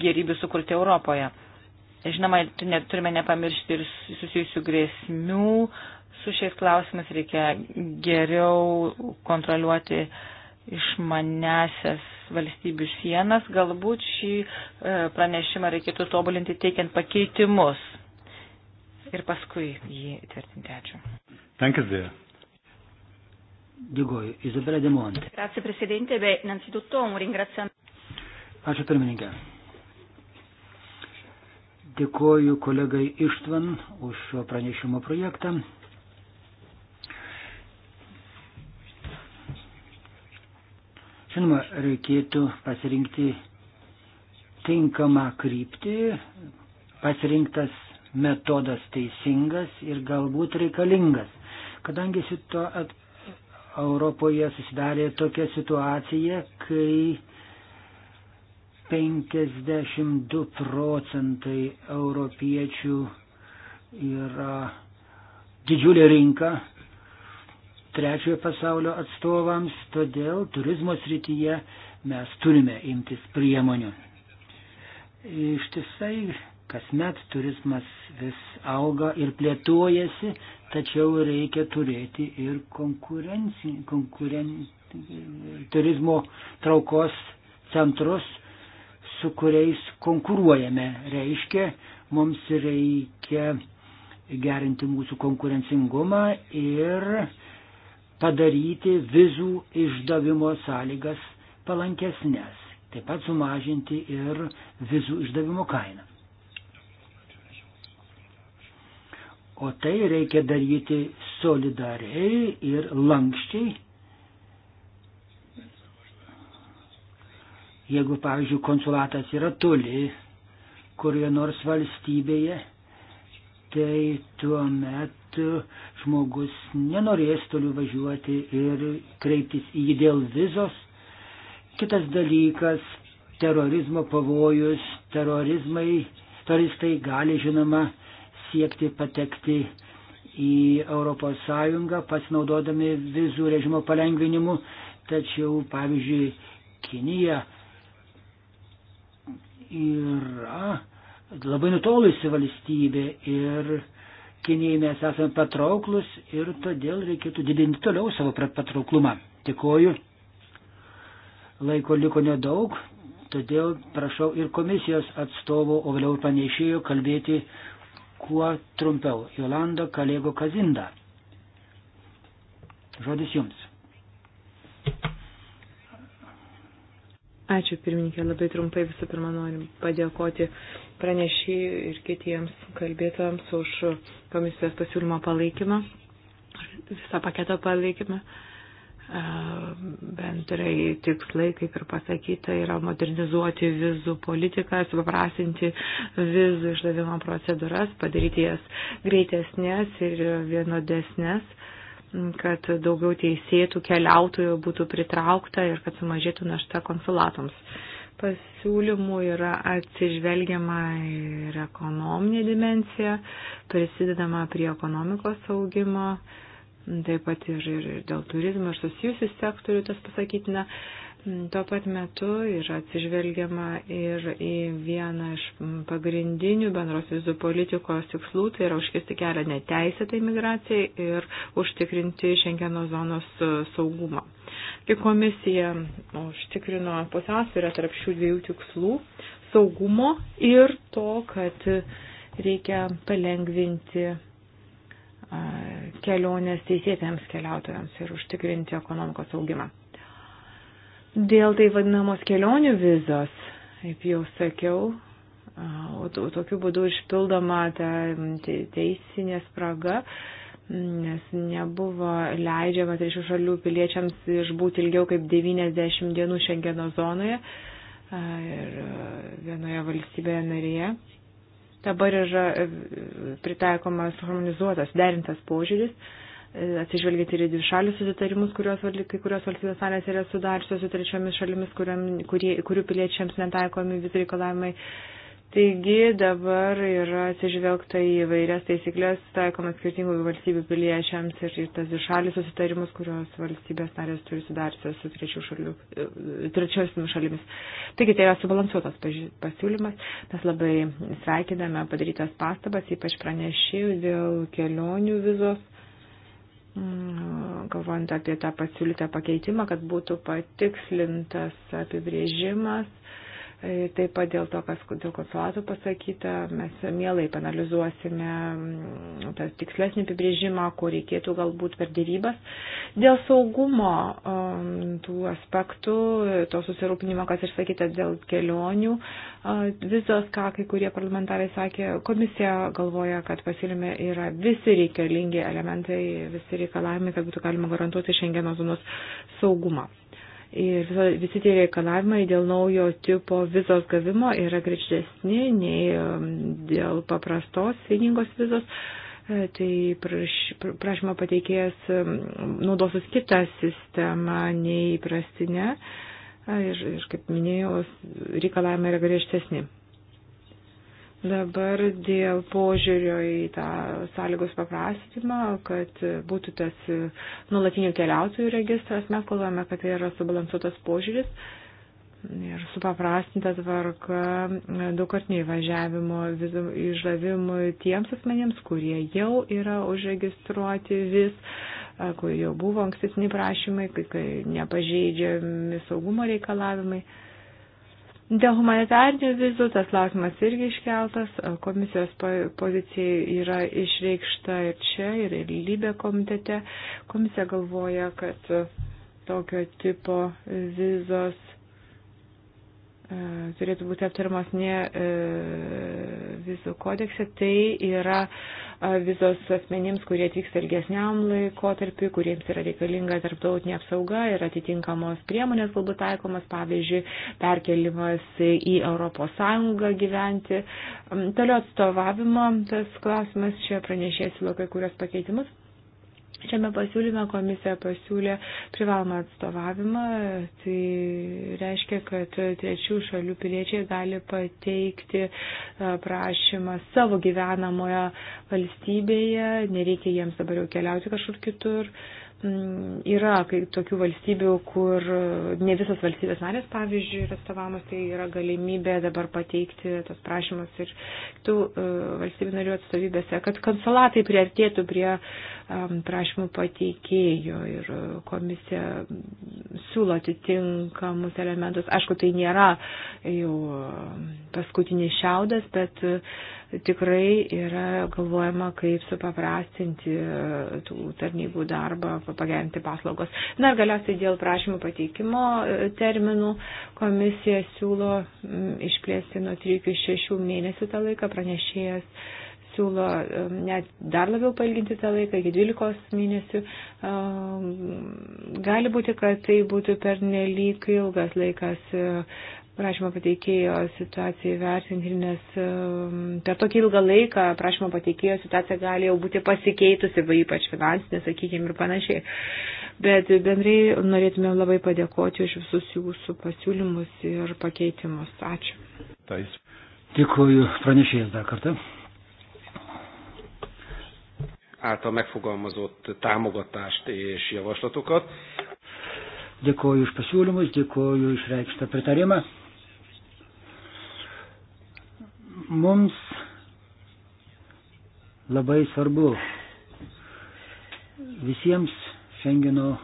gerybių sukurti Europoje. Žinoma, turime nepamiršti ir susijusių grėsmių su šiais klausimais, reikia geriau kontroliuoti išmanesias valstybių sienas. Galbūt šį e, pranešimą reikėtų tobulinti teikiant pakeitimus ir paskui jį tvirtinti. Ačiū.
Danke sehr. Dėkuoju. Izabela Demonte.
Grazie Presidente. Beh, innanzitutto un ringraziamento.
Ačiū pirmininkė. Dėkuoju kolegai Ištvan už šio pranešimo projektą. Žinoma, reikėtų pasirinkti tinkamą kryptį, pasirinktas metodas teisingas ir galbūt reikalingas. Kadangi šito Europoje susidarė tokia situacija, kai 52 procentai europiečių yra didžiulė rinka trečiojo pasaulio atstovams, todėl turizmo srityje mes turime imtis priemonių. Ištisai kasmet turizmas vis auga ir plėtuojasi, tačiau reikia turėti ir konkurenci, konkuren, turizmo traukos centrus, su kuriais konkuruojame. Reiškia, mums reikia gerinti mūsų konkurencingumą ir padaryti vizų išdavimo sąlygas palankesnės, taip pat sumažinti ir vizų išdavimo kainą. O tai reikia daryti solidariai ir lankščiai Jeigu, pavyzdžiui, konsulatas yra toli kurioje nors valstybėje, tai tuo metu žmogus nenorės toliau važiuoti ir kreiptis į jį dėl vizos. Kitas dalykas - terorizmo pavojus. Terorizmai, teroristai gali, žinoma, siekti patekti į ES pasinaudodami vizų režimo palengvinimu, tačiau, pavyzdžiui, Kinija yra labai nutolusi valstybė ir Kinijai mes esame patrauklus ir todėl reikėtų didinti toliau savo patrauklumą. Tikoju, laiko liko nedaug, todėl prašau ir komisijos atstovų, o vėliau panešėjų kalbėti kuo trumpiau. Jolanda Kalėgo Kazinda.
Žodis jums. Ačiū pirmininkė, labai trumpai visų pirma norim padėkoti pranešėjai ir kitiems kalbėtojams už komisijos pasiūlymo palaikymą, visą paketo palaikymą. Bendrai tikslai, kaip ir pasakyta, yra modernizuoti vizų politiką, supaprasinti vizų išdavimo procedūras, padaryti jas greitesnės ir vienodesnės kad daugiau teisėtų keliautojų būtų pritraukta ir kad sumažėtų našta konsulatoms. Pasiūlymų yra atsižvelgiama ir ekonominė dimencija, prisidedama prie ekonomikos augimo, taip pat ir, ir dėl turizmo ir susijusių sektorių tas pasakytina. Na, Tuo pat metu yra atsižvelgiama ir į vieną iš pagrindinių bendros vizų politikos tikslų, tai yra užkisti kelią neteisėtai migracijai ir užtikrinti Šengeno zonos e, saugumą. Tai komisija užtikrino pusiausvyrą tarp šių dviejų tikslų - saugumo ir to, kad reikia palengvinti e, kelionės teisėtėms keliautojams ir užtikrinti ekonomikos augimą. Dėl tai vadinamos kelionių vizos, kaip jau sakiau, o tokiu būdu išpildoma ta teisinė spraga, nes nebuvo leidžiama trečių šalių piliečiams išbūti ilgiau kaip 90 dienų Šengeno zonoje ir vienoje valstybėje narėje. Dabar yra pritaikomas harmonizuotas, derintas požiūris E, atsižvelgiant ir į dvišalius susitarimus, kuriuos kai kurios valstybės narės yra sudaršiusios su trečiomis šalimis, kuriam, kurie, kurių piliečiams netaikomi visi reikalavimai. Taigi dabar yra atsižvelgta į vairias taisyklės taikomas skirtingų valstybių piliečiams ir, ir tas dvišalius susitarimus, kurios valstybės narės turi sudarsios su e, trečiosiomis šalimis. Taigi tai yra subalansuotas pasiūlymas. Mes labai sveikiname padarytas pastabas, ypač pranešėjų dėl kelionių vizos Mm, galvojant apie tą pasiūlytą pakeitimą, kad būtų patikslintas apibrėžimas E, taip pat dėl to, kas dėl konsulatų pasakyta, mes mielai panalizuosime mm, tą tikslesnį apibrėžimą, ko reikėtų galbūt per dėrybas. Dėl saugumo um, tų aspektų, to susirūpinimo, kas išsakyta dėl kelionių, vizos, ką kai kurie parlamentarai sakė, komisija galvoja, kad pasiūlyme yra visi reikalingi elementai, visi reikalavimai, kad būtų galima garantuoti Šengeno zonos saugumą. Ir visi tie reikalavimai dėl naujo tipo vizos gavimo yra grečtesni nei um, dėl paprastos vieningos vizos. E, tai praš, prašymą pateikėjas um, naudosis kitą sistemą nei įprastinę e, ir, ir, kaip minėjau, reikalavimai yra griežtesni. Dabar dėl požiūrio į tą sąlygos paprastymą, kad būtų tas nulatinių keliautojų registras, mes kalbame, kad tai yra subalansuotas požiūris ir supaprastinta tvarka daugkartinio įvažiavimo vizų išdavimui tiems asmenėms, kurie jau yra užregistruoti vis, kur jau buvo ankstesni prašymai, kai nepažeidžiami saugumo reikalavimai. Dėl humanitarnių vizų tas klausimas irgi iškeltas, komisijos pozicija yra išreikšta ir čia, ir lybė komitete. Komisija galvoja, kad tokio tipo vizos e, turėtų būti aptarimas ne e, vizų kodekse. Tai yra uh, vizos asmenims, kurie atvyksta ilgesniam laikotarpiu, kuriems yra reikalinga tarptautinė apsauga ir atitinkamos priemonės galbūt taikomas, pavyzdžiui, perkelimas į ES gyventi. Toliau atstovavimo tas klausimas čia pranešėsi laukai kurios pakeitimus. Šiame pasiūlyme komisija pasiūlė privalomą atstovavimą, tai reiškia, kad trečių šalių piliečiai gali pateikti e, prašymą savo gyvenamoje valstybėje, nereikia jiems dabar jau keliauti kažkur kitur. Mm, yra tokių valstybių, kur ne visas valstybės narės, pavyzdžiui, yra atstovamas, tai yra galimybė dabar pateikti tos prašymus ir tų e, valstybių narių atstovybėse, kad konsulatai priartėtų prie uh, Um, prašymų pateikėjų ir komisija siūlo atitinkamus elementus. Aišku, tai nėra jau um, paskutinis šiaudas, bet uh, tikrai yra galvojama, kaip supaprastinti uh, tų tarnybų darbą, pagerinti paslaugos. Na ir galiausiai dėl prašymų pateikimo uh, terminų komisija siūlo mm, išplėsti nuo 3 iki 6 mėnesių tą laiką pranešėjas siūlo um, net dar labiau pailginti tą laiką iki 12 mėnesių. Um, gali būti, kad tai būtų per nelik ilgas laikas uh, prašymo pateikėjo situaciją įvertinti, nes um, per tokį ilgą laiką prašymo pateikėjo situacija gali jau būti pasikeitusi, ypač finansinė, sakykime, ir panašiai. Bet bendrai norėtume labai padėkoti už visus jūsų pasiūlymus ir pakeitimus. Ačiū.
Tais. Dėkuoju pranešėjas dar kartą
által megfogalmazott támogatást és javaslatokat.
Dėkoju už pasiūlymus, dėkoju už reikštą pritarimą. Mums labai svarbu visiems Šengeno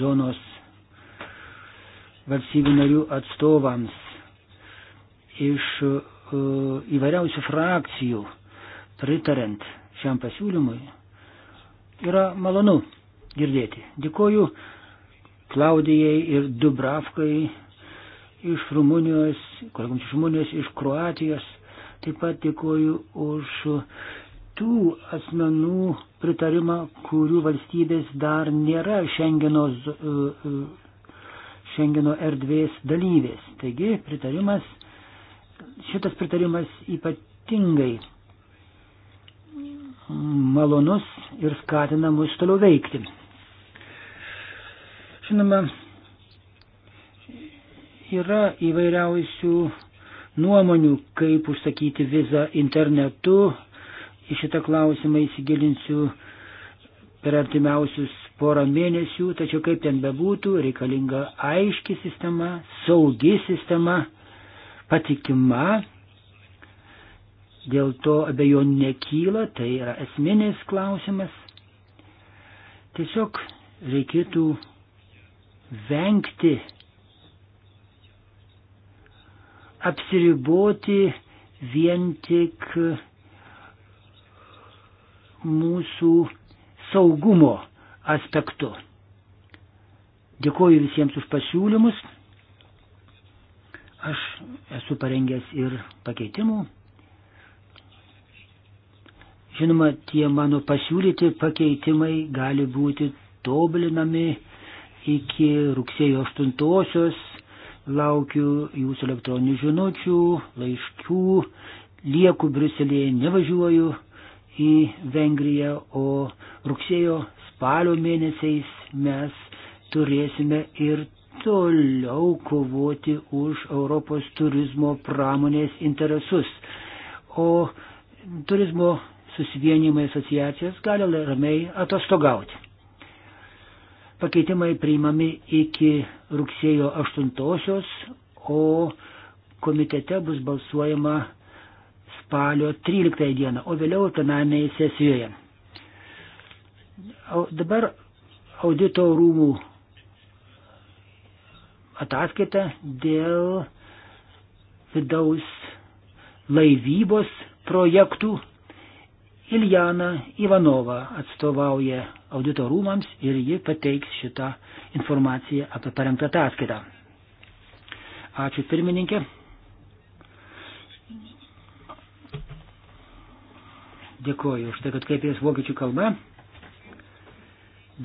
zonos valstybių narių atstovams iš e, įvairiausių frakcijų pritarent šiam pasiūlymui, yra malonu girdėti. Dėkoju Klaudijai ir Dubravkai iš Rumunijos, kolegams iš Rumunijos, iš Kroatijos. Taip pat dėkoju už tų asmenų pritarimą, kurių valstybės dar nėra Šengeno, e, e, šengeno erdvės dalyvės. Taigi pritarimas, šitas pritarimas ypatingai malonus ir skatina mus toliau veikti. Žinoma, yra įvairiausių nuomonių, kaip užsakyti vizą internetu. Į šitą klausimą įsigilinsiu per artimiausius porą mėnesių, tačiau kaip ten bebūtų, reikalinga aiški sistema, saugi sistema, patikima dėl to abejonių nekyla, tai yra esminis klausimas. Tiesiog reikėtų vengti, apsiriboti vien tik mūsų saugumo aspektu. Dėkuoju visiems už pasiūlymus. Aš esu parengęs ir pakeitimų. Žinoma, tie mano pasiūlyti pakeitimai gali būti tobulinami iki rugsėjo 8-osios. Laukiu jūsų elektroninių žinučių, laiškų. Lieku Briuselėje, nevažiuoju į Vengriją, o rugsėjo spalio mėnesiais mes turėsime ir toliau kovoti už Europos turizmo pramonės interesus. O turizmo susivienimai asociacijas gali ramiai atostogauti. Pakeitimai priimami iki rugsėjo 8-osios, o komitete bus balsuojama spalio 13 dieną, o vėliau plenarnėje sesijoje. O dabar audito rūmų ataskaita dėl vidaus laivybos projektų Iljana Ivanova atstovauja auditorumams ir ji pateiks šitą informaciją apie parengtą ataskaitą. Ačiū pirmininkė. Dėkoju už tai, kad kreipės vokiečių kalba.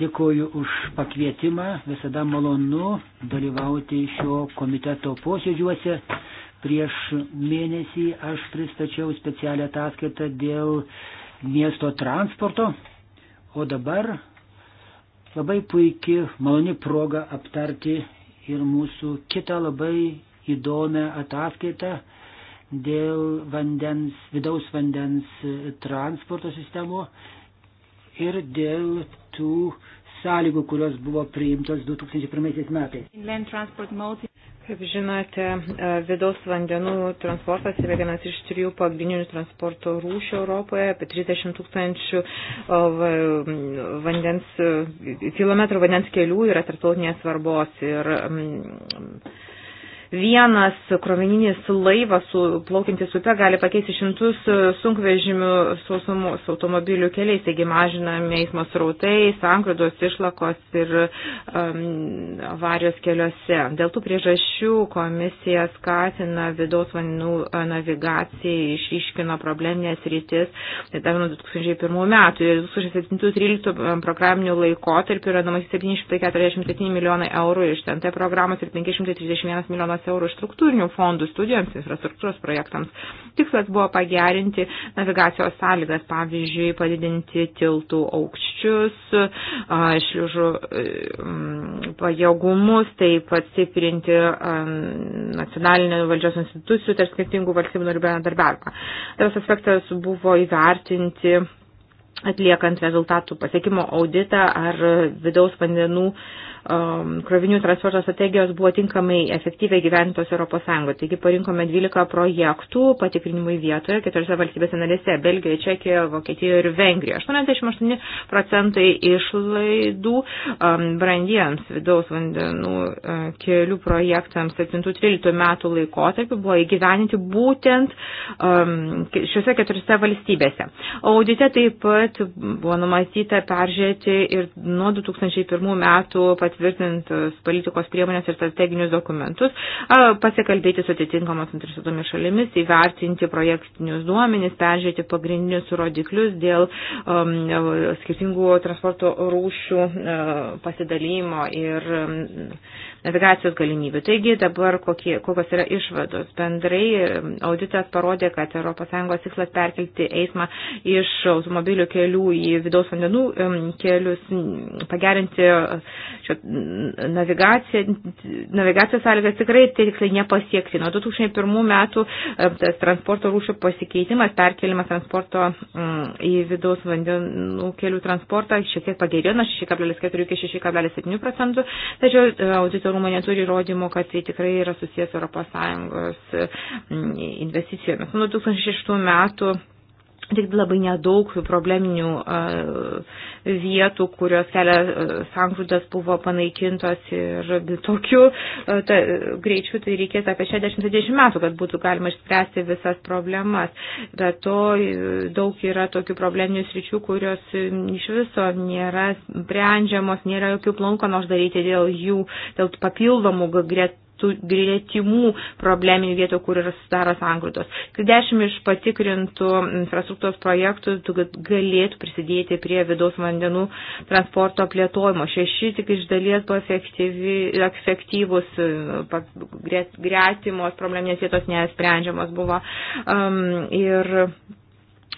Dėkoju už pakvietimą. Visada malonu dalyvauti šio komiteto posėdžiuose. Prieš mėnesį aš pristačiau specialią ataskaitą dėl uh, miesto transporto. O dabar labai puikiai, maloni proga aptarti ir mūsų kitą labai įdomią ataskaitą dėl vandens, vidaus vandens transporto sistemų ir dėl tų sąlygų, kurios buvo priimtos 2001
metais. Kaip žinote, e, vidaus vandenų transportas yra vienas iš trijų pagrindinių transporto rūšių Europoje. Apie 30 tūkstančių vandens, kilometrų vandens kelių yra tarptautinės svarbos. Ir, mm, vienas krovininis laivas su, plaukintis upe gali pakeisti šimtus sunkvežimių sausumos automobilių keliais, taigi mažinami eismo srautai, sankrydos išlakos ir um, avarijos keliuose. Dėl tų priežasčių komisija skatina vidaus vandenų uh, navigaciją, išryškino probleminės rytis, tai dar nuo 2001 metų, 2007-2013 um, programinių laikotarpių yra numatyti 747 milijonai eurų iš TNT programos ir 531 milijonai milijonas eurų iš struktūrinių fondų studijoms, infrastruktūros projektams. Tikslas buvo pagerinti navigacijos sąlygas, pavyzdžiui, padidinti tiltų aukščius, šliužų e, pajėgumus, taip pat stiprinti nacionalinių valdžios institucijų tarp skirtingų valstybių narių bendradarbiavimą. Tas aspektas buvo įvertinti atliekant rezultatų pasiekimo auditą ar vidaus vandenų uh, um, krovinių transporto strategijos buvo tinkamai efektyviai gyventos ES. Taigi parinkome 12 projektų patikrinimui vietoje keturiose valstybėse narėse - Belgijoje, Čekijoje, Vokietijoje ir Vengrijoje. 88 procentai išlaidų um, brandiems vidaus vandenų uh, kelių projektams 7-13 metų laikotarpį buvo įgyveninti būtent um, šiuose keturiose valstybėse. Audite taip pat buvo numatyta peržiūrėti ir nuo 2001 metų pat patvirtintus politikos priemonės ir strateginius dokumentus, pasikalbėti su atitinkamos interesuotomis šalimis, įvertinti projektinius duomenis, peržiūrėti pagrindinius rodiklius dėl um, skirtingų transporto rūšių uh, pasidalymo ir um, navigacijos galimybių. Taigi dabar kokie, kokios yra išvados. Bendrai auditas parodė, kad ES tikslas perkelti eismą iš automobilių kelių į vidaus vandenų kelius, pagerinti e, šio, navigaciją, navigacijos sąlygas tikrai tikslai nepasiekti. Nuo 2001 metų tas transporto rūšių pasikeitimas, perkelimas transporto į vidaus vandenų kelių transportą šiek tiek pagerėjo nuo 6,4 iki 6,7 procentų, tačiau e, audito dauguma neturi įrodymų, kad tai tikrai yra susijęs Europos Sąjungos mm, investicijomis. Nuo 2006 metų tik labai nedaug probleminių e, vietų, kurios kelia e, sankrydas buvo panaikintos ir tokiu e, ta, greičiu tai reikės apie 60-70 metų, kad būtų galima išspręsti visas problemas. Be to daug yra tokių probleminių sričių, kurios iš viso nėra sprendžiamos, nėra jokių planų, ką nors daryti dėl jų, dėl papildomų gret tų greitimų probleminių vietų, kur yra sudaro sangrūdos. Kad dešimt iš patikrintų infrastruktūros projektų galėtų prisidėti prie vidaus vandenų transporto plėtojimo. Šeši tik iš dalies buvo efektyvus, gretimos probleminės vietos nesprendžiamos buvo. Um, ir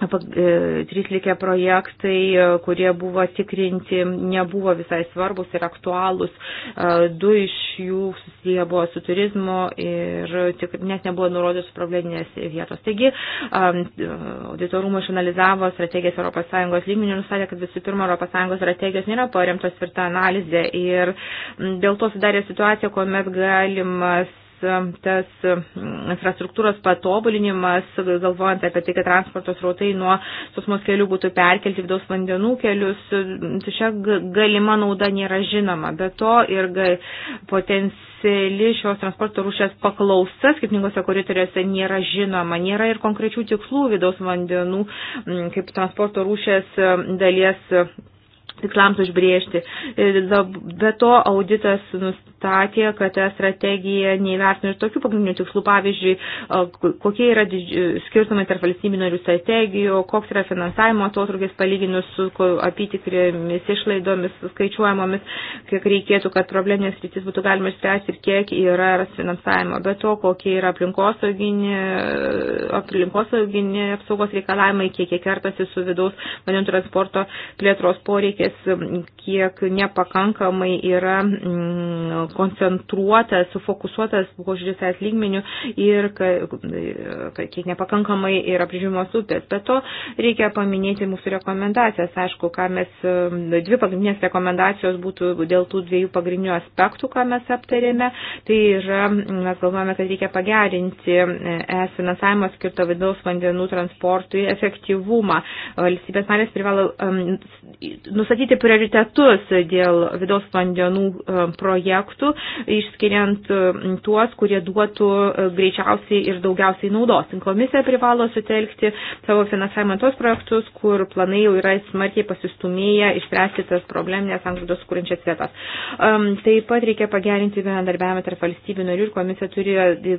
E, trys likę projektai, e, kurie buvo tikrinti, nebuvo visai svarbus ir aktualūs. E, du iš jų susiję buvo su turizmu ir tik, net nebuvo nurodytos probleminės vietos. Taigi, auditorumai išanalizavo strategijas ES lygmenių ir nustatė, kad visų pirma, ES strategijos nėra paremtos tvirta analizė ir dėl to sudarė situacija, kuomet galimas tas infrastruktūros patobulinimas, galvojant apie tai, kad transporto srautai nuo susmos kelių būtų perkelti vidaus vandenų kelius, čia galima nauda nėra žinoma. Be to ir potenciali šios transporto rūšės paklausa skirtingose koridoriuose nėra žinoma. Nėra ir konkrečių tikslų vidaus vandenų kaip transporto rūšės dalies tikslams užbriežti. E, be to auditas nustatė nustatė, kad ta strategija neįvertino ir tokių pagrindinių tikslų, pavyzdžiui, kokie yra skirtumai tarp valstybių narių strategijų, koks yra finansavimo atotrukis palyginus su apytikrėmis išlaidomis skaičiuojamomis, kiek reikėtų, kad probleminės rytis būtų galima išspręsti ir kiek yra finansavimo, bet to, kokie yra aplinkosauginė, aplinkosauginė apsaugos reikalavimai, kiek jie kertasi su vidaus vandens transporto plėtros poreikis, kiek nepakankamai yra mm, koncentruotas, sufokusuotas požiūris es lygmenių ir kiek nepakankamai yra prižiūrimos upės. Bet to reikia paminėti mūsų rekomendacijas. Aišku, ką mes, dvi pagrindinės rekomendacijos būtų dėl tų dviejų pagrindinių aspektų, ką mes aptarėme. Tai yra, mes galvojame, kad reikia pagerinti es finansavimo skirto vidaus vandenų transportui efektyvumą. Valstybės narės privalo um, nustatyti prioritetus dėl vidaus vandenų um, projektų aspektų, išskiriant tuos, kurie duotų e, greičiausiai ir daugiausiai naudos. Komisija privalo sutelkti savo finansavimą tos projektus, kur planai jau yra smarkiai pasistumėję išspręsti tas probleminės anglodos kūrinčias vietas. Taip pat reikia pagerinti bendarbiavimą tarp valstybių narių ir komisija turi e,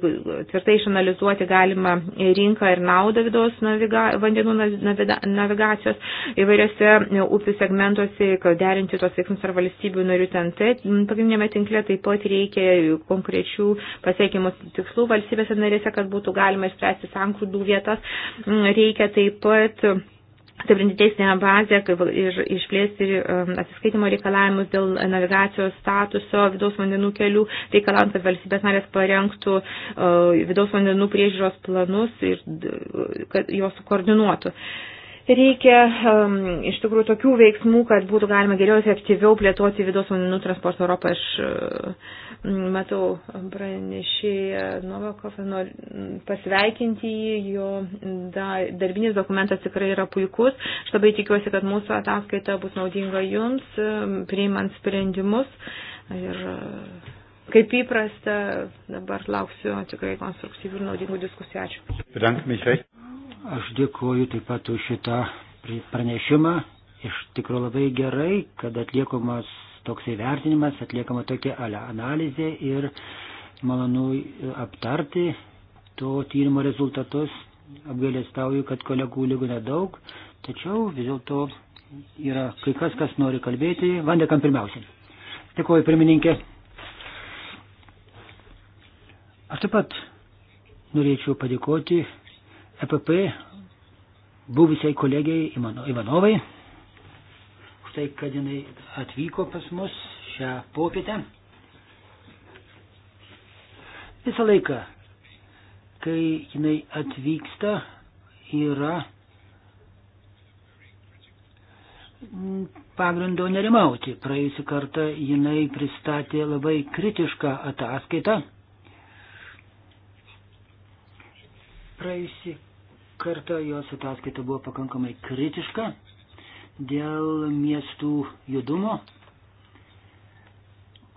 tvirtai išanalizuoti galimą rinką ir naudą vidaus naviga, vandenų naviga, navigacijos įvairiose e, upių segmentuose, kad derinti tuos veiksmus ar valstybių narių ten. Tai pagrindinėme tinkle taip pat reikia konkrečių pasiekimų tikslų valstybėse narėse, kad būtų galima išspręsti sankrūdų vietas. Mm, reikia taip pat stiprinti teisinę bazę ir išplėsti um, atsiskaitimo reikalavimus dėl navigacijos statuso vidaus vandenų kelių, reikalaujant, kad valstybės narės parengtų uh, vidaus vandenų priežiūros planus ir kad juos koordinuotų. Uh, Reikia um, iš tikrųjų tokių veiksmų, kad būtų galima geriau efektyviau plėtoti vidaus vandenų transportą Europą. Aš uh, matau pranešėją Novakovą, noriu pasveikinti jį, jo darbinis dokumentas tikrai yra puikus. Aš labai tikiuosi, kad mūsų ataskaita bus naudinga jums, priimant sprendimus. Ir, uh, kaip įprasta, dabar lauksiu tikrai konstruktyvių ir naudingų diskusijų.
Ačiū. Aš dėkuoju taip pat už šitą pranešimą. Iš tikrųjų labai gerai, kad atliekamas toks įvertinimas, atliekama tokia analizė ir malonu aptarti to tyrimo rezultatus. Apgailėstauju, kad kolegų lygo nedaug, tačiau vis dėlto yra kai kas, kas nori kalbėti. Vandekam pirmiausiai. Dėkuoju, pirmininkė. Aš taip pat norėčiau padėkoti EPP buvusiai kolegijai Ivanovai už tai, kad jinai atvyko pas mus šią popietę. Visą laiką, kai jinai atvyksta, yra pagrindo nerimauti. Praėjusią kartą jinai pristatė labai kritišką ataskaitą. Praėjusią kartą jos ataskaita buvo pakankamai kritiška dėl miestų judumo.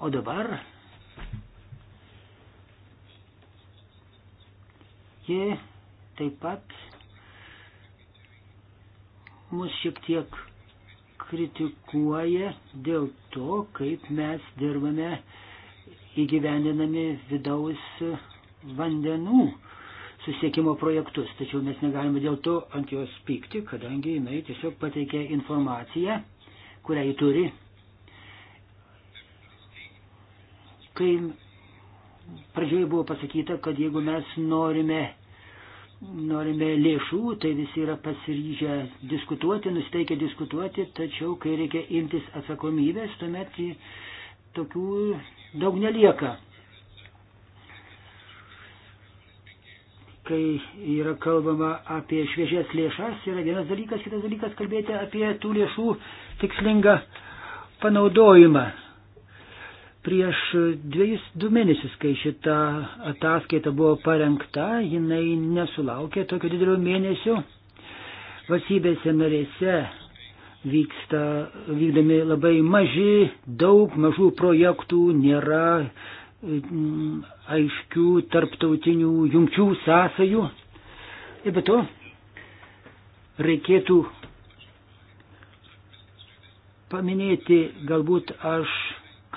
O dabar ji taip pat mus šiek tiek kritikuoja dėl to, kaip mes dirbame įgyvendinami vidaus vandenų susiekimo projektus. Tačiau mes negalime dėl to ant jos pykti, kadangi jinai tiesiog pateikė informaciją, kurią ji turi. Kai pradžioje buvo pasakyta, kad jeigu mes norime, norime lėšų, tai visi yra pasiryžę diskutuoti, nusteikę diskutuoti, tačiau kai reikia imtis atsakomybės, tuomet tokių daug nelieka. kai yra kalbama apie šviežias lėšas, yra vienas dalykas, kitas dalykas kalbėti apie tų lėšų tikslingą panaudojimą. Prieš dviejus du mėnesius, kai šita ataskaita buvo parengta, jinai nesulaukė tokio didelio mėnesio. Valstybėse narėse vyksta, vykdami labai maži, daug mažų projektų, nėra Mm, aiškių tarptautinių jungčių sąsajų. Ir be to reikėtų paminėti, galbūt aš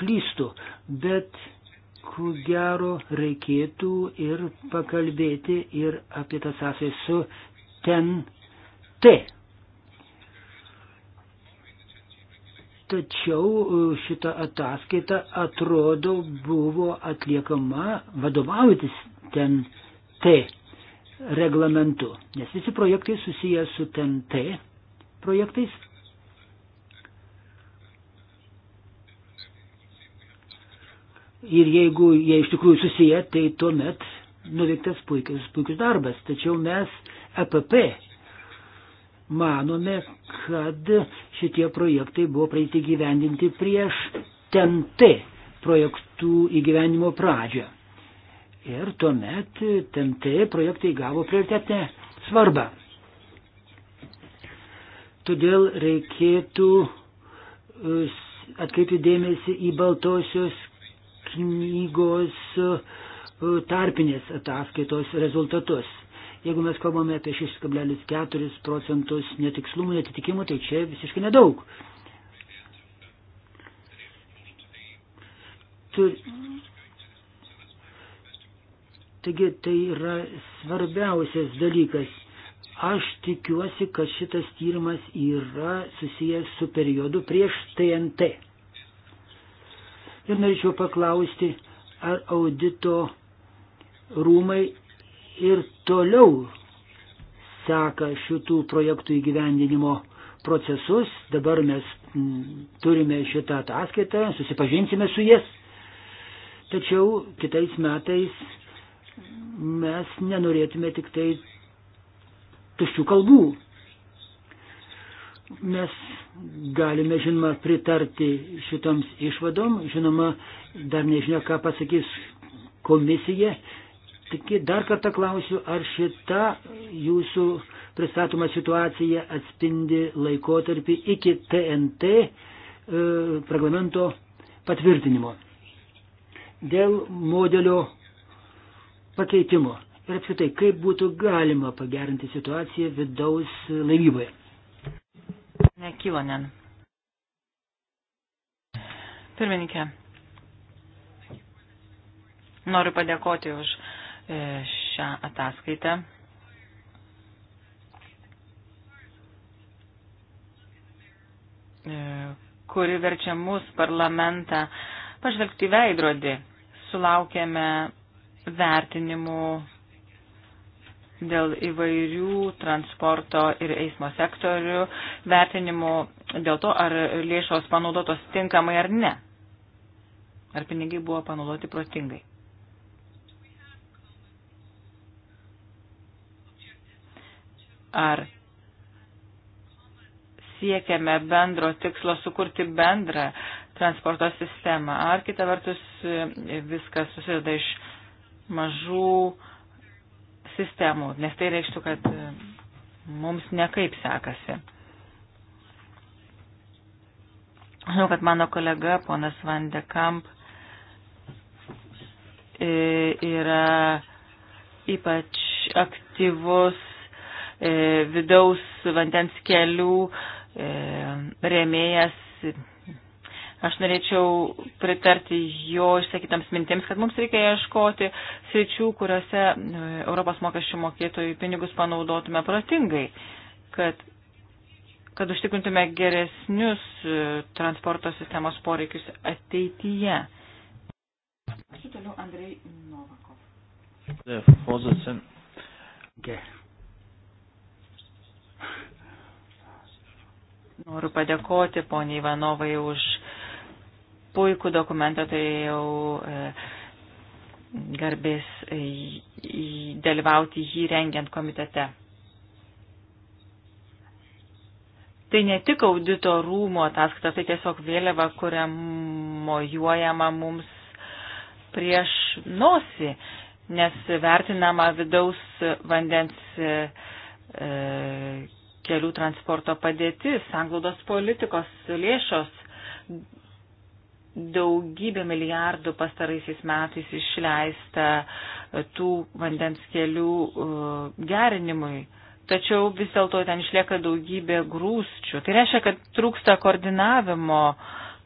klystu, bet ko gero reikėtų ir pakalbėti ir apie tą sąsają su ten T. Tačiau e, šita ataskaita atrodo buvo atliekama vadovautis ten T reglamentu, nes visi projektai susiję su ten T projektais. Ir jeigu jie iš tikrųjų susiję, tai tuomet nuveiktas puikius, puikius darbas. Tačiau mes EPP manome, kad šitie projektai buvo praeiti gyvendinti prieš TNT projektų įgyvenimo pradžią. Ir tuomet TNT projektai gavo prioritetinę svarbą. Todėl reikėtų uh, atkreipti dėmesį į Baltosios knygos uh, tarpinės ataskaitos rezultatus. Jeigu mes kalbame apie 6,4 procentus netikslumų, netitikimų, tai čia visiškai nedaug. Tur... Taigi tai yra svarbiausias dalykas. Aš tikiuosi, kad šitas tyrimas yra susijęs su periodu prieš TNT. Ir norėčiau paklausti, ar audito rūmai ir toliau seka šitų projektų įgyvendinimo procesus. Dabar mes mm, turime šitą ataskaitą, susipažinsime su jas. Tačiau kitais metais mes nenorėtume tik tai tuščių kalbų. Mes galime, žinoma, pritarti šitoms išvadom, žinoma, dar nežinia, ką pasakys komisija, Tik dar kartą klausiu, ar šita jūsų pristatoma situacija atspindi laikotarpį iki TNT e, reglamento patvirtinimo dėl modelio pakeitimo ir apskritai, kaip būtų galima pagerinti situaciją vidaus laivyboje. Nekilonen.
Pirmininkė, noriu padėkoti už E, šią ataskaitą. E, kuri verčia mus parlamentą pažvelgti veidrodį. Sulaukėme vertinimų dėl įvairių transporto ir eismo sektorių, vertinimų dėl to, ar lėšos panaudotos tinkamai ar ne. Ar pinigai buvo panaudoti protingai. ar siekiame bendro tikslo sukurti bendrą transporto sistemą, ar kita vertus e, viskas susideda iš mažų sistemų, nes tai reikštų, kad e, mums nekaip sekasi. Žinau, kad mano kolega, ponas Van de Kamp, e, yra ypač aktyvus E, vidaus vandens kelių e, rėmėjas. Aš norėčiau pritarti jo išsakytams mintims, kad mums reikia ieškoti sričių, kuriuose e, Europos mokesčių mokėtojų pinigus panaudotume protingai, kad, kad užtikrintume geresnius transporto sistemos poreikius ateityje. Ačiū toliau Andrei Novakov. Noriu padėkoti poniai Ivanovai už puikų dokumentą, tai jau e, garbės e, dalyvauti jį rengiant komitete. Tai ne tik audito rūmo ataskaita, tai tiesiog vėliava, kurią mojuojama mums prieš nosį, nes vertinama vidaus vandens e, e kelių transporto padėtis, sanglaudos politikos lėšos daugybė milijardų pastaraisiais metais išleista tų vandens kelių uh, gerinimui. Tačiau vis dėlto ten išlieka daugybė grūsčių. Tai reiškia, kad trūksta koordinavimo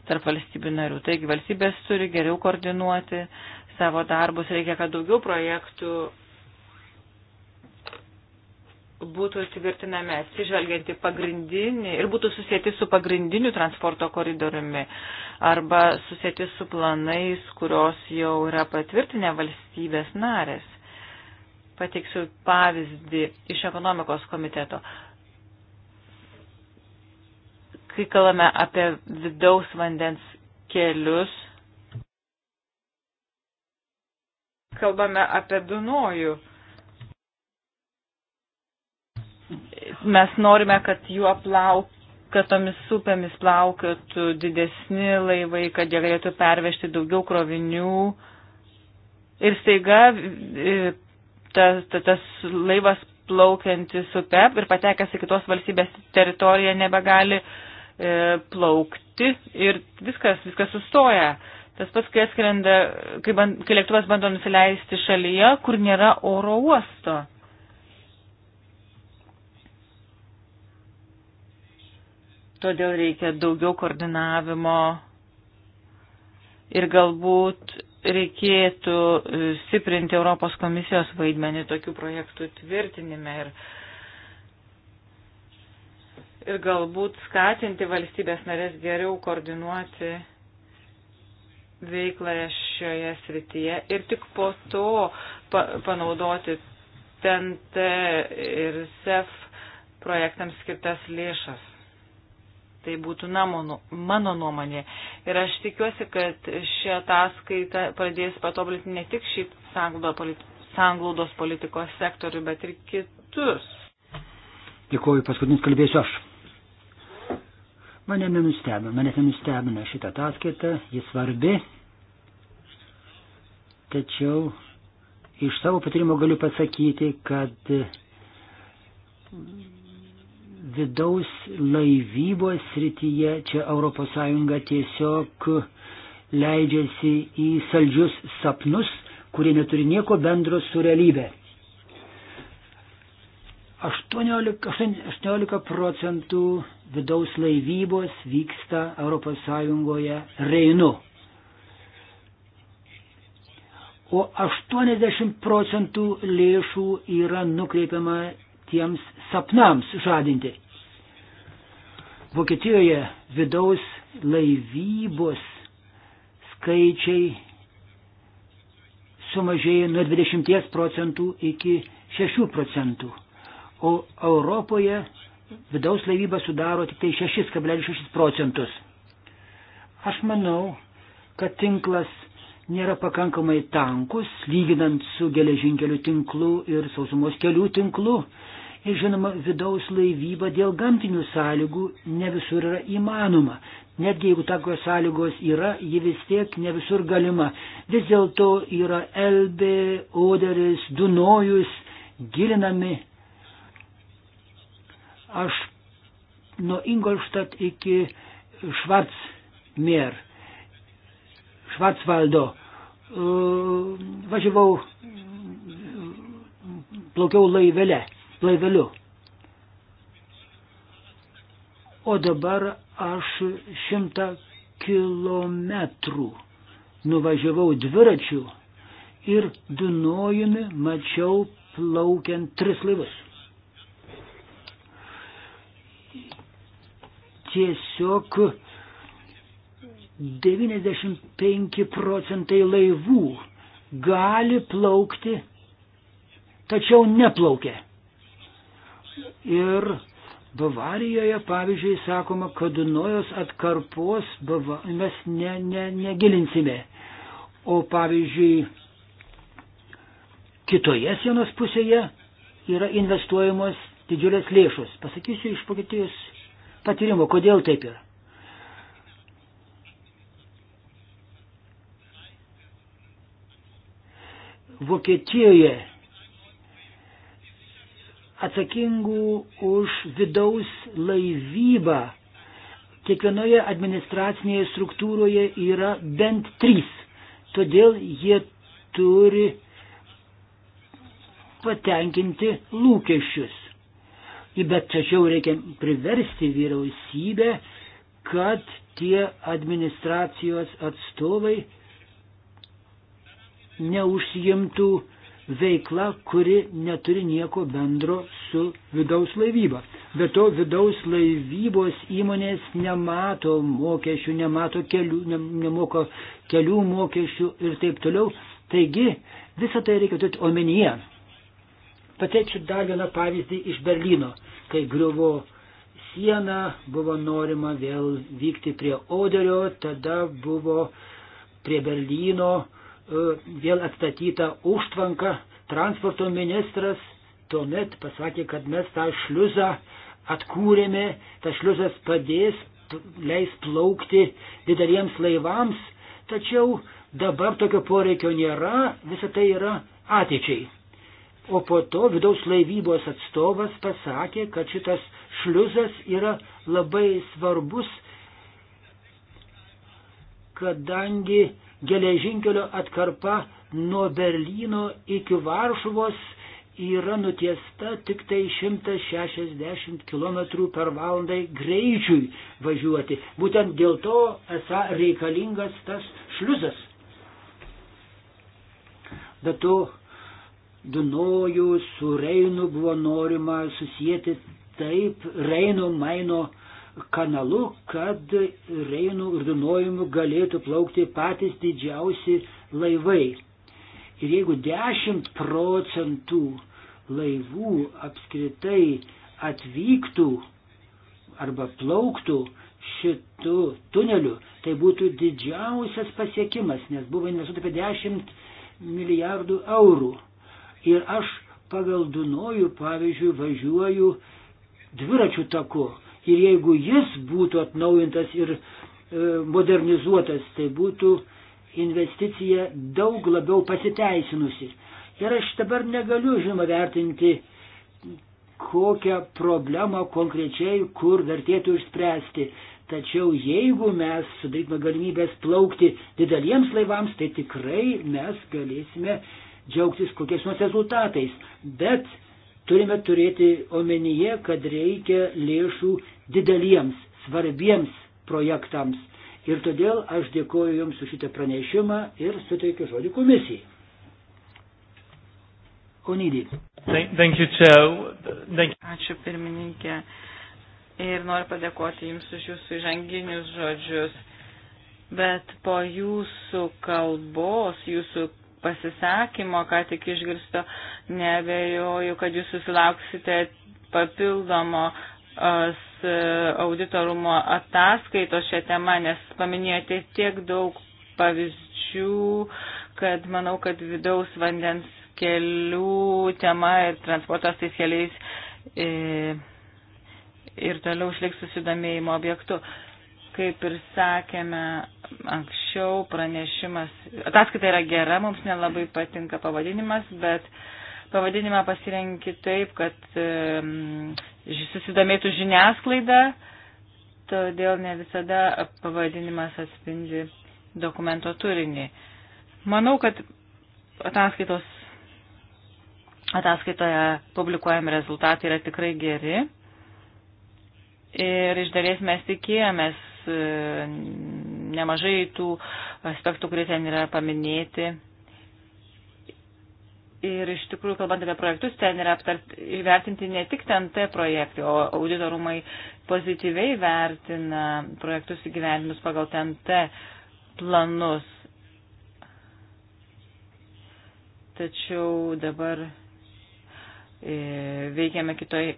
tarp valstybių narių. Taigi valstybės turi geriau koordinuoti savo darbus, reikia, kad daugiau projektų būtų tvirtinami atsižvelgianti pagrindinį ir būtų susijęti su pagrindiniu transporto koridoriumi arba susijęti su planais, kurios jau yra patvirtinę valstybės narės. Pateiksiu pavyzdį iš ekonomikos komiteto. Kai kalbame apie vidaus vandens kelius, kalbame apie Dunojų mes norime, kad juo plauk, kad tomis upėmis plaukiotų didesni laivai, kad jie galėtų pervežti daugiau krovinių. Ir staiga tas, e, tas, tas laivas plaukiantis upe ir patekęs į kitos valstybės teritoriją nebegali e, plaukti ir viskas, viskas sustoja. Tas pats, kai atskrenda, kai, ban, kai lėktuvas bando nusileisti šalyje, kur nėra oro uosto. Todėl reikia daugiau koordinavimo ir galbūt reikėtų e, stiprinti Europos komisijos vaidmenį tokių projektų tvirtinime ir, ir galbūt skatinti valstybės narės geriau koordinuoti veiklą šioje srityje ir tik po to pa, panaudoti TNT ir SEF projektams skirtas lėšas. Tai būtų na, mano, mano nuomonė. Ir aš tikiuosi, kad ši ataskaita pradės patobulinti ne tik šį sanglaudos politikos sektorių, bet ir kitus.
Dėkuoju, paskutinis kalbėsiu aš. Mane nenustebina, mane nenustebina šitą ataskaitą, jis svarbi, tačiau iš savo patyrimo galiu pasakyti, kad vidaus laivybos srityje čia ES tiesiog leidžiasi į saldžius sapnus, kurie neturi nieko bendro su realybė. 18, 18 procentų vidaus laivybos vyksta ES Reinu. O 80 procentų lėšų yra nukreipiama tiems sapnams žadinti. Vokietijoje vidaus laivybos skaičiai sumažėjo nuo 20 procentų iki 6 procentų, o Europoje vidaus laivyba sudaro tik tai 6,6 procentus. Aš manau, kad tinklas nėra pakankamai tankus, lyginant su geležinkelių tinklu ir sausumos kelių tinklu. Ir žinoma, vidaus laivyba dėl gamtinių sąlygų ne visur yra įmanoma. Netgi jeigu tokios sąlygos yra, ji vis tiek ne visur galima. Vis dėlto yra Elbė, Oderis, Dunojus gilinami. Aš nuo Ingolštat iki Švarcmer, Švarcvaldo e, važiavau, e, plaukiau laivele laiveliu. O dabar aš šimtą kilometrų nuvažiavau dviračiu ir Dunojumi mačiau plaukiant tris laivus. Tiesiog 95 procentai laivų gali plaukti, tačiau neplaukia. Ir Bavarijoje, pavyzdžiui, sakoma, kad Dunojos atkarpos Bava... mes ne, ne, negilinsime. O pavyzdžiui, kitoje sienos pusėje yra investuojamos didžiulės lėšos. Pasakysiu iš Vokietijos patyrimo, kodėl taip yra. Vokietijoje atsakingų už vidaus laivybą kiekvienoje administracinėje struktūroje yra bent trys. Todėl jie turi patenkinti lūkesčius. Bet tačiau reikia priversti vyriausybę, kad tie administracijos atstovai neužsijimtų veikla, kuri neturi nieko bendro su vidaus laivyba. Be to, vidaus laivybos įmonės nemato mokesčių, nemato kelių, nemoka kelių mokesčių ir taip toliau. Taigi, visą tai reikia turėti omenyje. Pateiksiu dar vieną pavyzdį iš Berlyno, kai griuvo siena, buvo norima vėl vykti prie Oderio, tada buvo prie Berlyno E, vėl atstatyta užtvanka, transporto ministras tuomet pasakė, kad mes tą šliuzą atkūrėme, tas šliuzas padės, leis plaukti dideliems laivams, tačiau dabar tokio poreikio nėra, visa tai yra ateičiai. O po to vidaus laivybos atstovas pasakė, kad šitas šliuzas yra labai svarbus, kadangi geležinkelio atkarpa nuo Berlyno iki Varšuvos yra nutiesta tik tai 160 km per valandą greičiui važiuoti. Būtent dėl to esą reikalingas tas šliuzas. Be to, Dunojų su Reinu buvo norima susijęti taip Reino maino kanalu, kad Reinų ir Dunojimu galėtų plaukti patys didžiausi laivai. Ir jeigu 10 procentų laivų apskritai atvyktų arba plauktų šitų tunelių, tai būtų didžiausias pasiekimas, nes buvo investuota apie 10 milijardų eurų. Ir aš pagal Dunojų, pavyzdžiui, važiuoju dviračių taku ir jeigu jis būtų atnaujintas ir e, modernizuotas, tai būtų investicija daug labiau pasiteisinusi. Ir aš dabar negaliu, žinoma, vertinti, kokią problemą konkrečiai kur vertėtų išspręsti. Tačiau jeigu mes sudarytume galimybės plaukti dideliems laivams, tai tikrai mes galėsime džiaugtis kokiais nors rezultatais. Bet turime turėti omenyje, kad reikia lėšų dideliems, svarbiems projektams. Ir todėl aš dėkoju Jums už šitą pranešimą ir suteikiu žodį komisijai. Onydį.
Ačiū pirmininkė. Ir noriu padėkoti Jums už Jūsų įžanginius žodžius. Bet po Jūsų kalbos, Jūsų pasisakymo, ką tik išgirsto, nebejoju, kad Jūs susilauksite papildomo uh, E, auditorumo ataskaitos šią temą, nes paminėjote tiek daug pavyzdžių, kad manau, kad vidaus vandens kelių tema ir transportas tais keliais ir toliau išliks susidomėjimo objektu. Kaip ir sakėme anksčiau, pranešimas, ataskaita yra gera, mums nelabai patinka pavadinimas, bet uh, pavadinimą pasirenki taip, kad susidomėtų žiniasklaida, todėl ne visada pavadinimas atspindi dokumento turinį. Manau, kad ataskaitos, ataskaitoje publikuojami rezultatai yra tikrai geri ir iš dalies mes tikėjomės e, nemažai tų aspektų, kurie ten yra paminėti Ir iš tikrųjų, kalbant apie projektus, ten yra aptart, įvertinti ne tik TNT projektai, o auditorumai pozityviai vertina projektus įgyvendinus pagal TNT planus. Tačiau dabar e, veikiame kitoje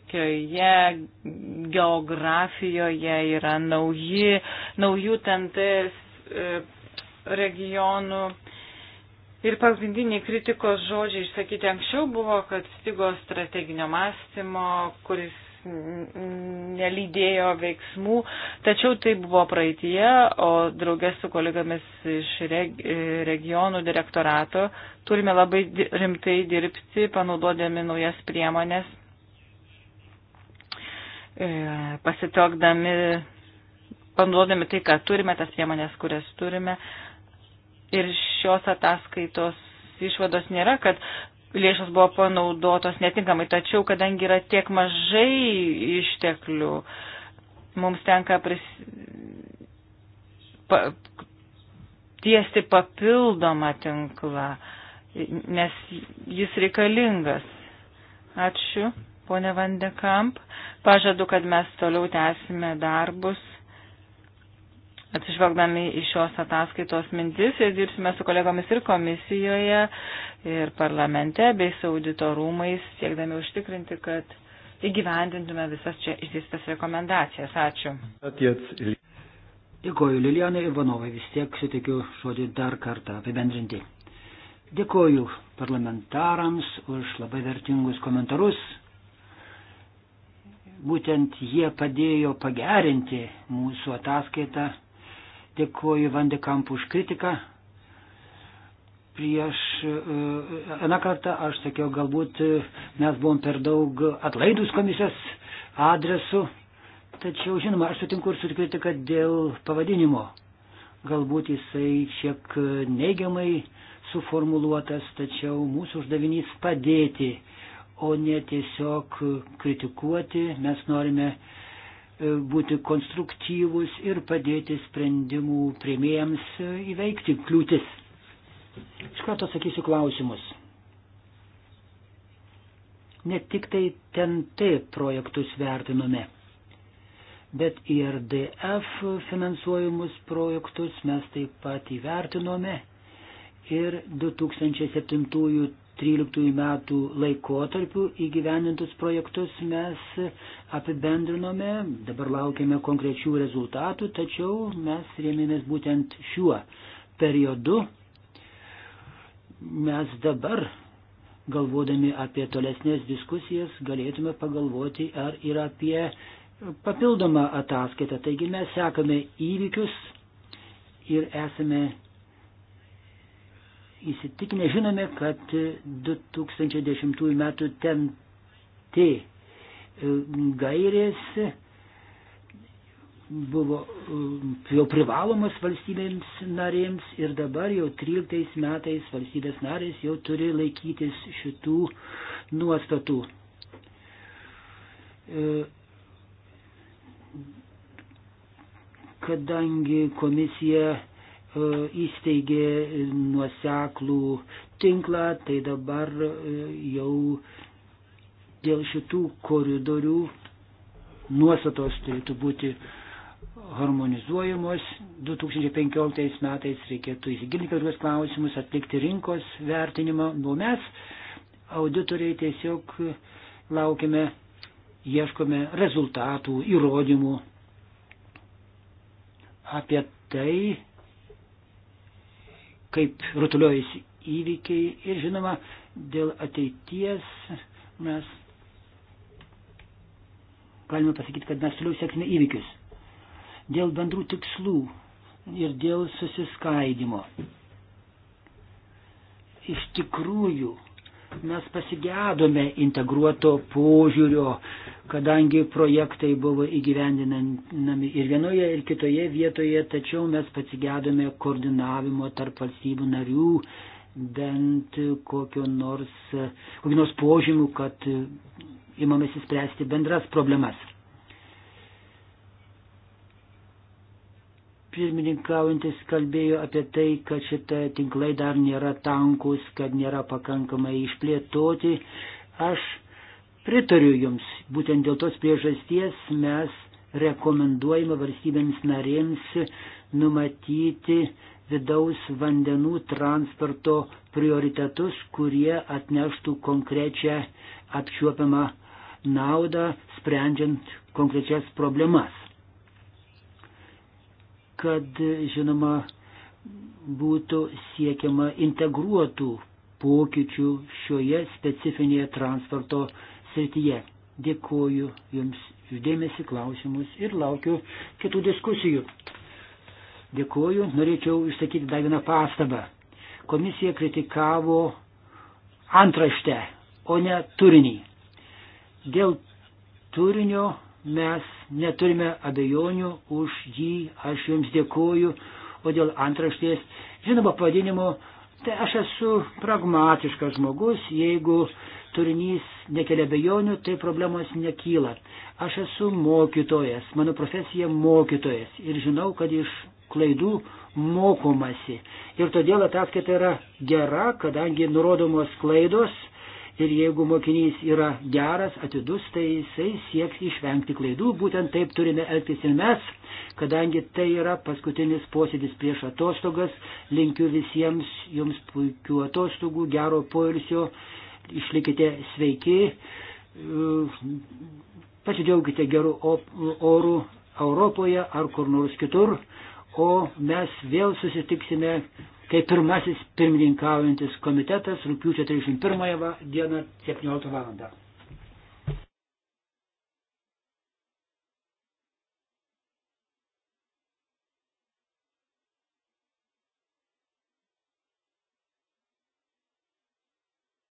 geografijoje, yra nauji, naujų TNT e, regionų Ir pagrindiniai kritikos žodžiai išsakyti anksčiau buvo, kad stigo strateginio mąstymo, kuris nelydėjo veiksmų, tačiau tai buvo praeitie, o draugės su kolegomis iš regionų direktorato turime labai rimtai dirbti, panaudodami naujas priemonės, e, pasitokdami, panaudodami tai, ką turime, tas priemonės, kurias turime, ir šios ataskaitos išvados nėra, kad lėšos buvo panaudotos netinkamai, tačiau kadangi yra tiek mažai išteklių, mums tenka pris... pa... tiesti papildomą tinklą, nes jis reikalingas. Ačiū, ponė Vandekamp. Pažadu, kad mes toliau tęsime darbus Atsižvelgdami į šios ataskaitos mintis, ir dirbsime su kolegomis ir komisijoje, ir parlamente, bei su auditorumais, siekdami užtikrinti, kad įgyvendintume visas čia išdėstas rekomendacijas. Ačiū.
Dėkoju Lilianai Ivanovai, vis tiek sutikiu žodį dar kartą apibendrinti. Dėkoju parlamentarams už labai vertingus komentarus. Būtent jie padėjo pagerinti mūsų ataskaitą Dėkuoju Vandekamp už kritiką. Prieš vieną e, e, kartą aš sakiau, galbūt e, mes buvom per daug atlaidus komisijos adresu. Tačiau, žinoma, aš sutinku ir su kritika dėl pavadinimo. Galbūt jisai šiek neigiamai suformuluotas, tačiau mūsų uždavinys padėti, o ne tiesiog kritikuoti. Mes norime uh, E, būti konstruktyvus ir padėti sprendimų prieimėjams e, įveikti kliūtis. Iš karto sakysiu klausimus. Ne tik tai TNT projektus vertinome, bet IRDF finansuojamus projektus mes taip pat įvertinome ir 2007 13 metų laikotarpių įgyvenintus projektus mes apibendrinome, dabar laukiame konkrečių rezultatų, tačiau mes rėmėmės būtent šiuo periodu. Mes dabar, galvodami apie tolesnės diskusijas, galėtume pagalvoti ar ir apie papildomą ataskaitą. Taigi mes sekame įvykius ir esame įsitikinę žinome, kad 2010 m. TMT e, gairės buvo e, jau privalomas valstybėms narėms ir dabar jau 13 metais valstybės narės jau turi laikytis šitų nuostatų. E, kadangi komisija E, įsteigė nuoseklų tinklą, tai dabar e, jau dėl šitų koridorių nuostatos turėtų būti harmonizuojamos. 2015 metais reikėtų įsigilinti tokius klausimus, atlikti rinkos vertinimą, nu, o mes, auditoriai, tiesiog laukime, ieškome rezultatų, įrodymų apie tai, kaip rutuliojasi įvykiai ir žinoma, dėl ateities mes galime pasakyti, kad mes toliau seksime įvykius. Dėl bendrų tikslų ir dėl susiskaidimo. Iš tikrųjų, Mes pasigėdome integruoto požiūrio, kadangi projektai buvo įgyvendinami ir vienoje, ir kitoje vietoje, tačiau mes pasigėdome koordinavimo tarp valstybių narių, bent kokio nors, kokio nors požymų, kad imamės įspręsti bendras problemas. Pirmininkaujantis kalbėjo apie tai, kad šita tinklai dar nėra tankus, kad nėra pakankamai išplėtoti. Aš pritariu Jums, būtent dėl tos priežasties mes rekomenduojame valstybėms narėms numatyti vidaus vandenų transporto prioritetus, kurie atneštų konkrečią apčiuopiamą naudą, sprendžiant konkrečias problemas kad žinoma būtų siekiama integruotų pokyčių šioje specifinėje transporto srityje. Dėkuoju Jums uždėmesi klausimus ir laukiu kitų diskusijų. Dėkuoju, norėčiau išsakyti dar vieną pastabą. Komisija kritikavo antraštę, o ne turinį. Dėl turinio mes neturime abejonių už jį, aš jums dėkoju, o dėl antraštės, žinoma, pavadinimo, tai aš esu pragmatiškas žmogus, jeigu turinys nekelia abejonių, tai problemos nekyla. Aš esu mokytojas, mano profesija mokytojas ir žinau, kad iš klaidų mokomasi. Ir todėl ataskaita yra gera, kadangi nurodomos klaidos, Ir jeigu mokinys yra geras, atidus, tai jisai sieks išvengti klaidų. Būtent taip turime elgtis ir mes, kadangi tai yra paskutinis posėdis prieš atostogas. Linkiu visiems jums puikių atostogų, gero poilsio, išlikite sveiki, pasidžiaugite geru oru Europoje ar kur nors kitur, o mes vėl susitiksime kaip pirmasis pirmininkaujantis komitetas rūpiučio 31 dieną 17 val.